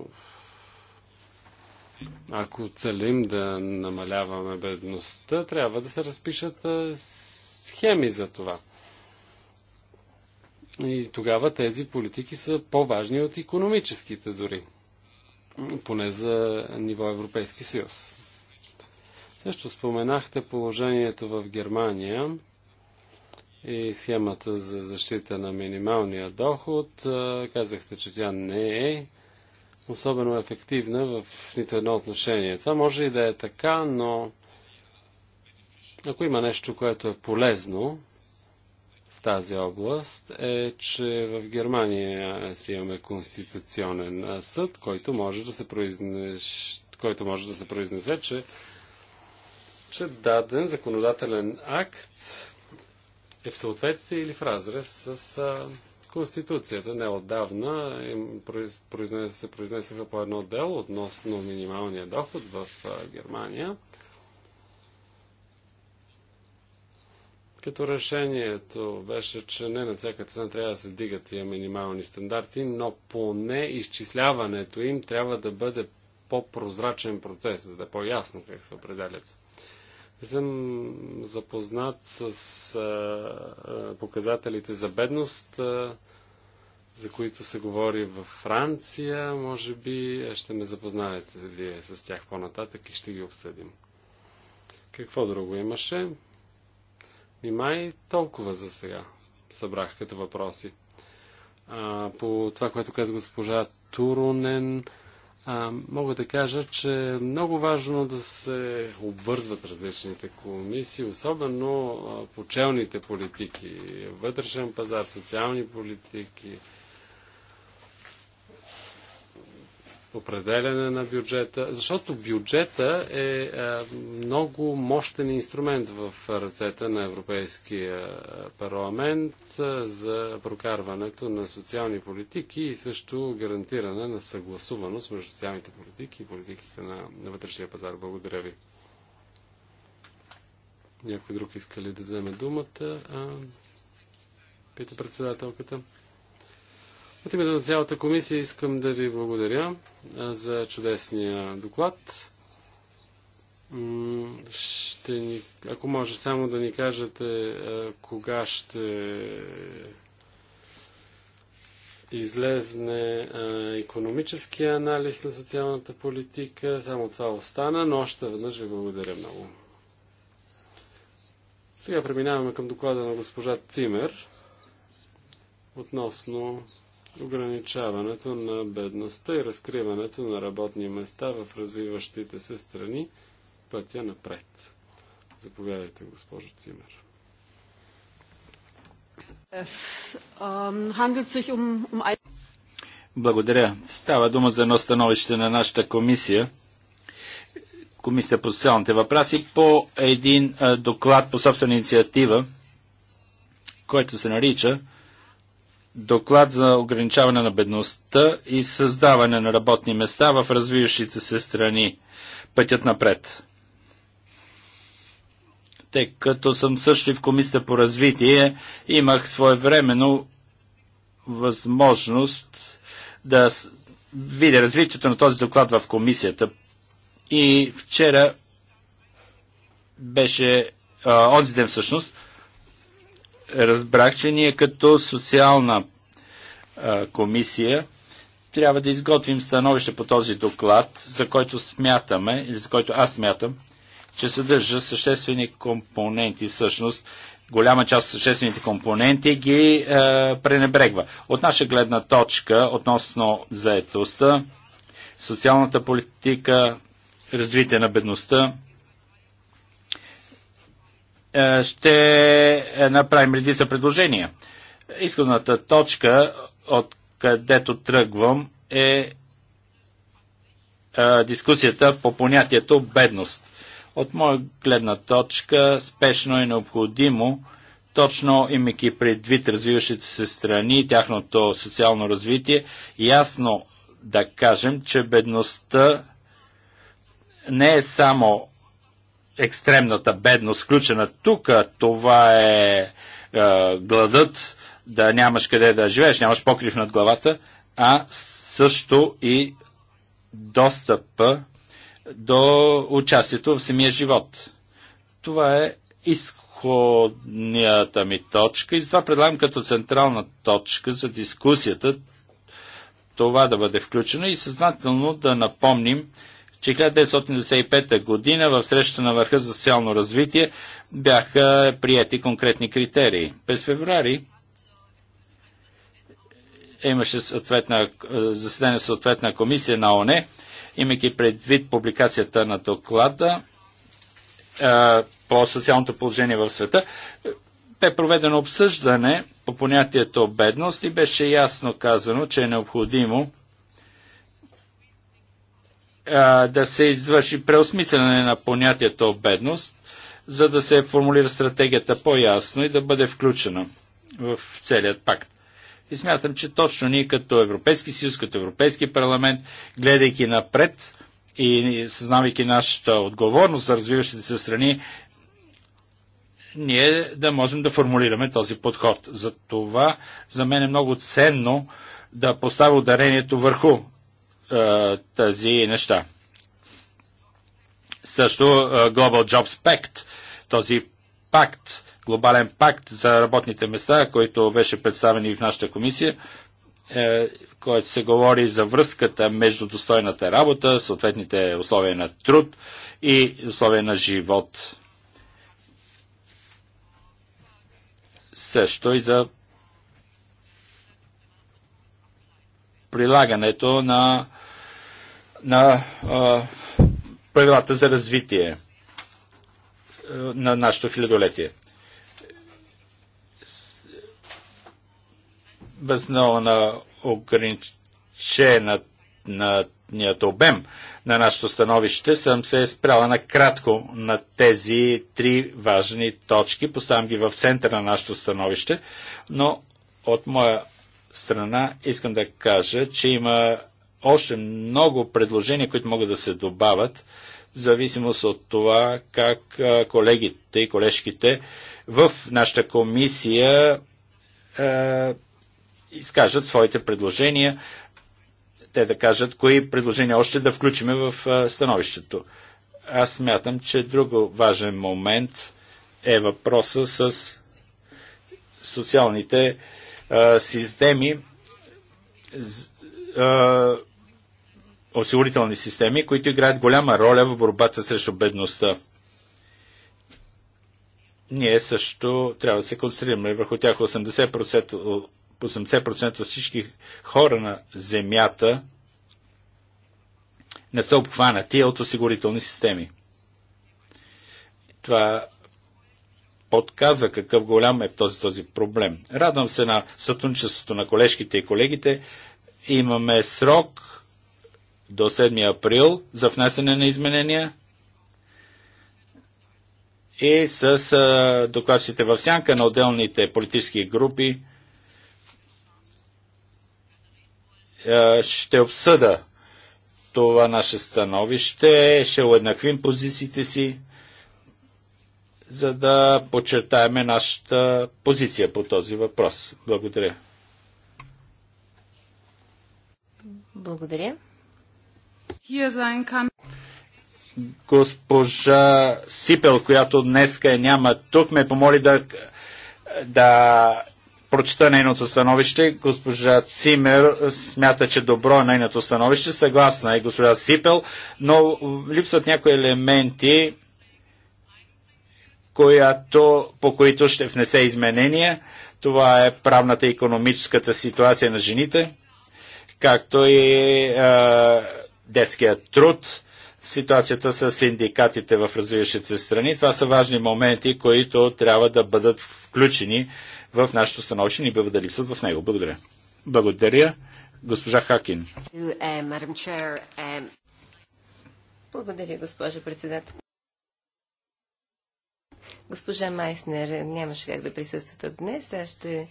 ако целим да намаляваме бедността, трябва да се разпишат а, схеми за това. И тогава тези политики са по-важни от економическите дори поне за ниво Европейски съюз. Също споменахте положението в Германия и схемата за защита на минималния доход. Казахте, че тя не е особено ефективна в нито едно отношение. Това може и да е така, но ако има нещо, което е полезно в тази област е, че в Германия си имаме конституционен съд, който може да се произнесе, който може да се произнесе че, че даден законодателен акт е в съответствие или в разрез с а, Конституцията. Не отдавна им произнес, се произнесеха по едно дело относно минималния доход в а, Германия – Като решението беше, че не на всяка цена трябва да се дигат тия минимални стандарти, но поне изчисляването им трябва да бъде по-прозрачен процес, за да е по-ясно как се определят. Не съм запознат с а, показателите за бедност, а, за които се говори във Франция. Може би ще ме запознаете вие с тях по-нататък и ще ги обсъдим. Какво друго имаше? И май толкова за сега събрах като въпроси. А, по това, което каза госпожа Туронен, а, мога да кажа, че е много важно да се обвързват различните комисии, особено а, по челните политики, вътрешен пазар, социални политики, определяне на бюджета, защото бюджета е, е много мощен инструмент в ръцете на Европейския парламент е, за прокарването на социални политики и също гарантиране на съгласуваност между социалните политики и политиките на, вътрешния пазар. Благодаря ви. Някой друг иска ли да вземе думата? пита председателката. От името на цялата комисия искам да ви благодаря за чудесния доклад. Ще ни, ако може само да ни кажете кога ще излезне економическия анализ на социалната политика. Само това остана, но още веднъж ви благодаря много. Сега преминаваме към доклада на госпожа Цимер относно ограничаването на бедността и разкриването на работни места в развиващите се страни пътя напред. Заповядайте, госпожо Цимер. Um, um, um Благодаря. Става дума за едно становище на нашата комисия, Комисия по социалните въпроси, по един доклад по собствена инициатива, който се нарича доклад за ограничаване на бедността и създаване на работни места в развиващите се страни. Пътят напред. Тъй като съм също и в Комисията по развитие, имах своевременно възможност да видя развитието на този доклад в Комисията. И вчера беше, а, онзи ден всъщност, разбрах, че ние като социална а, комисия трябва да изготвим становище по този доклад, за който смятаме, или за който аз смятам, че съдържа съществени компоненти. Всъщност, голяма част от съществените компоненти ги е, пренебрегва. От наша гледна точка, относно заетостта, социалната политика, развитие на бедността, е, ще е, направим редица предложения. Изходната точка, от където тръгвам, е, е дискусията по понятието бедност. От моя гледна точка спешно е необходимо, точно имайки предвид развиващите се страни и тяхното социално развитие, ясно да кажем, че бедността не е само екстремната бедност включена тук, това е, е гладът, да нямаш къде да живееш, нямаш покрив над главата, а също и достъп до участието в самия живот. Това е изходнията ми точка и затова предлагам като централна точка за дискусията това да бъде включено и съзнателно да напомним, че 1995 година в среща на върха за социално развитие бяха прияти конкретни критерии. През феврари имаше съответна, е, заседание съответна комисия на ОНЕ, имайки предвид публикацията на доклада е, по социалното положение в света, бе проведено обсъждане по понятието бедност и беше ясно казано, че е необходимо а, да се извърши преосмислене на понятието бедност, за да се формулира стратегията по-ясно и да бъде включена в целият пакт. И смятам, че точно ние като Европейски съюз, като Европейски парламент, гледайки напред и съзнавайки нашата отговорност за развиващите се страни, ние да можем да формулираме този подход. За това за мен е много ценно да поставя ударението върху тази неща. Също Global Jobs Pact, този пакт, глобален пакт за работните места, който беше представен и в нашата комисия, е, който се говори за връзката между достойната работа, съответните условия на труд и условия на живот. Също и за прилагането на на а, правилата за развитие а, на нашето хилядолетие. Възнова на ограничената на обем на нашето становище, съм се спряла на кратко на тези три важни точки. Поставям ги в центъра на нашето становище, но от моя страна искам да кажа, че има още много предложения, които могат да се добавят, в зависимост от това как колегите и колежките в нашата комисия е, изкажат своите предложения, те да кажат кои предложения още да включиме в становището. Аз смятам, че друго важен момент е въпроса с социалните е, системи осигурителни системи, които играят голяма роля в борбата срещу бедността. Ние също трябва да се концентрираме върху тях. 80%, 80% от всички хора на Земята не са обхванати от осигурителни системи. Това подказва какъв голям е този, този проблем. Радвам се на сътрудничеството на колежките и колегите. Имаме срок до 7 април за внесене на изменения и с докладчите в сянка на отделните политически групи ще обсъда това наше становище, ще уеднаквим позициите си, за да подчертаем нашата позиция по този въпрос. Благодаря. Благодаря. Госпожа Сипел, която днеска е няма тук, ме помоли да, да прочета нейното становище. Госпожа Цимер смята, че добро е нейното становище. Съгласна е госпожа Сипел, но липсват някои елементи, която, по които ще внесе изменения. Това е правната и економическата ситуация на жените, както и е, детския труд, ситуацията с синдикатите в развиващите се страни. Това са важни моменти, които трябва да бъдат включени в нашето становище и бива да липсват в него. Благодаря. Благодаря. Госпожа Хакин. Благодаря, госпожа председател. Госпожа Майснер нямаше как да присъства тук днес. Аз ще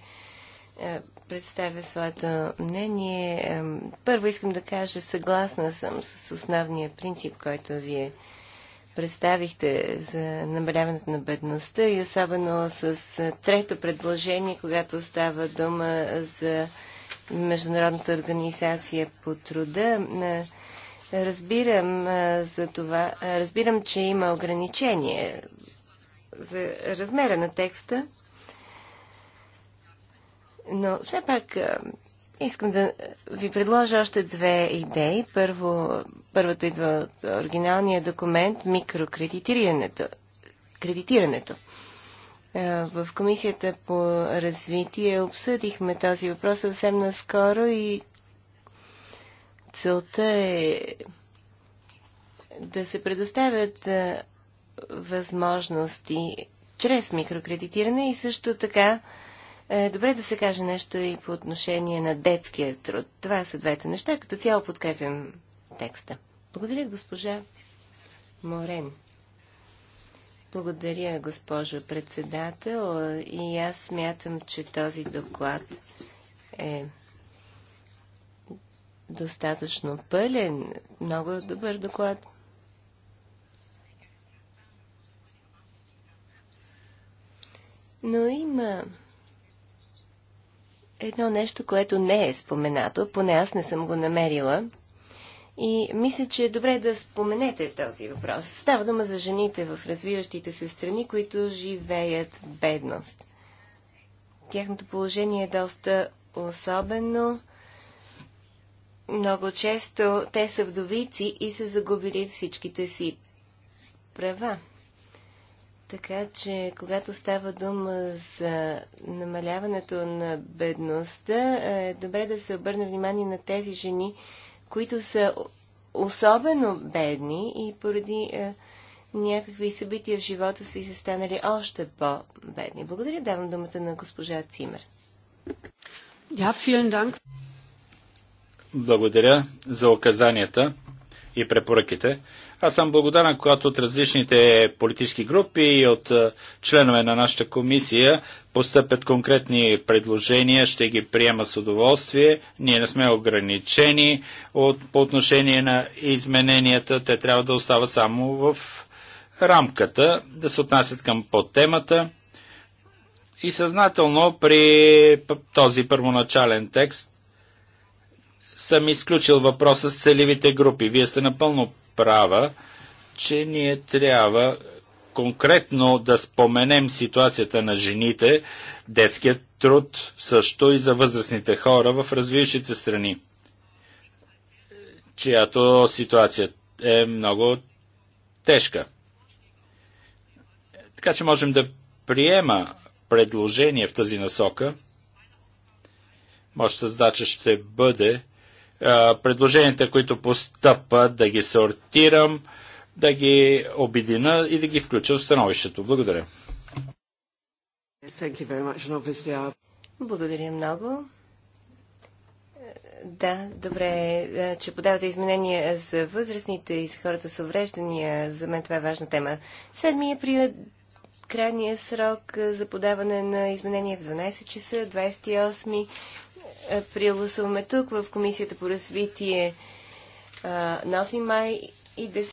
е, представя своето мнение. Е, първо искам да кажа, съгласна съм с основния принцип, който вие представихте за намаляването на бедността и особено с е, трето предложение, когато става дума за Международната организация по труда. Разбирам, за това, разбирам че има ограничение за размера на текста, но все пак искам да ви предложа още две идеи. Първо, първата идва от оригиналния документ микрокредитирането. Кредитирането. В Комисията по развитие обсъдихме този въпрос съвсем наскоро и целта е да се предоставят възможности чрез микрокредитиране и също така е добре да се каже нещо и по отношение на детския труд. Това са двете неща. Като цяло подкрепям текста. Благодаря, госпожа Морен. Благодаря, госпожо председател. И аз смятам, че този доклад е достатъчно пълен. Много добър доклад. Но има едно нещо, което не е споменато, поне аз не съм го намерила. И мисля, че е добре да споменете този въпрос. Става дума за жените в развиващите се страни, които живеят в бедност. Тяхното положение е доста особено. Много често те са вдовици и са загубили всичките си права. Така че, когато става дума за намаляването на бедността, е добре да се обърне внимание на тези жени, които са особено бедни и поради е, някакви събития в живота си са станали още по-бедни. Благодаря, давам думата на госпожа Цимер. Благодаря за оказанията и препоръките. Аз съм благодарен, когато от различните политически групи и от е, членове на нашата комисия постъпят конкретни предложения, ще ги приема с удоволствие. Ние не сме ограничени от, по отношение на измененията. Те трябва да остават само в рамката, да се отнасят към подтемата. И съзнателно при този първоначален текст съм изключил въпроса с целевите групи. Вие сте напълно права, че ние трябва конкретно да споменем ситуацията на жените, детският труд също и за възрастните хора в развиващите страни, чиято ситуация е много тежка. Така че можем да приема предложение в тази насока. Моята задача ще бъде предложенията, които постъпват, да ги сортирам, да ги обедина и да ги включа в становището. Благодаря. Благодаря много. Да, добре, е, че подавате изменения за възрастните и за хората с увреждания. За мен това е важна тема. 7 април крайния срок е, за подаване на изменения в 12 часа, 28 Приела тук в Комисията по развитие на 8 май и 10